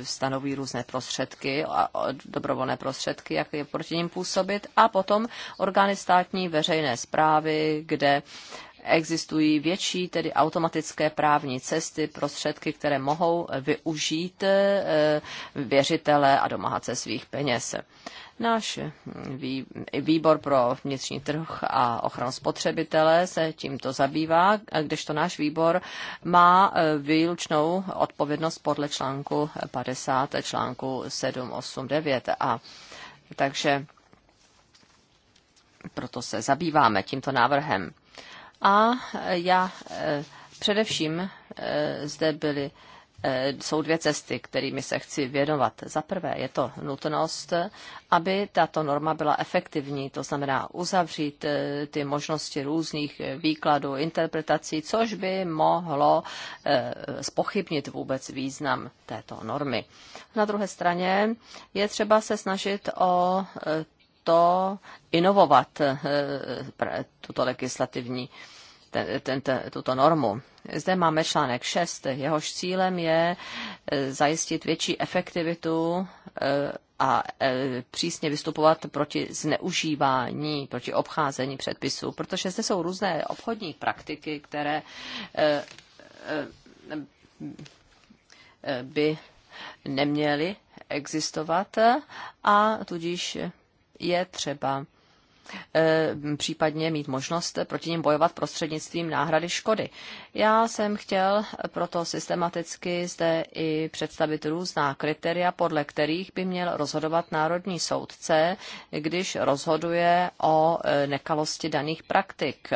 stanoví různé prostředky a dobrovolné prostředky, jak je proti ním působit, a potom orgány státní veřejné zprávy, kde existují větší, tedy automatické právní cesty, prostředky, které mohou využít eh, věřitele a domáhat se svých peněz. Náš výbor pro vnitřní trh a ochranu spotřebitele se tímto zabývá, kdežto náš výbor má eh, výlučnou odpovědnost podle článku 50, článku 7, 8, 9. A takže proto se zabýváme tímto návrhem. A e, já e, především e, zde byly jsou dvě cesty, kterými se chci věnovat. Za prvé je to nutnost, aby tato norma byla efektivní, to znamená uzavřít ty možnosti různých výkladů, interpretací, což by mohlo spochybnit vůbec význam této normy. Na druhé straně je třeba se snažit o to inovovat, eh, tuto legislativní, ten, ten, tuto normu. Zde máme článek 6. Jehož cílem je eh, zajistit větší efektivitu eh, a přísně vystupovat proti zneužívání, proti obcházení předpisů, protože zde jsou různé obchodní praktiky, které by neměly existovat a tudíž je třeba eh, případně mít možnost proti ním bojovat prostřednictvím náhrady škody. Já jsem chtěl proto systematicky zde i představit různá kritéria, podle kterých by měl rozhodovat národní soudce, když rozhoduje o eh, nekalosti daných praktik,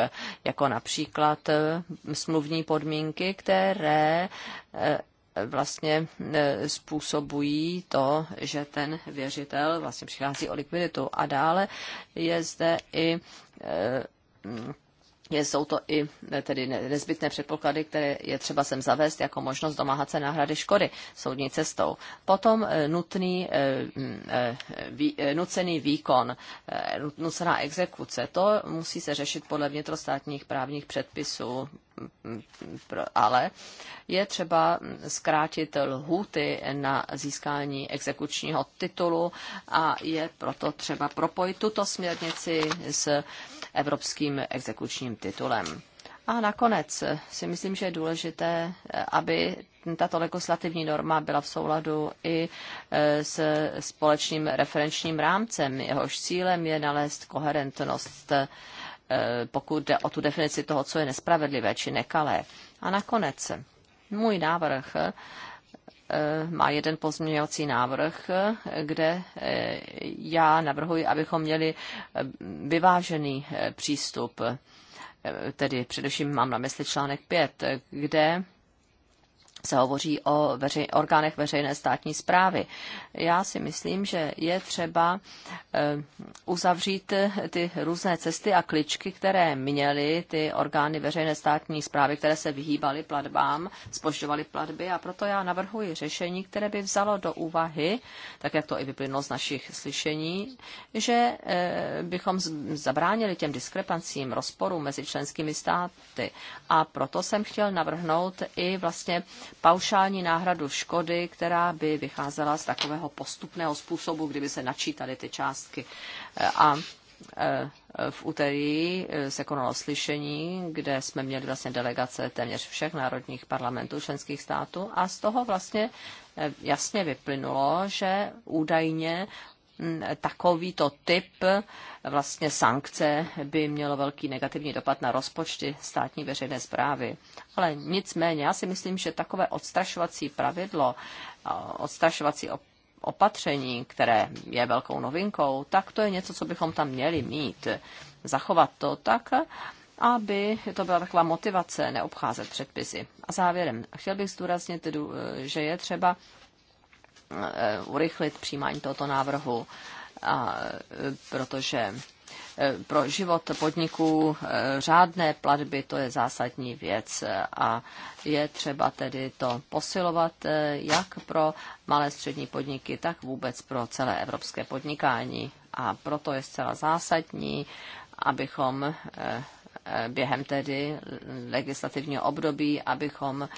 jako například eh, smluvní podmínky, které vlastně e, způsobují to, že ten věřitel vlastně přichází o likviditu. A dále je zde i e, jsou to i eh, tedy nezbytné předpoklady, které je třeba sem zavést jako možnost domáhat se náhrady škody soudní cestou. Potom eh, nutný, eh, mm, nucený výkon, nucená exekuce, to musí se řešit podle vnitrostátních právních předpisů, mm, mm, ale je třeba zkrátit lhůty na získání exekučního titulu a je proto třeba propojit tuto směrnici s evropským exekučním titulem. A nakonec si myslím, že je důležité, aby tato legislativní norma byla v souladu i e, s společným referenčním rámcem. Jehož cílem je nalézt koherentnost, e, pokud jde o tu definici toho, co je nespravedlivé či nekalé. A nakonec můj návrh Eh, má jeden pozměňovací návrh, eh, kde eh, já navrhuji, abychom měli vyvážený přístup, tedy především mám na mysli článek 5, kde se hovoří o veřej, orgánech veřejné státní zprávy. Já si myslím, že je třeba eh, uzavřít eh, ty různé cesty a kličky, které měly ty orgány veřejné státní zprávy, které se vyhýbaly platbám, spožďovaly platby a proto já navrhuji řešení, které by vzalo do úvahy, tak jak to i vyplynulo z našich slyšení, že eh, bychom zabránili těm diskrepancím, rozporu mezi členskými státy a proto jsem chtěl navrhnout i vlastně paušální náhradu škody, která by vycházela z takového postupného způsobu, kdyby se načítaly ty částky. Eh, a eh, v úterý eh, se konalo slyšení, kde jsme měli vlastně delegace téměř všech národních parlamentů členských států a z toho vlastně jasně vyplynulo, že údajně takovýto typ vlastně sankce by mělo velký negativní dopad na rozpočty státní veřejné zprávy. Ale nicméně, já si myslím, že takové odstrašovací pravidlo, odstrašovací opatření, které je velkou novinkou, tak to je něco, co bychom tam měli mít. Zachovat to tak, aby to byla taková motivace neobcházet předpisy. A závěrem, chtěl bych zdůraznit, že je třeba Eh, urychlit přijímání tohoto návrhu, a, eh, protože eh, pro život podniků řádné platby, to je zásadní věc a je třeba tedy to posilovat jak pro malé střední podniky, tak vůbec pro celé evropské podnikání. A proto je zcela zásadní, abychom během tedy legislativního období, abychom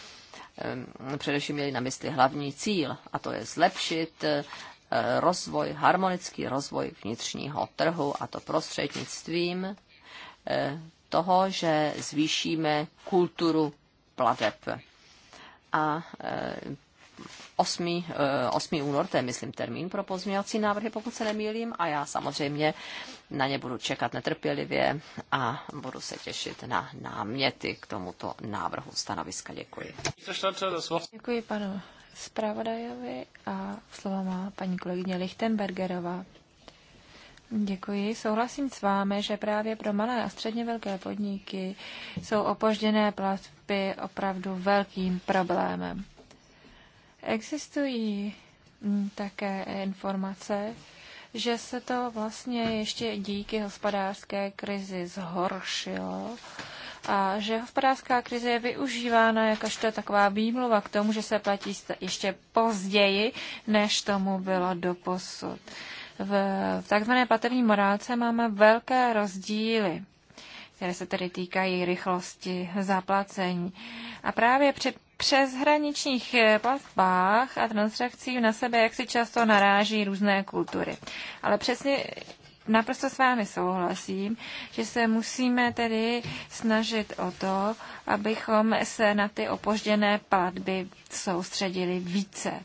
Eh, především měli na mysli hlavní cíl, a to je zlepšit eh, rozvoj, harmonický rozvoj vnitřního trhu, a to prostřednictvím eh, toho, že zvýšíme kulturu plateb. A 8. 8. Eh, únor, to je, myslím, termín pro pozměňovací návrhy, pokud se nemýlím, a já samozřejmě na ně budu čekat netrpělivě a budu se těšit na náměty k tomuto návrhu stanoviska. Děkuji. Děkuji panu zpravodajovi a slova má paní kolegyně Lichtenbergerová. Děkuji. Souhlasím s vámi, že právě pro malé a středně velké podniky jsou opožděné platby opravdu velkým problémem. Existují mm, také informace, že se to vlastně ještě díky hospodářské krizi zhoršilo a že hospodářská krize je využívána jakožto taková výmluva k tomu, že se platí ještě později, než tomu bylo doposud. V, takzvané platební morálce máme velké rozdíly které se tedy týkají rychlosti zaplacení. A právě při přeshraničních eh, platbách a transakcích na sebe jak si často naráží různé kultury. Ale přesně naprosto s vámi souhlasím, že se musíme tedy snažit o to, abychom se na ty opožděné platby soustředili více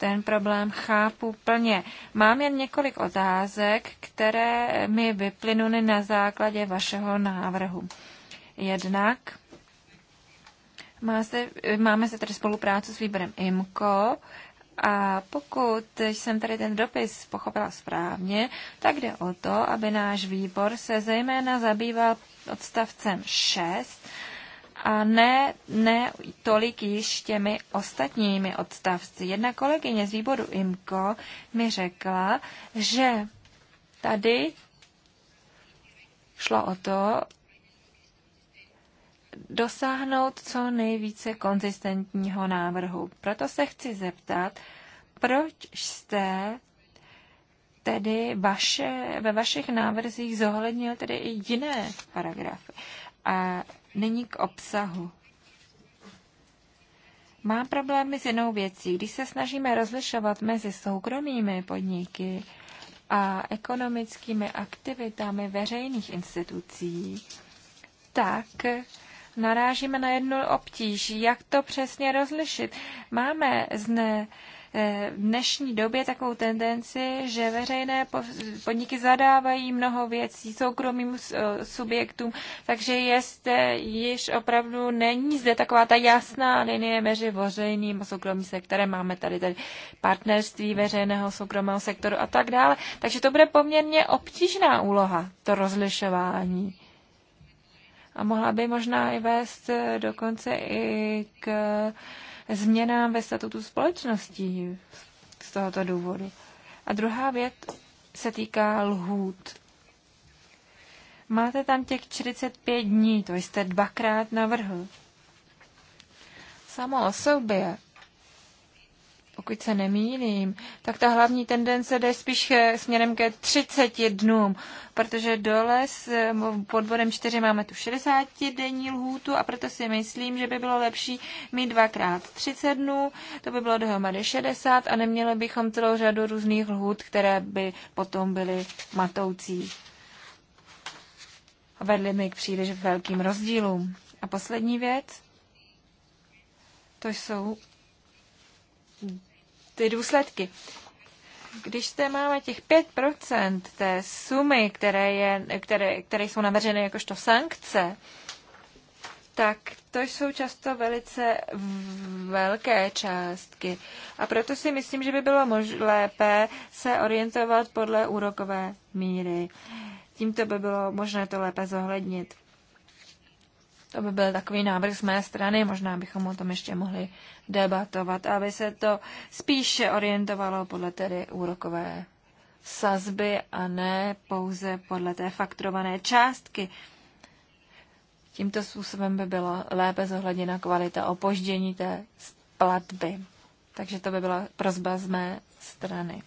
ten problém chápu plně. Mám jen několik otázek, které mi vyplynuly na základě vašeho návrhu. Jednak má se, máme se tedy spolupráci s výborem IMCO a pokud jsem tady ten dopis pochopila správně, tak jde o to, aby náš výbor se zejména zabýval odstavcem 6 a ne, ne tolik již těmi ostatními odstavci. Jedna kolegyně z výboru IMKO mi řekla, že tady šlo o to dosáhnout co nejvíce konzistentního návrhu. Proto se chci zeptat, proč jste tedy vaše, ve vašich návrzích zohlednil tedy i jiné paragrafy. A Nyní k obsahu. Mám problémy s jinou věcí. Když se snažíme rozlišovat mezi soukromými podniky a ekonomickými aktivitami veřejných institucí, tak narážíme na jednu obtíž, jak to přesně rozlišit. Máme zne Eh, v dnešní době takovou tendenci, že veřejné podniky zadávají mnoho věcí soukromým eh, subjektům, takže jestli již opravdu není zde taková ta jasná linie mezi veřejným a soukromým sektorem. Máme tady tady partnerství veřejného soukromého sektoru a tak dále. Takže to bude poměrně obtížná úloha, to rozlišování a mohla by možná i vést eh, dokonce i k změnám ve statutu společnosti z tohoto důvodu. A druhá věc se týká lhůt. Máte tam těch 45 dní, to jste dvakrát navrhl. Samo o sobě pokud se nemýlím, tak ta hlavní tendence jde spíš eh, směrem ke 30 dnům, protože dole s eh, podvodem 4 máme tu 60 denní lhůtu a proto si myslím, že by bylo lepší mít dvakrát 30 dnů, to by bylo dohromady 60 a neměli bychom celou řadu různých lhůt, které by potom byly matoucí a vedly mi k příliš velkým rozdílům. A poslední věc, to jsou ty důsledky. Když zde máme těch 5% té sumy, které, je, které, které jsou navrženy jakožto sankce, tak to jsou často velice velké částky. A proto si myslím, že by bylo mož- lépe se orientovat podle úrokové míry. Tímto by bylo možné to lépe zohlednit. To by byl takový návrh z mé strany, možná bychom o tom ještě mohli debatovat, aby se to spíše orientovalo podle tedy úrokové sazby a ne pouze podle té fakturované částky. Tímto způsobem by byla lépe zohledněna kvalita opoždění té platby. Takže to by byla prozba z mé strany.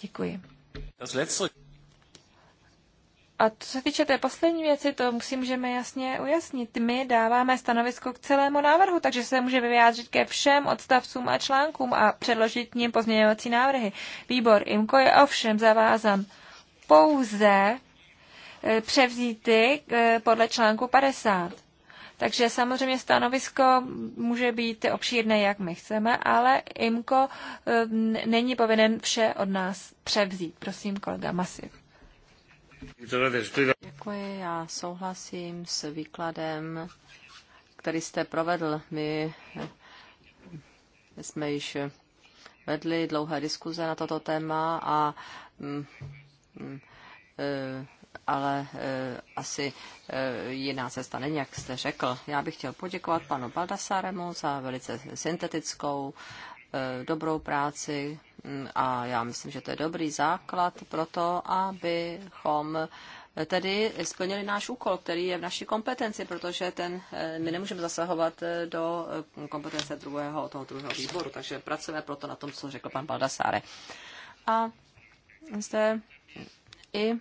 Děkuji. A co se týče té poslední věci, to musím, že mi jasně ujasnit. My dáváme stanovisko k celému návrhu, takže se může vyjádřit ke všem odstavcům a článkům a předložit k ním pozměňovací návrhy. Výbor IMKO je ovšem zavázan pouze e, převzít ty e, podle článku 50. Takže samozřejmě stanovisko může být obšírné, jak my chceme, ale IMKO e, není povinen vše od nás převzít. Prosím, kolega Masiv. Děkuji, já souhlasím s výkladem, který jste provedl. My jsme již vedli dlouhé diskuze na toto téma a mm, mm, eh, ale eh, asi eh, jiná cesta není, jak jste řekl. Já bych chtěl poděkovat panu Baldasaremu za velice syntetickou Eh, dobrou práci mm, a já myslím, že to je dobrý základ pro to, abychom tedy splnili náš úkol, který je v naší kompetenci, protože ten, eh, my nemůžeme zasahovat eh, do kompetence druhého, toho druhého výboru, takže pracujeme proto na tom, co řekl pan Baldasáre. A zde i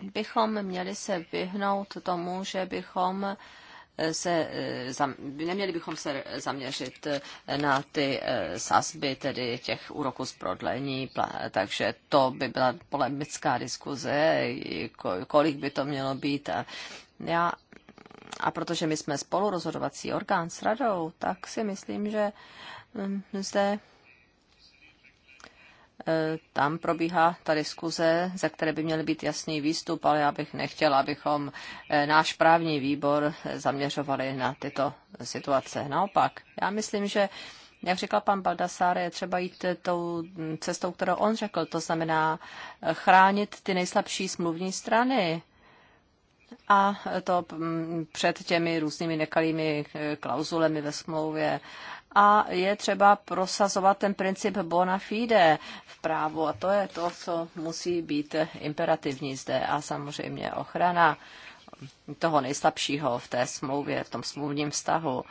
bychom měli se vyhnout tomu, že bychom se, eh, neměli bychom se zaměřit eh, na ty eh, sazby, tedy těch úroků z prodlení, takže to by byla polemická diskuze, kolik by to mělo být. A já a protože my jsme spolurozhodovací orgán s radou, tak si myslím, že hm, zde E, tam probíhá ta diskuze, ze které by měl být jasný výstup, ale já bych nechtěla, abychom e, náš právní výbor zaměřovali na tyto situace. Naopak, já myslím, že jak říkal pan Baldassare, je třeba jít tou cestou, kterou on řekl, to znamená e, chránit ty nejslabší smluvní strany a to mm, před těmi různými nekalými klauzulemi ve smlouvě a je třeba prosazovat ten princip bona fide v právu a to je to, co musí být imperativní zde a samozřejmě ochrana toho nejslabšího v té smlouvě, v tom smluvním vztahu.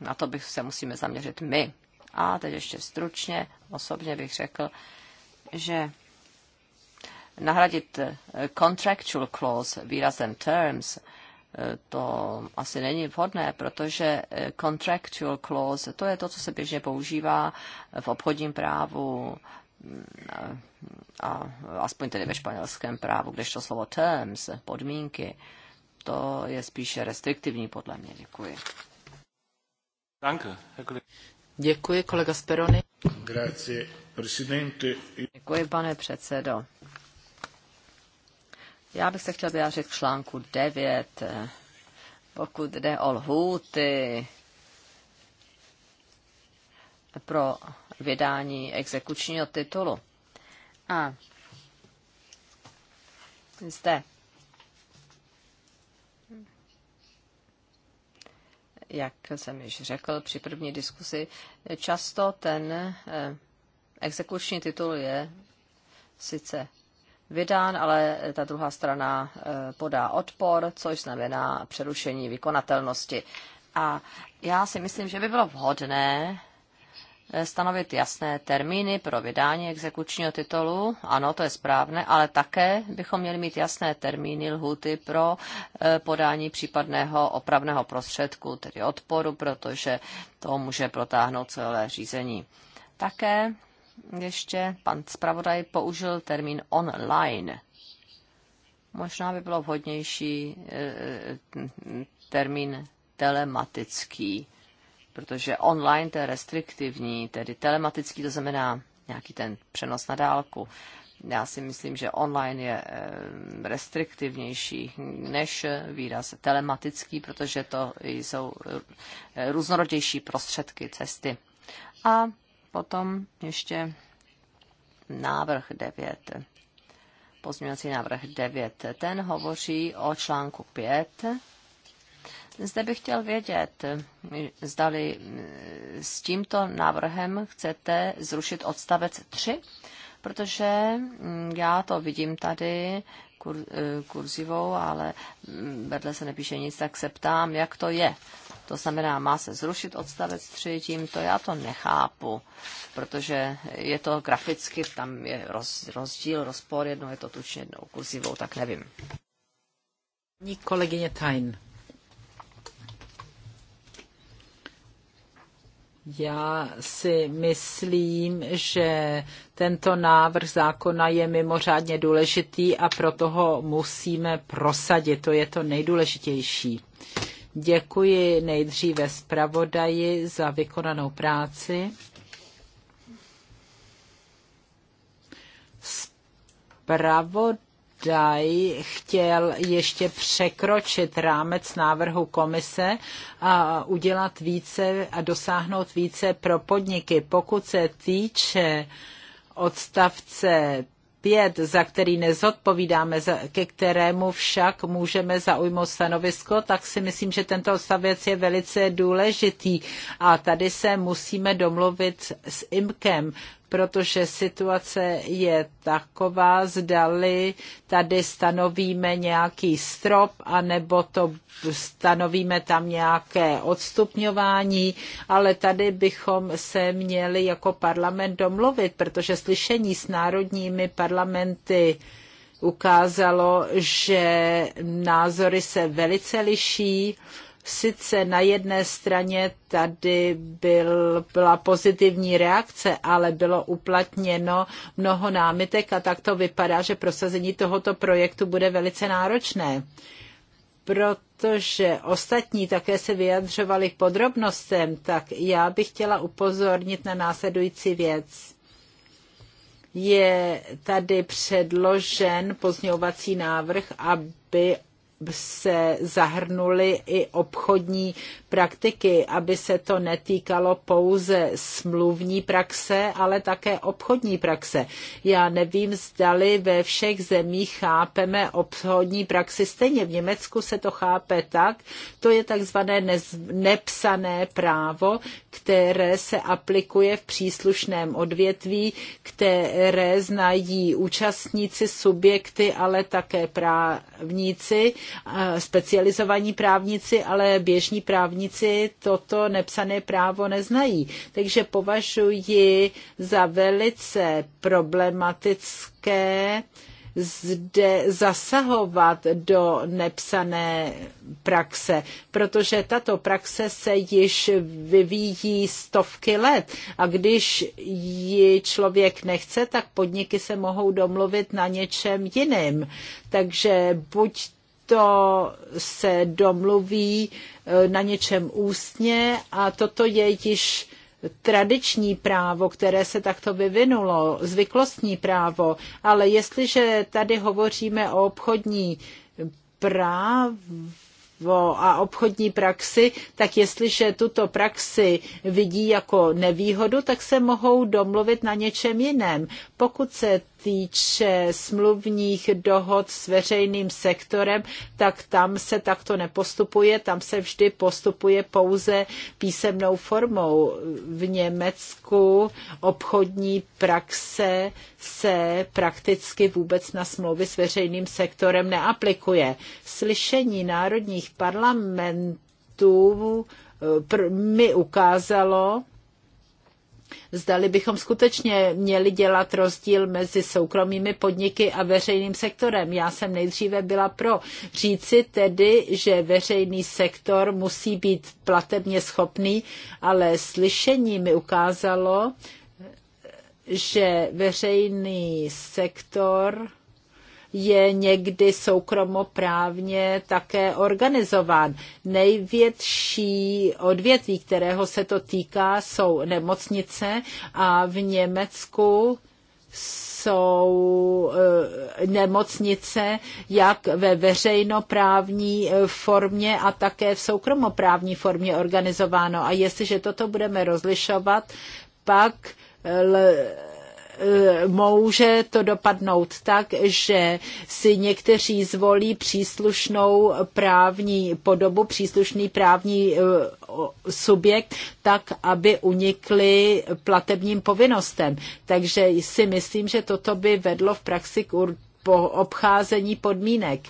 Na to bych se musíme zaměřit my. A teď ještě stručně, osobně bych řekl, že nahradit contractual clause výrazem terms – to asi není vhodné, protože eh, contractual clause, to je to, co se běžně používá v obchodním právu, mm, a aspoň tedy ve španělském právu, kdežto slovo terms, podmínky, to je spíše restriktivní podle mě. Děkuji. Děkuji, kolega Speroni. Grazie, presidente. Děkuji, pane předsedo. Já bych se chtěl vyjádřit k článku 9. Eh, pokud jde o lhůty pro vydání exekučního titulu. A zde jak jsem již řekl při první diskusi, často ten eh, exekuční titul je sice vydán, ale ta druhá strana eh, podá odpor, což znamená přerušení vykonatelnosti. A já si myslím, že by bylo vhodné eh, stanovit jasné termíny pro vydání exekučního titulu. Ano, to je správné, ale také bychom měli mít jasné termíny lhuty pro eh, podání případného opravného prostředku, tedy odporu, protože to může protáhnout celé řízení. Také ještě pan zpravodaj použil termín online. Možná by bylo vhodnější eh, termín telematický, protože online to je restriktivní, tedy telematický to znamená nějaký ten přenos na dálku. Já si myslím, že online je eh, restriktivnější než výraz telematický, protože to jsou eh, různorodější prostředky cesty. A Potom ještě návrh 9. Pozměňovací návrh 9. Ten hovoří o článku 5. Zde bych chtěl vědět, zdali eh, s tímto návrhem chcete zrušit odstavec 3, protože mm, já to vidím tady eh, kurzivou, ale mm, vedle se nepíše nic, tak se ptám, jak to je. To znamená, má se zrušit odstavec 3, tímto já to nechápu, protože je to graficky, tam je roz, rozdíl, rozpor, jedno je to tučně, jednou kurzivou, tak nevím. Kolegyně Tajn. Já si myslím, že tento návrh zákona je mimořádně důležitý a proto ho musíme prosadit. To je to nejdůležitější. Děkuji nejdříve zpravodaji za vykonanou práci. Zpravodaj chtěl ještě překročit rámec návrhu komise a udělat více a dosáhnout více pro podniky. Pokud se týče odstavce 5, za který nezodpovídáme, ke kterému však můžeme zaujmout stanovisko, tak si myslím, že tento odstavec je velice důležitý. A tady se musíme domluvit s IMKem, protože situace je taková, zdali tady stanovíme nějaký strop, anebo to stanovíme tam nějaké odstupňování, ale tady bychom se měli jako parlament domluvit, protože slyšení s národními parlamenty ukázalo, že názory se velice liší sice na jedné straně tady byl, byla pozitivní reakce, ale bylo uplatněno mnoho námitek a tak to vypadá, že prosazení tohoto projektu bude velice náročné. Protože ostatní také se vyjadřovali k podrobnostem, tak já bych chtěla upozornit na následující věc. Je tady předložen pozňovací návrh, aby se zahrnuli i obchodní praktiky, aby se to netýkalo pouze smluvní praxe, ale také obchodní praxe. Já nevím, zdali ve všech zemích chápeme obchodní praxi stejně. V Německu se to chápe tak, to je takzvané nepsané právo, které se aplikuje v příslušném odvětví, které znají účastníci, subjekty, ale také právníci, specializovaní právníci, ale běžní právníci právníci toto nepsané právo neznají. Takže považuji za velice problematické zde zasahovat do nepsané praxe, protože tato praxe se již vyvíjí stovky let a když ji člověk nechce, tak podniky se mohou domluvit na něčem jiném. Takže buď to se domluví e, na něčem ústně a toto je již tradiční právo, které se takto vyvinulo, zvyklostní právo, ale jestliže tady hovoříme o obchodní právo a obchodní praxi, tak jestliže tuto praxi vidí jako nevýhodu, tak se mohou domluvit na něčem jiném. Pokud se týče smluvních dohod s veřejným sektorem, tak tam se takto nepostupuje, tam se vždy postupuje pouze písemnou formou. V Německu obchodní praxe se prakticky vůbec na smlouvy s veřejným sektorem neaplikuje. Slyšení národních parlamentů eh, mi ukázalo, Zdali bychom skutečně měli dělat rozdíl mezi soukromými podniky a veřejným sektorem. Já jsem nejdříve byla pro říci tedy, že veřejný sektor musí být platebně schopný, ale slyšení mi ukázalo, že veřejný sektor je někdy soukromoprávně také organizován. Největší odvětví, kterého se to týká, jsou nemocnice a v Německu jsou eh, nemocnice jak ve veřejnoprávní eh, formě a také v soukromoprávní formě organizováno. A jestliže toto budeme rozlišovat, pak eh, Eh, může to dopadnout tak, že si někteří zvolí příslušnou právní podobu, příslušný právní eh, subjekt, tak, aby unikli platebním povinnostem. Takže si myslím, že toto by vedlo v praxi k obcházení podmínek.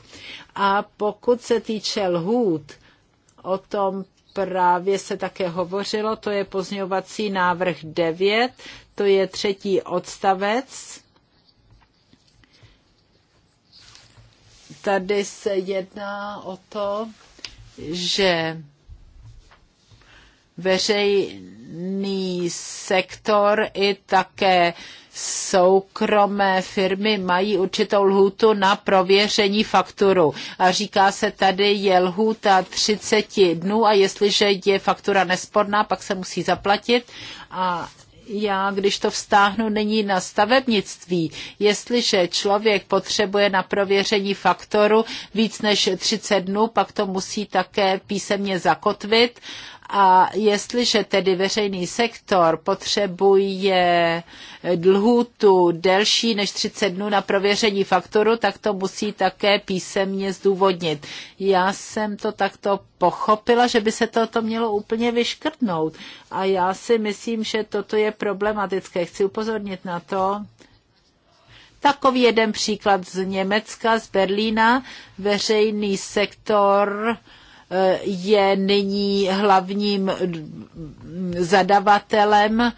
A pokud se týče lhůt, o tom právě se také hovořilo, to je pozňovací návrh 9, to je třetí odstavec. Tady se jedná o to, že veřejný sektor i také soukromé firmy mají určitou lhůtu na prověření fakturu. A říká se tady, je lhůta 30 dnů a jestliže je faktura nesporná, pak se musí zaplatit. A já, když to vztáhnu, není na stavebnictví. Jestliže člověk potřebuje na prověření faktoru víc než 30 dnů, pak to musí také písemně zakotvit a jestliže tedy veřejný sektor potřebuje lhůtu delší než 30 dnů na prověření faktoru, tak to musí také písemně zdůvodnit. Já jsem to takto pochopila, že by se toto mělo úplně vyškrtnout. A já si myslím, že toto je problematické. Chci upozornit na to, Takový jeden příklad z Německa, z Berlína. Veřejný sektor je nyní hlavním zadavatelem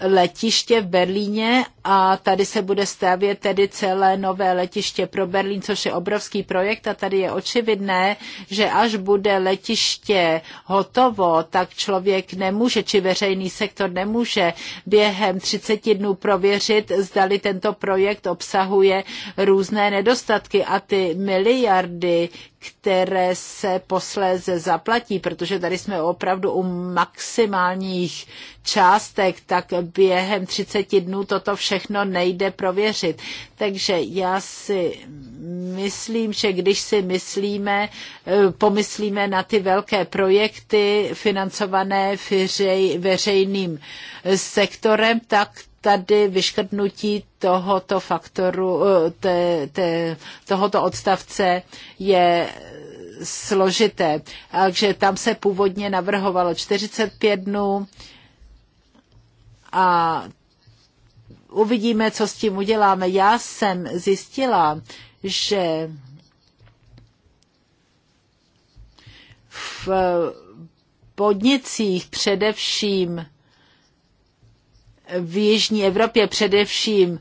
letiště v Berlíně a tady se bude stavět tedy celé nové letiště pro Berlín, což je obrovský projekt a tady je očividné, že až bude letiště hotovo, tak člověk nemůže, či veřejný sektor nemůže během 30 dnů prověřit, zdali tento projekt obsahuje různé nedostatky a ty miliardy, které se posléze zaplatí, protože tady jsme opravdu u maximálních částek, tak během 30 dnů toto všechno nejde prověřit. Takže já si myslím, že když si myslíme, eh, pomyslíme na ty velké projekty financované veřejným sektorem, tak tady vyškrtnutí tohoto faktoru, te, eh, te, tohoto odstavce je složité. Takže tam se původně navrhovalo 45 dnů a uvidíme, co s tím uděláme. Já jsem zjistila, že v podnicích především v Jižní Evropě, především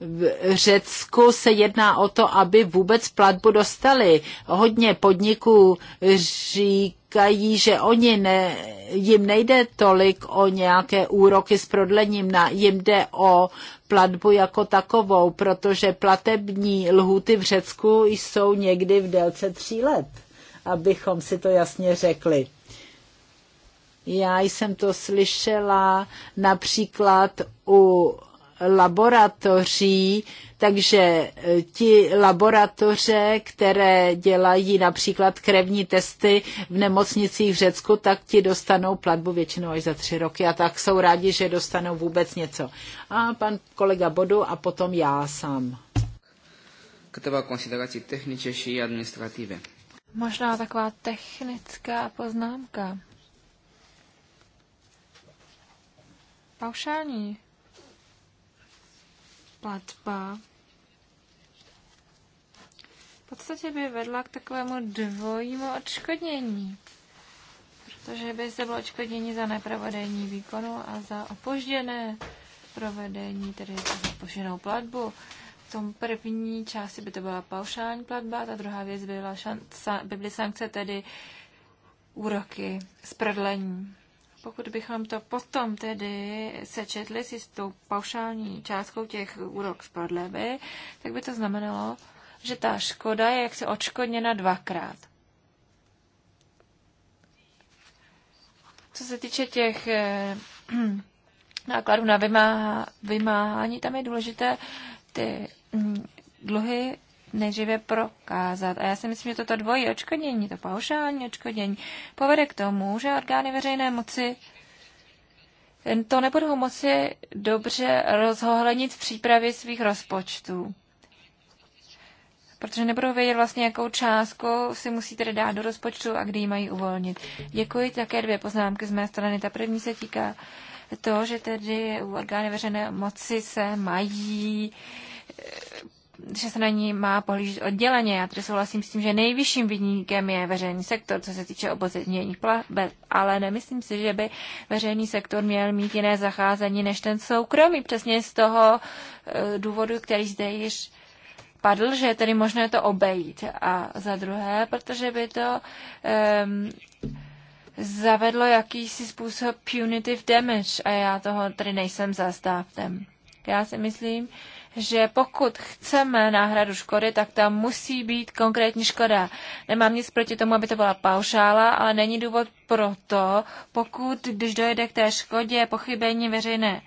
v Řecku se jedná o to, aby vůbec platbu dostali. Hodně podniků říkají, že oni ne, jim nejde tolik o nějaké úroky s prodlením, na, jim jde o platbu jako takovou, protože platební lhuty v Řecku jsou někdy v délce tří let, abychom si to jasně řekli. Já jsem to slyšela například u laboratoří, takže e, ti laboratoře, které dělají například krevní testy v nemocnicích v Řecku, tak ti dostanou platbu většinou až za tři roky a tak jsou rádi, že dostanou vůbec něco. A pan kolega Bodu a potom já sám. Câteva considerații techničeší administrativy. Možná taková technická poznámka. Paušální platba v podstatě by vedla k takovému dvojímu odškodnění, protože by se bylo odškodnění za neprovedení výkonu a za opožděné provedení, tedy za opožděnou platbu tom první části by to byla paušální platba, ta druhá věc by, byla šan, by byly sankce, tedy úroky z prodlení. Pokud bychom to potom tedy sečetli si s tou paušální částkou těch úrok z prodlevy, tak by to znamenalo, že ta škoda je jaksi odškodněna dvakrát. Co se týče těch eh, nákladů na vymáhání, tam je důležité ty mm, dluhy nejdříve prokázat. A já si myslím, že toto dvojí očkodnění, to paušální očkodnění, povede k tomu, že orgány veřejné moci to nebudou moci dobře rozhohlenit v přípravě svých rozpočtů. Protože nebudou vědět vlastně, jakou částku si musí tedy dát do rozpočtu a kdy ji mají uvolnit. Děkuji, také dvě poznámky z mé strany. Ta první se týká to, že tedy u orgány veřejné moci se mají že se na ní má pohlížet odděleně. Já tedy souhlasím s tím, že nejvyšším vidníkem je veřejný sektor, co se týče opozitivních plateb, ale nemyslím si, že by veřejný sektor měl mít jiné zacházení než ten soukromý. Přesně z toho eh, důvodu, který zde již padl, že je tedy možné to obejít. A za druhé, protože by to um, zavedlo jakýsi způsob punitive damage a já toho tedy nejsem zastávcem. Já si myslím, že pokud chceme náhradu škody, tak tam musí být konkrétní škoda. Nemám nic proti tomu, aby to byla paušála, ale není důvod pro to, pokud, když dojde k té škodě pochybení veřejné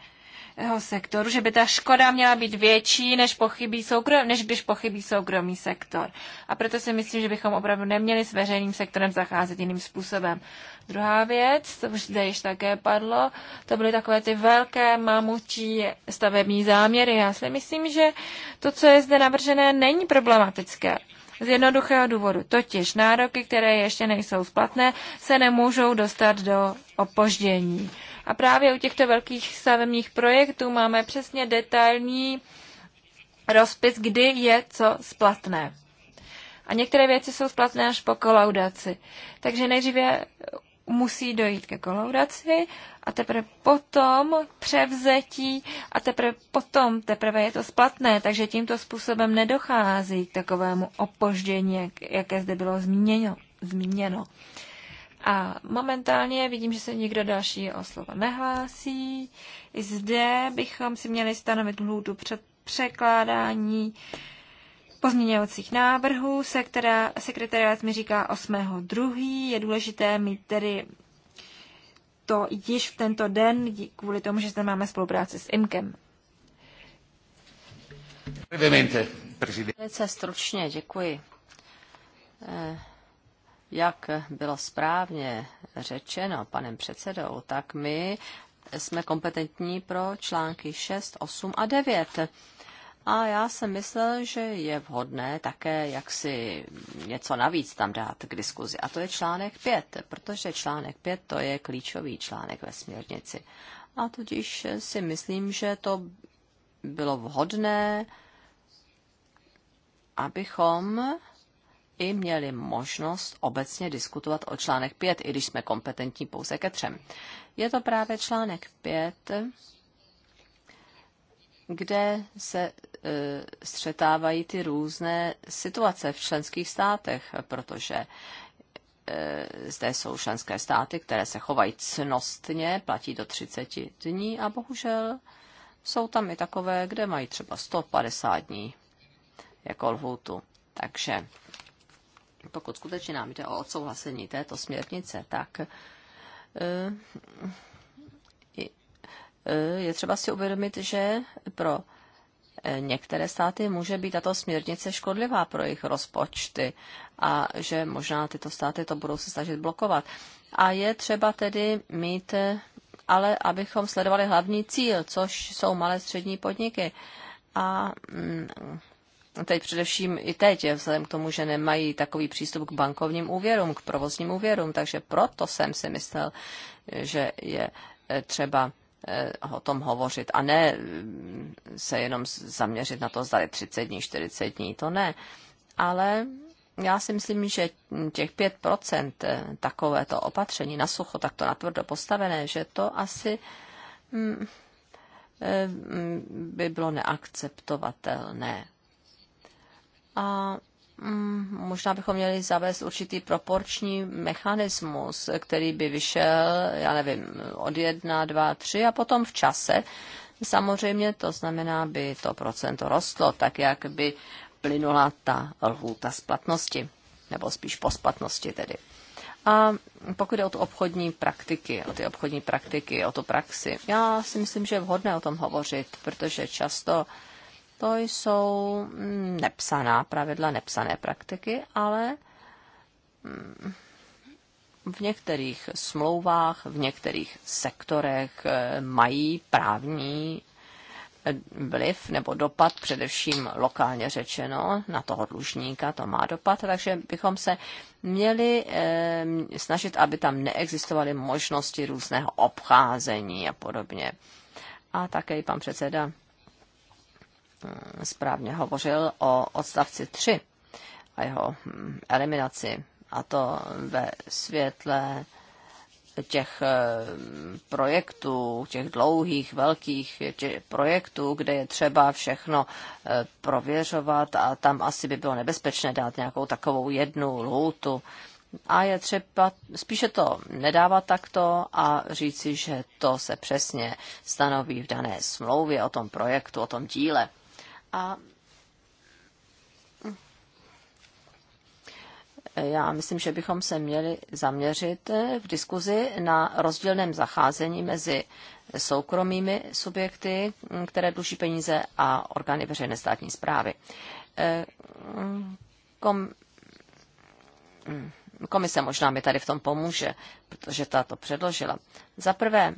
sektoru, že by ta škoda měla být větší, než, pochybí soukrom, než když pochybí soukromý sektor. A proto si myslím, že bychom opravdu neměli s veřejným sektorem zacházet jiným způsobem. Druhá věc, to už zde již také padlo, to byly takové ty velké mamutí stavební záměry. Já si myslím, že to, co je zde navržené, není problematické. Z jednoduchého důvodu, totiž nároky, které ještě nejsou splatné, se nemůžou dostat do opoždění. A právě u těchto velkých stavebních projektů máme přesně detailní rozpis, kdy je co splatné. A některé věci jsou splatné až po kolaudaci. Takže nejdříve musí dojít ke kolaudaci a teprve potom převzetí a teprve potom teprve je to splatné, takže tímto způsobem nedochází k takovému opoždění, jaké zde bylo zmíněno. zmíněno. A momentálně vidím, že se někdo další o slovo nehlásí. I zde bychom si měli stanovit lhůtu před překládání pozměňovacích návrhů, Sekretariat mi říká 8.2. Je důležité mít tedy to již v tento den, kvůli tomu, že zde máme spolupráci s IMKem. Velice stručně, děkuji. Eh, jak bylo správně řečeno panem předsedou, tak my jsme kompetentní pro články 6, 8 a 9. A já jsem myslel, že je vhodné také jaksi něco navíc tam dát k diskuzi. A to je článek 5, protože článek 5 to je klíčový článek ve směrnici. A tudíž si myslím, že to bylo vhodné, abychom i měli možnost obecně diskutovat o článek 5, i když jsme kompetentní pouze ke třem. Je to právě článek 5, kde se e, střetávají ty různé situace v členských státech, protože e, zde jsou členské státy, které se chovají cnostně, platí do 30 dní a bohužel jsou tam i takové, kde mají třeba 150 dní jako lhůtu. Takže pokud skutečně nám jde o odsouhlasení této směrnice, tak eh, eh, je třeba si uvědomit, že pro eh, některé státy může být tato směrnice škodlivá pro jejich rozpočty a že možná tyto státy to budou se snažit blokovat. A je třeba tedy mít, ale abychom sledovali hlavní cíl, což jsou malé střední podniky. A mm, teď především i teď, vzhledem k tomu, že nemají takový přístup k bankovním úvěrům, k provozním úvěrům, takže proto jsem si myslel, že je eh, třeba eh, o tom hovořit a ne mm, se jenom zaměřit na to, zda 30 dní, 40 dní, to ne. Ale já si myslím, že těch 5% eh, takovéto opatření na sucho, takto natvrdo postavené, že to asi mm, mm, by bylo neakceptovatelné. A mm, možná bychom měli zavést určitý proporční mechanismus, který by vyšel, já nevím, od jedna, dva, tři a potom v čase. Samozřejmě to znamená, by to procento rostlo, tak jak by plynula ta lhůta splatnosti, nebo spíš po splatnosti tedy. A pokud je o tu obchodní praktiky, o ty obchodní praktiky, o tu praxi, já si myslím, že je vhodné o tom hovořit, protože často uh, to jsou mm, nepsaná pravidla, nepsané praktiky, ale mm, v některých smlouvách, v některých sektorech eh, mají právní eh, vliv nebo dopad, především lokálně řečeno, na toho dlužníka to má dopad, takže bychom se měli e, snažit, aby tam neexistovaly možnosti různého obcházení a podobně. A také i pan předseda Eh, správně hovořil o odstavci 3 a jeho hm, eliminaci, a to ve světle těch eh, projektů, těch dlouhých, velkých těch projektů, kde je třeba všechno eh, prověřovat a tam asi by bylo nebezpečné dát nějakou takovou jednu lhůtu. A je třeba spíše to nedávat takto a říci, že to se přesně stanoví v dané smlouvě o tom projektu, o tom díle. A já myslím, že bychom se měli zaměřit v diskuzi na rozdílném zacházení mezi soukromými subjekty, které dluží peníze, a orgány veřejné státní zprávy. Eh, kom... Komise možná mi tady v tom pomůže, protože ta to předložila. Za prvé,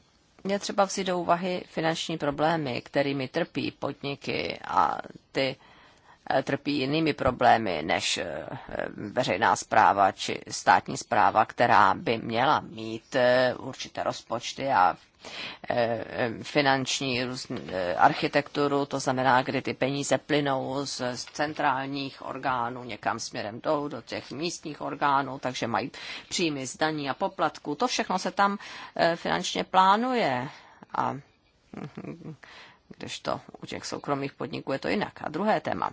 je třeba vzít do úvahy finanční problémy, kterými trpí podniky a ty eh, trpí jinými problémy než eh, veřejná zpráva či státní zpráva, která by měla mít eh, určité rozpočty a Eh, eh, finanční eh, architekturu, to znamená, kdy ty peníze plynou z centrálních orgánů někam směrem dolů, do těch místních orgánů, takže mají příjmy z daní a poplatků. To všechno se tam finančně plánuje. A hm, to u těch soukromých podniků je to jinak. A druhé téma.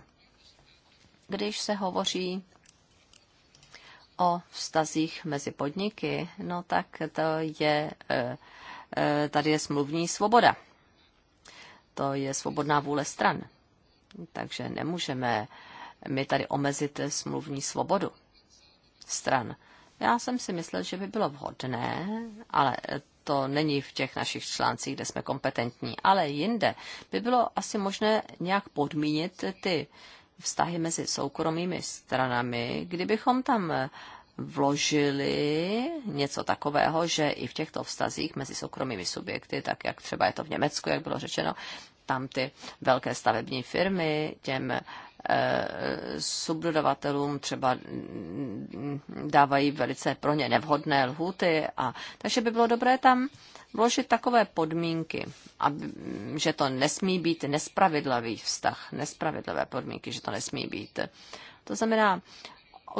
Když se hovoří o vztazích mezi podniky, no tak to je e, Eh, tady je smluvní svoboda. To je svobodná vůle stran. Takže nemůžeme my tady omezit smluvní svobodu stran. Já jsem si myslel, že by bylo vhodné, ale to není v těch našich článcích, kde jsme kompetentní, ale jinde by bylo asi možné nějak podmínit ty vztahy mezi soukromými stranami, kdybychom tam vložili něco takového, že i v těchto vztazích mezi soukromými subjekty, tak jak třeba je to v Německu, jak bylo řečeno, tam ty velké stavební firmy těm eh, subdodavatelům třeba mm, mm, dávají velice pro ně nevhodné lhuty. A, takže by bylo dobré tam vložit takové podmínky, aby, mm, že to nesmí být nespravedlivý vztah, nespravedlivé podmínky, že to nesmí být. To znamená,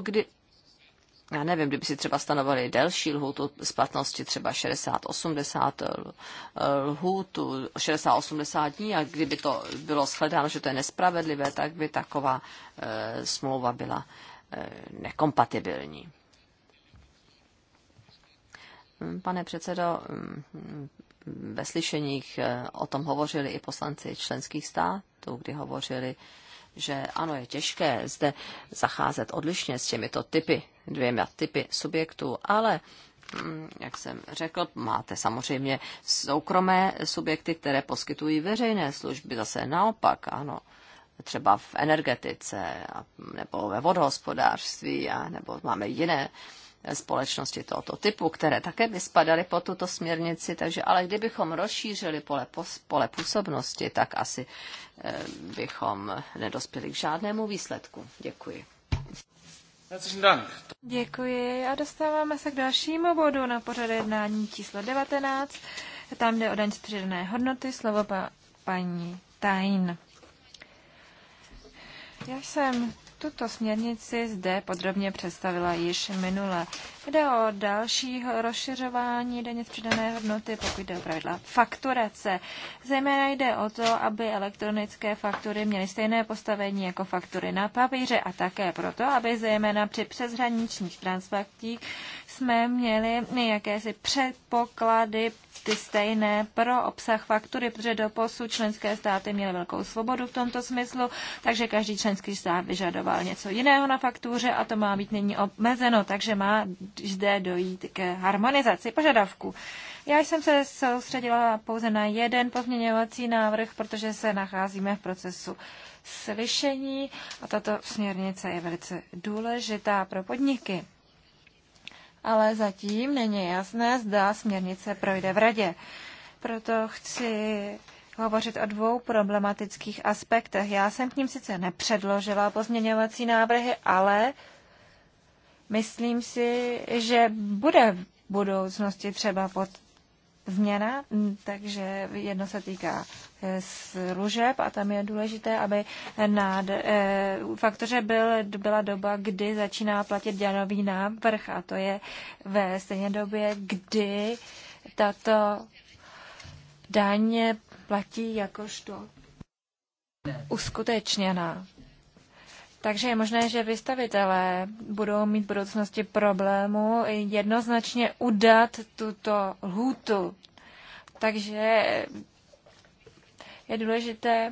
kdy já nevím, kdyby si třeba stanovali delší lhůtu splatnosti, třeba 60-80 eh, lhůtu, 60-80 dní, a kdyby to bylo shledáno, že to je nespravedlivé, tak by taková e, smlouva byla e, nekompatibilní. Hm, pane předsedo, hm, ve slyšeních o tom hovořili i poslanci členských států, kdy hovořili, že ano, je těžké zde zacházet odlišně s těmito typy dvěma typy subjektů, ale mm, jak jsem řekl, máte samozřejmě soukromé subjekty, které poskytují veřejné služby, zase naopak, ano, třeba v energetice nebo ve vodohospodářství, a, nebo máme jiné společnosti tohoto typu, které také by spadaly pod tuto směrnici, takže ale kdybychom rozšířili pole, pole působnosti, tak asi eh, bychom nedospěli k žádnému výsledku. Děkuji. Děkuji a dostáváme se k dalšímu bodu na pořad jednání číslo 19. Tam jde o daň z přidané hodnoty. Slovo pa, paní Tajn. Já jsem tuto směrnici zde podrobně představila již minule. Jde o další rozšiřování daně z přidané hodnoty, pokud jde o pravidla fakturace. Zejména jde o to, aby elektronické faktury měly stejné postavení jako faktury na papíře a také proto, aby zejména při přeshraničních transakcích jsme měli jakési předpoklady ty stejné pro obsah faktury, protože do posud členské státy měly velkou svobodu v tomto smyslu, takže každý členský stát vyžadoval něco jiného na faktuře a to má být nyní omezeno, takže má zde dojít k harmonizaci požadavků. Já jsem se soustředila pouze na jeden pozměňovací návrh, protože se nacházíme v procesu slyšení a tato směrnice je velice důležitá pro podniky ale zatím není jasné, zda směrnice projde v radě. Proto chci hovořit o dvou problematických aspektech. Já jsem k ním sice nepředložila pozměňovací návrhy, ale myslím si, že bude v budoucnosti třeba pod změna, takže jedno se týká e, služeb a tam je důležité, aby na e, faktoře byl, byla doba, kdy začíná platit děnový návrh a to je ve stejné době, kdy tato daně platí jakožto uskutečněná. Takže je možné, že vystavitelé budou mít v budoucnosti problému jednoznačně udat tuto lhůtu. Takže je důležité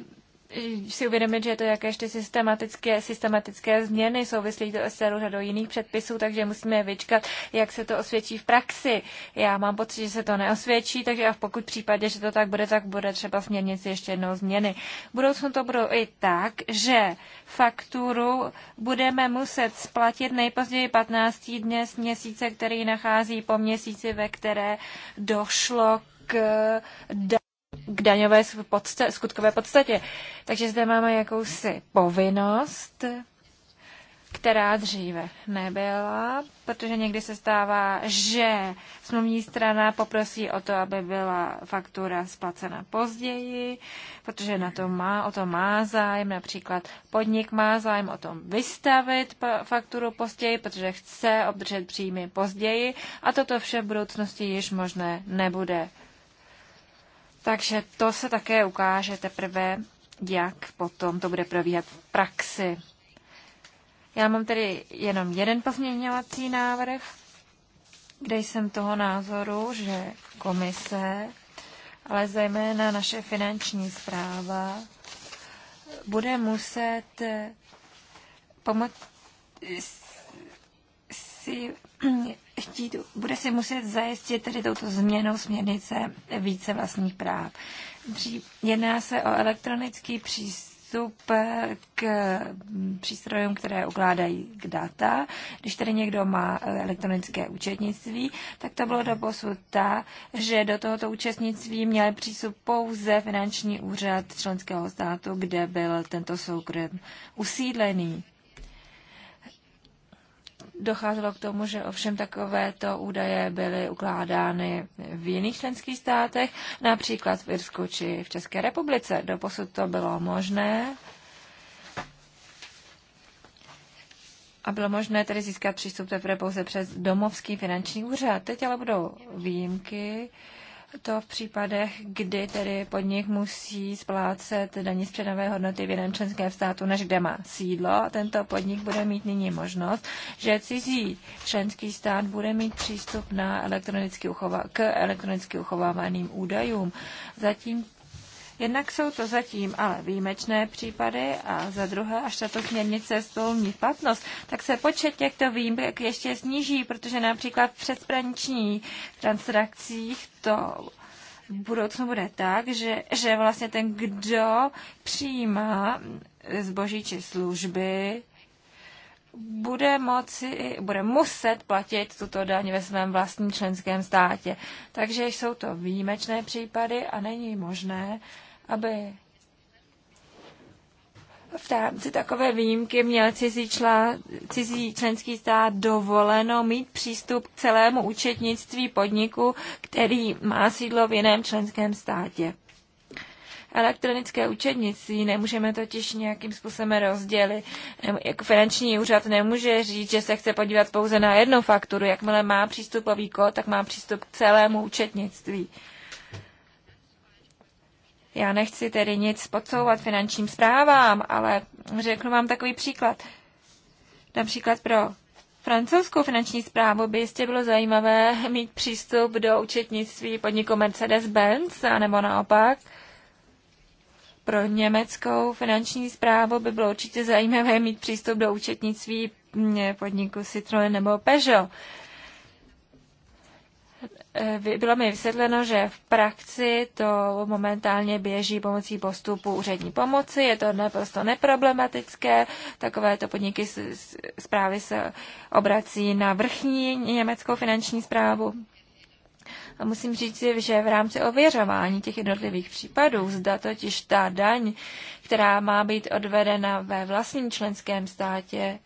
si uvědomit, že je to jaké ještě systematické, systematické změny, souvislí to s celou řadou jiných předpisů, takže musíme vyčkat, jak se to osvědčí v praxi. Já mám pocit, že se to neosvědčí, takže a v pokud případě, že to tak bude, tak bude třeba směrnici ještě jednou změny. V budoucnu to budou i tak, že fakturu budeme muset splatit nejpozději 15 dne z měsíce, který nachází po měsíci, ve které došlo k k daňové podsta- skutkové podstatě. Takže zde máme jakousi povinnost, která dříve nebyla, protože někdy se stává, že smluvní strana poprosí o to, aby byla faktura splacena později, protože na to má, o to má zájem, například podnik má zájem o tom vystavit fakturu později, protože chce obdržet příjmy později a toto vše v budoucnosti již možné nebude. Takže to se také ukáže teprve, jak potom to bude probíhat v praxi. Já mám tedy jenom jeden pozměňovací návrh, kde jsem toho názoru, že komise, ale zejména naše finanční zpráva, bude muset pomoct si chtít, bude si muset zajistit tedy touto změnou směrnice více vlastních práv. Jedná se o elektronický přístup k přístrojům, které ukládají k data. Když tedy někdo má elektronické účetnictví, tak to bylo do posud ta, že do tohoto účetnictví měl přístup pouze finanční úřad členského státu, kde byl tento soukrom usídlený. Docházelo k tomu, že ovšem takovéto údaje byly ukládány v jiných členských státech, například v Irsku či v České republice. Doposud to bylo možné. A bylo možné tedy získat přístup teprve pouze přes domovský finanční úřad. Teď ale budou výjimky, to v případech, kdy tedy podnik musí splácet daní z předavé hodnoty v jiném členském státu, než kde má sídlo. Tento podnik bude mít nyní možnost, že cizí členský stát bude mít přístup na elektronicky uchova- k elektronicky uchovávaným údajům. Zatím Jednak jsou to zatím ale výjimečné případy a za druhé, až tato směrnice stolní v platnost, tak se počet těchto výjimek ještě sníží, protože například v přespraniční transakcích to v budoucnu bude tak, že, že vlastně ten, kdo přijímá zboží či služby, bude moci, bude muset platit tuto daň ve svém vlastním členském státě. Takže jsou to výjimečné případy a není možné, aby v rámci takové výjimky měl cizí, čla, cizí členský stát dovoleno mít přístup k celému účetnictví podniku, který má sídlo v jiném členském státě. Elektronické účetnictví nemůžeme totiž nějakým způsobem rozdělit. Jako finanční úřad nemůže říct, že se chce podívat pouze na jednu fakturu. Jakmile má přístupový kód, tak má přístup k celému účetnictví. Já nechci tedy nic podsouvat finančním zprávám, ale řeknu vám takový příklad. Například pro francouzskou finanční zprávu by jistě bylo zajímavé mít přístup do účetnictví podniku Mercedes-Benz, anebo naopak. Pro německou finanční zprávu by bylo určitě zajímavé mít přístup do účetnictví podniku Citroën nebo Peugeot bylo mi vysvětleno, že v praxi to momentálně běží pomocí postupu úřední pomoci, je to naprosto neproblematické, takovéto podniky zprávy se obrací na vrchní německou finanční zprávu. A musím říct, že v rámci ověřování těch jednotlivých případů, zda totiž ta daň, která má být odvedena ve vlastním členském státě,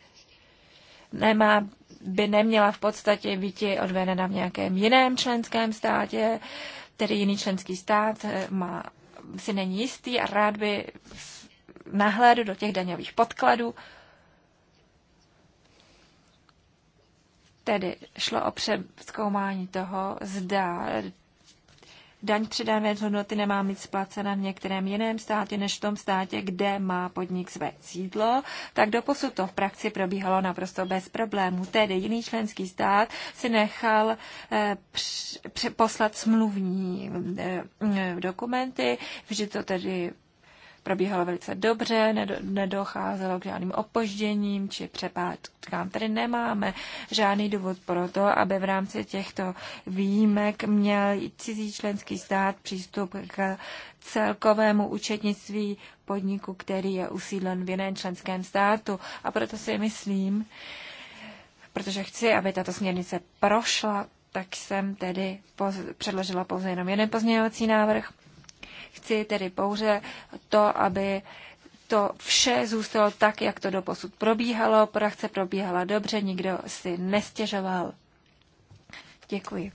nemá by neměla v podstatě být odvedena v nějakém jiném členském státě, který jiný členský stát eh, má, si není jistý a rád by nahlédl do těch daňových podkladů. Tedy šlo o přezkoumání toho, zda daň přidané hodnoty nemá mít splacena v některém jiném státě než v tom státě, kde má podnik své sídlo, tak doposud to v praxi probíhalo naprosto bez problémů. Tedy jiný členský stát si nechal eh, poslat smluvní eh, eh, dokumenty, vždy to tedy Probíhalo velice dobře, nedocházelo k žádným opožděním či přepátkám. Tady nemáme žádný důvod pro to, aby v rámci těchto výjimek měl cizí členský stát přístup k celkovému účetnictví podniku, který je usídlen v jiném členském státu. A proto si myslím, protože chci, aby tato směrnice prošla, tak jsem tedy poz- předložila pouze jenom jeden pozměňovací návrh Chci tedy pouze to, aby to vše zůstalo tak, jak to doposud probíhalo, Prachce probíhala dobře, nikdo si nestěžoval. Děkuji.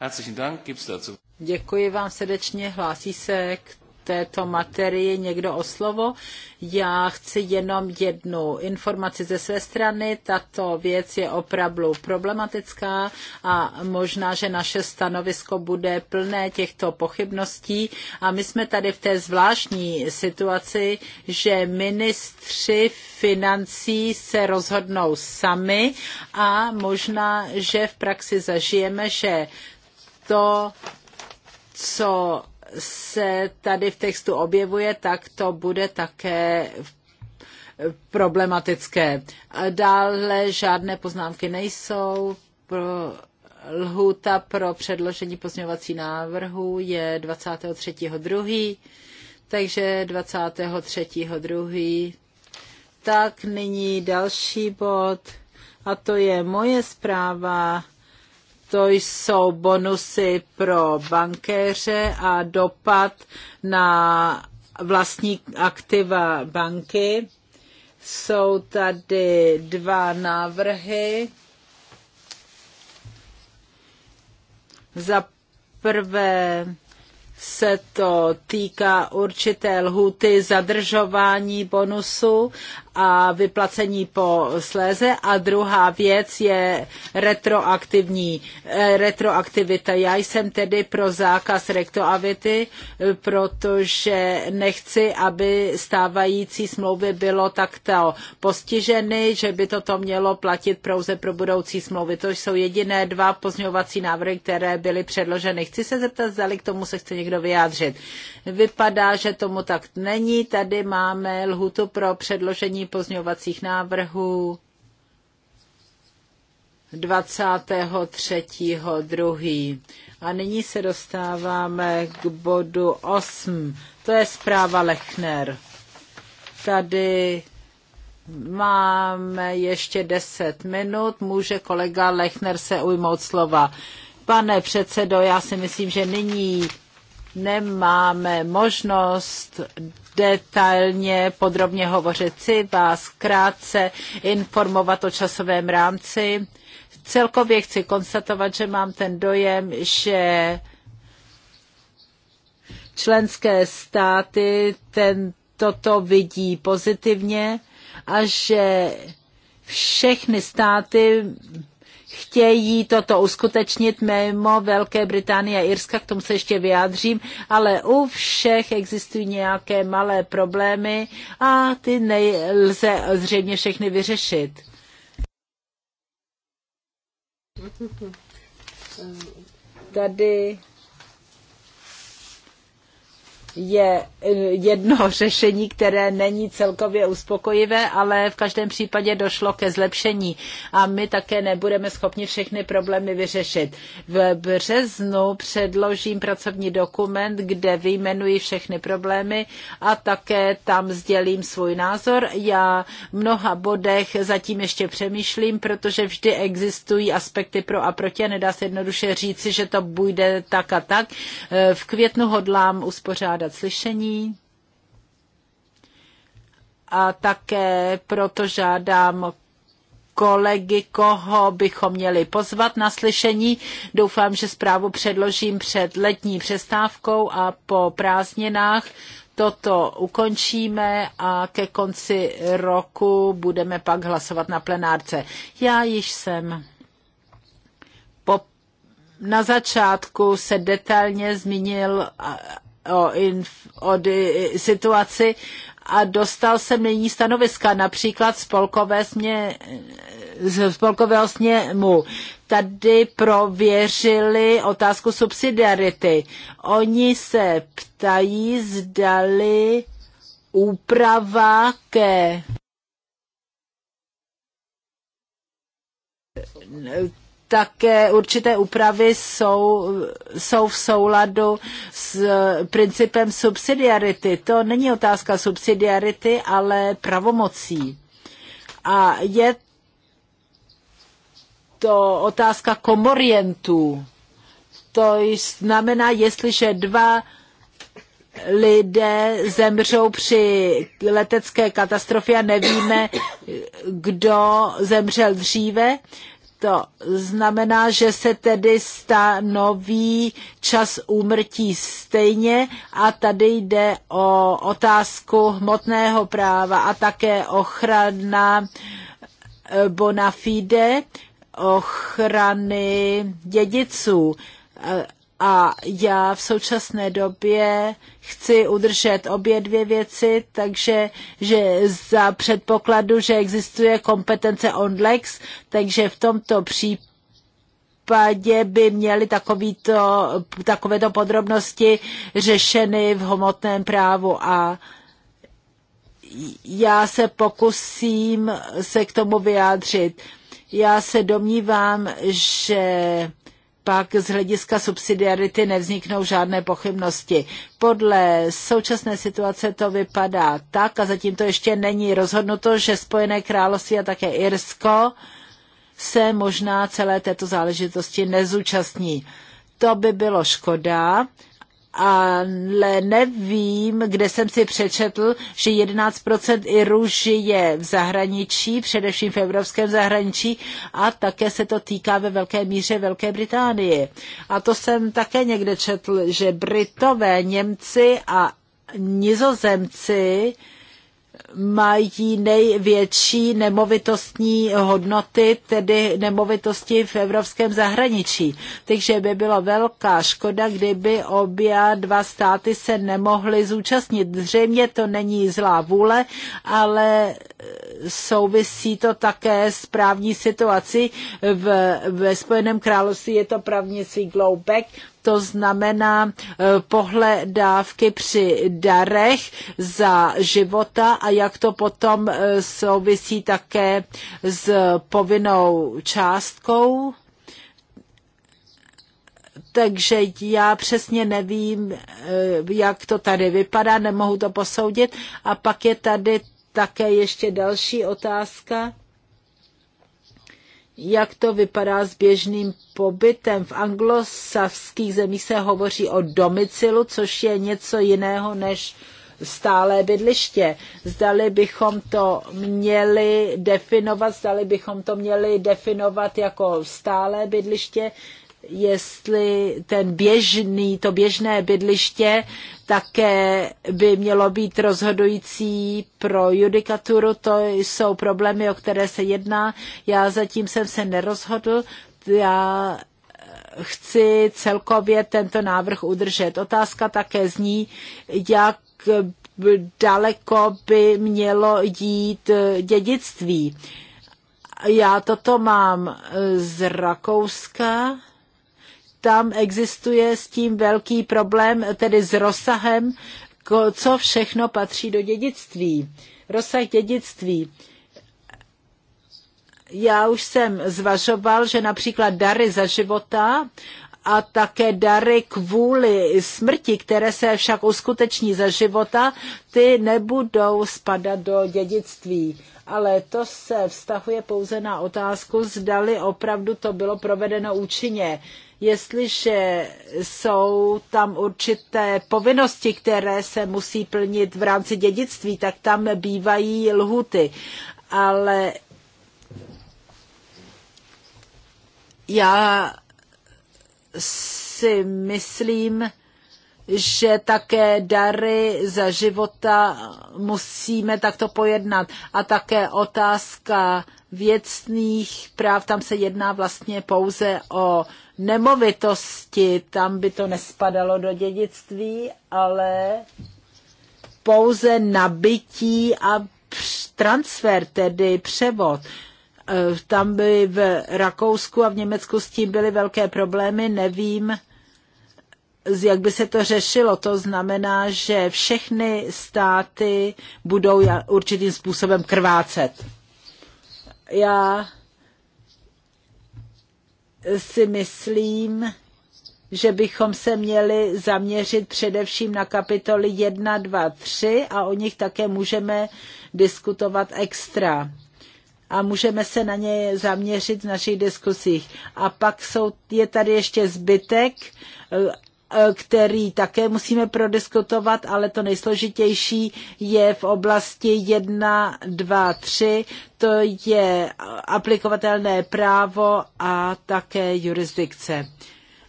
Herzlichen Dank, gibt's dazu. Děkuji vám srdečně, hlásí se k této materii někdo o slovo. Já chci jenom jednu informaci ze své strany. Tato věc je opravdu problematická a možná, že naše stanovisko bude plné těchto pochybností. A my jsme tady v té zvláštní situaci, že ministři financí se rozhodnou sami a možná, že v praxi zažijeme, že to, co se tady v textu objevuje, tak to bude také problematické. Dále žádné poznámky nejsou. Pro lhůta pro předložení pozměňovací návrhu je 23.2. Takže 23.2. Tak nyní další bod a to je moje zpráva to jsou bonusy pro bankéře a dopad na vlastní aktiva banky. Jsou tady dva návrhy. Za prvé se to týká určité lhuty zadržování bonusu a vyplacení po sléze a druhá věc je retroaktivní, eh, retroaktivita. Já jsem tedy pro zákaz retroaktivity, eh, protože nechci, aby stávající smlouvy bylo takto postiženy, že by toto mělo platit pouze pro budoucí smlouvy. To jsou jediné dva pozměňovací návrhy, které byly předloženy. Chci se zeptat, zdali k tomu se chce někdo vyjádřit. Vypadá, že tomu tak není. Tady máme lhutu pro předložení pozměňovacích návrhů 23.2. A nyní se dostáváme k bodu 8. To je zpráva Lechner. Tady máme ještě 10 minut. Může kolega Lechner se ujmout slova. Pane předsedo, já si myslím, že nyní nemáme možnost detailně, podrobně hovořit. si vás krátce informovat o časovém rámci. Celkově chci konstatovat, že mám ten dojem, že členské státy ten, toto vidí pozitivně a že všechny státy chtějí toto uskutečnit mimo Velké Británie a Irska, k tomu se ještě vyjádřím, ale u všech existují nějaké malé problémy a ty nelze zřejmě všechny vyřešit. Tady je eh, jedno řešení, které není celkově uspokojivé, ale v každém případě došlo ke zlepšení a my také nebudeme schopni všechny problémy vyřešit. V březnu předložím pracovní dokument, kde vyjmenuji všechny problémy a také tam sdělím svůj názor. Já v mnoha bodech zatím ještě přemýšlím, protože vždy existují aspekty pro a proti a nedá se jednoduše říci, že to bude tak a tak. Eh, v květnu hodlám uspořádat pořádat slyšení a také proto žádám kolegy, koho bychom měli pozvat na slyšení. Doufám, že zprávu předložím před letní přestávkou a po prázdninách toto ukončíme a ke konci roku budeme pak hlasovat na plenárce. Já již jsem po na začátku se detailně zmínil o, inf, o di, situaci a dostal jsem nyní stanoviska, například spolkové smě, spolkového sněmu. Tady prověřili otázku subsidiarity. Oni se ptají, zdali úprava ke také určité úpravy jsou, jsou v souladu s principem subsidiarity. To není otázka subsidiarity, ale pravomocí. A je to otázka komorientů. To znamená, jestliže dva lidé zemřou při letecké katastrofě a nevíme, kdo zemřel dříve, to znamená, že se tedy stanoví čas úmrtí stejně a tady jde o otázku hmotného práva a také ochrana eh, bona fide, ochrany dědiců eh, a já v současné době chci udržet obě dvě věci, takže že za předpokladu, že existuje kompetence ONLEX, takže v tomto případě by měly takovýto, takovéto podrobnosti řešeny v homotném právu a já se pokusím se k tomu vyjádřit. Já se domnívám, že pak z hlediska subsidiarity nevzniknou žádné pochybnosti. Podle současné situace to vypadá tak, a zatím to ještě není rozhodnuto, že Spojené království a také Irsko se možná celé této záležitosti nezúčastní. To by bylo škoda, ale nevím, kde jsem si přečetl, že 11% Irů žije v zahraničí, především v evropském zahraničí a také se to týká ve velké míře Velké Británie. A to jsem také někde četl, že Britové, Němci a Nizozemci mají největší nemovitostní hodnoty, tedy nemovitosti v evropském zahraničí. Takže by byla velká škoda, kdyby obě dva státy se nemohly zúčastnit. Zřejmě to není zlá vůle, ale souvisí to také s právní situací. V, ve Spojeném království je to právnictví Glowback, to znamená eh, pohledávky při darech za života a jak to potom eh, souvisí také s povinnou částkou. Takže já přesně nevím, eh, jak to tady vypadá, nemohu to posoudit. A pak je tady také ještě další otázka jak to vypadá s běžným pobytem. V anglosaských zemích se hovoří o domicilu, což je něco jiného než stálé bydliště. Zdali bychom to měli definovat, zdali bychom to měli definovat jako stálé bydliště jestli ten běžný, to běžné bydliště také by mělo být rozhodující pro judikaturu. To jsou problémy, o které se jedná. Já zatím jsem se nerozhodl. Já eh, chci celkově tento návrh udržet. Otázka také zní, jak daleko by mělo jít eh, dědictví. Já toto mám eh, z Rakouska tam existuje s tím velký problém, tedy s rozsahem, co všechno patří do dědictví. Rozsah dědictví. Já už jsem zvažoval, že například dary za života a také dary kvůli smrti, které se však uskuteční za života, ty nebudou spadat do dědictví. Ale to se vztahuje pouze na otázku, zdali opravdu to bylo provedeno účinně jestliže jsou tam určité povinnosti, které se musí plnit v rámci dědictví, tak tam bývají lhuty. Ale já si myslím, že také dary za života musíme takto pojednat. A také otázka věcných práv, tam se jedná vlastně pouze o nemovitosti, tam by to nespadalo do dědictví, ale pouze nabití a transfer, tedy převod. E, tam by v Rakousku a v Německu s tím byly velké problémy, nevím, jak by se to řešilo. To znamená, že všechny státy budou určitým způsobem krvácet. Já si myslím, že bychom se měli zaměřit především na kapitoly 1, 2, 3 a o nich také můžeme diskutovat extra. A můžeme se na ně zaměřit v našich diskusích. A pak jsou, je tady ještě zbytek Eh, který také musíme prodiskutovat, ale to nejsložitější je v oblasti 1, 2, 3, to je aplikovatelné právo a také jurisdikce.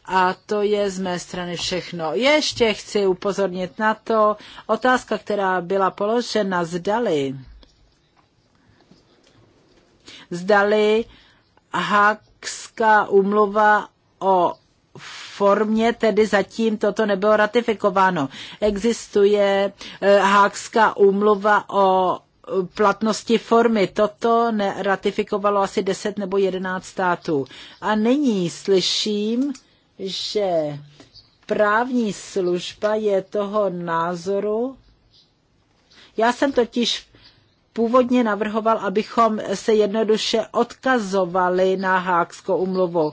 A to je z mé strany všechno. Ještě chci upozornit na to, otázka, která byla položena, zdali, zdali Hakská umluva o formě tedy zatím toto nebylo ratifikováno. Existuje eh, Hákská úmluva o eh, platnosti formy. Toto ratifikovalo asi 10 nebo 11 států. A nyní slyším, že právní služba je toho názoru. Já jsem totiž původně navrhoval, abychom se jednoduše odkazovali na Hákskou umluvu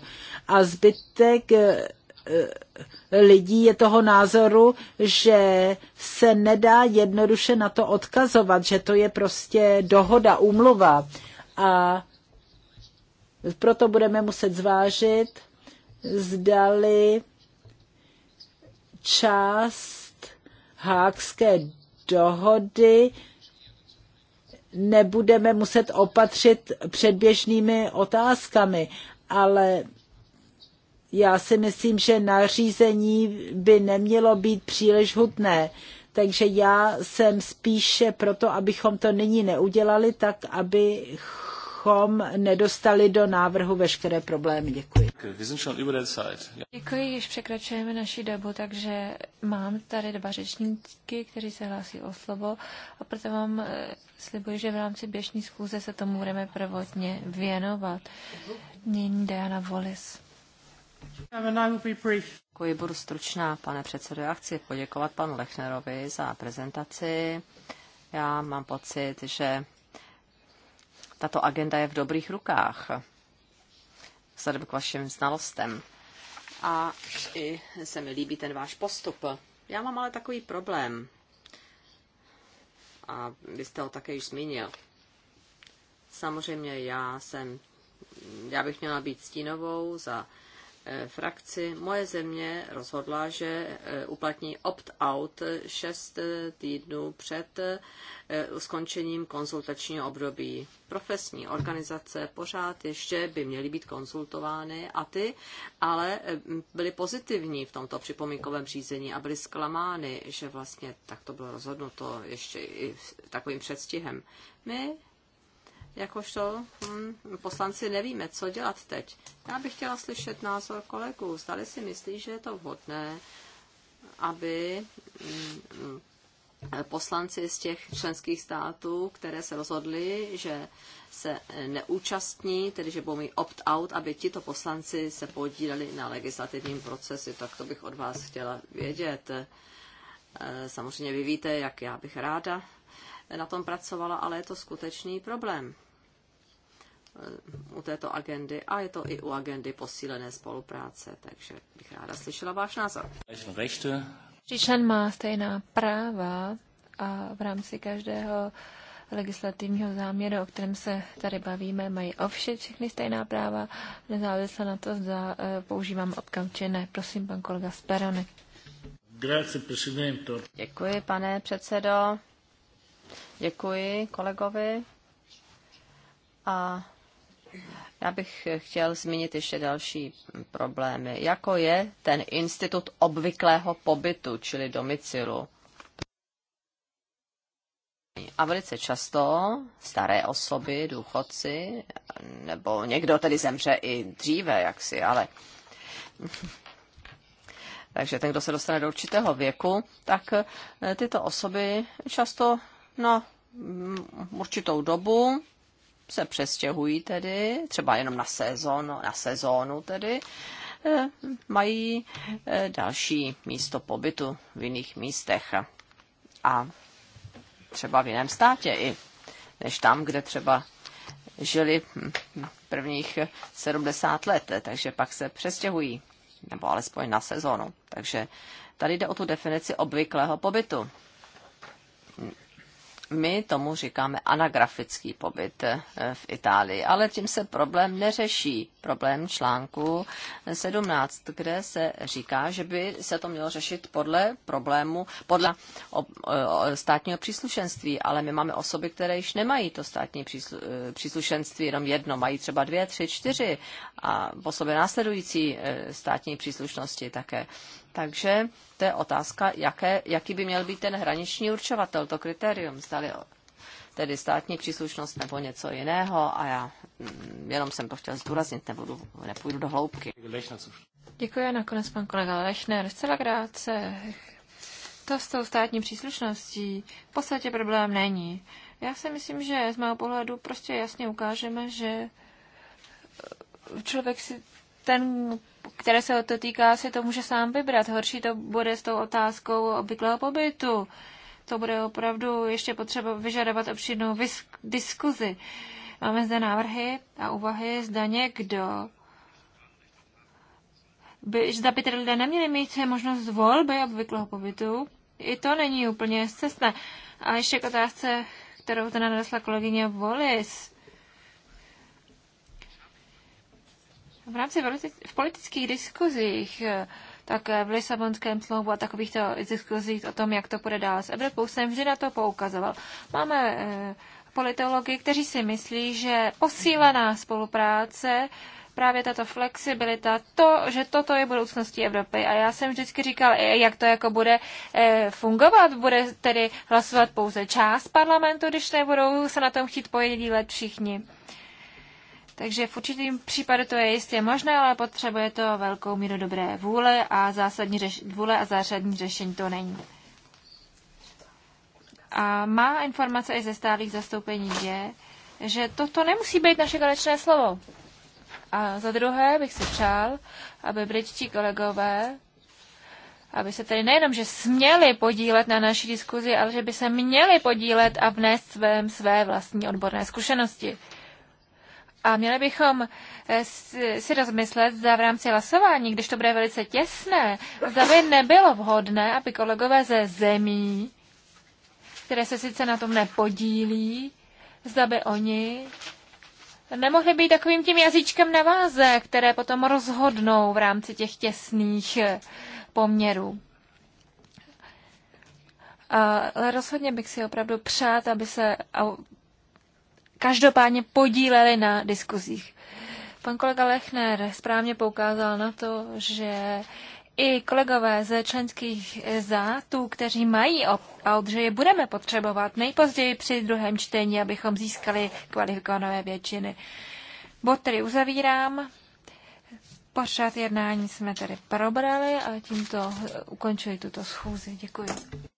a zbytek eh, eh, lidí je toho názoru, že se nedá jednoduše na to odkazovat, že to je prostě dohoda, úmluva. A proto budeme muset zvážit, zdali část hákské dohody nebudeme muset opatřit předběžnými otázkami, ale já si myslím, že nařízení by nemělo být příliš hutné. Takže já jsem spíše proto, abychom to nyní neudělali, tak abychom nedostali do návrhu veškeré problémy. Děkuji. Děkuji, již překračujeme naši dobu, takže mám tady dva řečníky, kteří se hlásí o slovo a proto vám eh, slibuji, že v rámci běžní schůze se tomu budeme prvotně věnovat. Nyní Diana Volis. Děkuji, budu stručná, pane předsedo. Já chci poděkovat panu Lechnerovi za prezentaci. Já mám pocit, že tato agenda je v dobrých rukách, vzhledem k vašim znalostem. A i se mi líbí ten váš postup. Já mám ale takový problém. A vy jste ho také již zmínil. Samozřejmě já jsem, já bych měla být stínovou za Eh, frakci moje země rozhodla, že eh, uplatní opt-out šest eh, týdnů před skončením konzultačního období. Profesní organizace pořád ještě by měly být konzultovány a ty ale byly pozitivní v tomto připomínkovém řízení a byly zklamány, že vlastně tak to bylo rozhodnuto ještě i takovým předstihem. My jakožto hm, poslanci nevíme, co dělat teď. Já bych chtěla slyšet názor kolegů. Zdali si myslí, že je to vhodné, aby hm, poslanci z těch členských států, které se rozhodli, že se neúčastní, tedy že budou mít opt-out, aby tito poslanci se podíleli na legislativním procesu. Tak to bych od vás chtěla vědět. E, samozřejmě vy víte, jak já bych ráda na tom pracovala, ale je to skutečný problém u této agendy a je to i u agendy posílené spolupráce, takže bych ráda slyšela váš názor. Člen má stejná práva a v rámci každého legislativního záměru, o kterém se tady bavíme, mají ovšem všechny stejná práva, nezávisle na to, zda eh, používám odkam či ne. Prosím, pan kolega Sperony. Děkuji, pane předsedo. Děkuji kolegovi. A já bych chtěl zmínit ještě další problémy, jako je ten institut obvyklého pobytu, čili domicilu. A velice často staré osoby, důchodci, nebo někdo tedy zemře i dříve, jaksi, ale takže ten, kdo se dostane do určitého věku, tak eh, tyto osoby často, no, určitou dobu se přestěhují tedy, třeba jenom na, sezon, na sezónu tedy, eh, mají eh, další místo pobytu v jiných místech a třeba v jiném státě i, než tam, kde třeba žili prvních 70 let, takže pak se přestěhují, nebo alespoň na sezónu. Takže tady jde o tu definici obvyklého pobytu. My tomu říkáme anagrafický pobyt eh, v Itálii, ale tím se problém neřeší. Problém článku 17, kde se říká, že by se to mělo řešit podle problému, podle státního příslušenství, ale my máme osoby, které již nemají to státní eh, příslušenství, jenom jedno, mají třeba dvě, tři, čtyři a osoby následující eh, státní příslušnosti také. Takže to je otázka, jaké, jaký by měl být ten hraniční určovatel, to kritérium, zdali tedy státní příslušnost nebo něco jiného a já mm, jenom jsem to chtěl zdůraznit, nebudu, nepůjdu do hloubky. Děkuji nakonec pan kolega Lešner. Zcela krátce, to s tou státní příslušností v podstatě problém není. Já si myslím, že z mého pohledu prostě jasně ukážeme, že člověk si ten, které se to týká, si to může sám vybrat. Horší to bude s tou otázkou obvyklého pobytu. To bude opravdu ještě potřeba vyžadovat občinnou diskuzi. Máme zde návrhy a úvahy, zda někdo by, zda by tedy lidé neměli mít možnost volby obvyklého pobytu. I to není úplně cestné. A ještě k otázce, kterou to nadesla kolegyně Volis V rámci v politických diskuzích, eh, tak v Lisabonském slovu a takovýchto diskuzích o tom, jak to bude dál s Evropou, jsem vždy na to poukazoval. Máme eh, politology, kteří si myslí, že posílená spolupráce právě tato flexibilita, to, že toto je budoucností Evropy. A já jsem vždycky říkal, eh, jak to jako bude fungovat. Bude tedy hlasovat pouze část parlamentu, když nebudou se na tom chtít podílet všichni. Takže v určitým případě to je jistě možné, ale potřebuje to velkou míru dobré vůle a zásadní řeš- vůle a zásadní řešení to není. A má informace i ze stálých zastoupení je, že toto nemusí být naše konečné slovo. A za druhé bych si přál, aby britští kolegové, aby se tedy nejenom, že směli podílet na naší diskuzi, ale že by se měli podílet a vnést svém své vlastní odborné zkušenosti. A měli bychom eh, si rozmyslet, zda v rámci hlasování, když to bude velice těsné, zda by nebylo vhodné, aby kolegové ze zemí, které se sice na tom nepodílí, zda by oni nemohli být takovým tím jazyčkem na váze, které potom rozhodnou v rámci těch těsných eh, poměrů. Ale rozhodně bych si opravdu přát, aby se každopádně podíleli na diskuzích. Pan kolega Lechner správně poukázal na to, že i kolegové ze členských zátů, kteří mají opt-out, že je budeme potřebovat nejpozději při druhém čtení, abychom získali kvalifikované většiny. Bod tedy uzavírám. Pořád jednání jsme tedy probrali a tímto ukončuji tuto schůzi. Děkuji.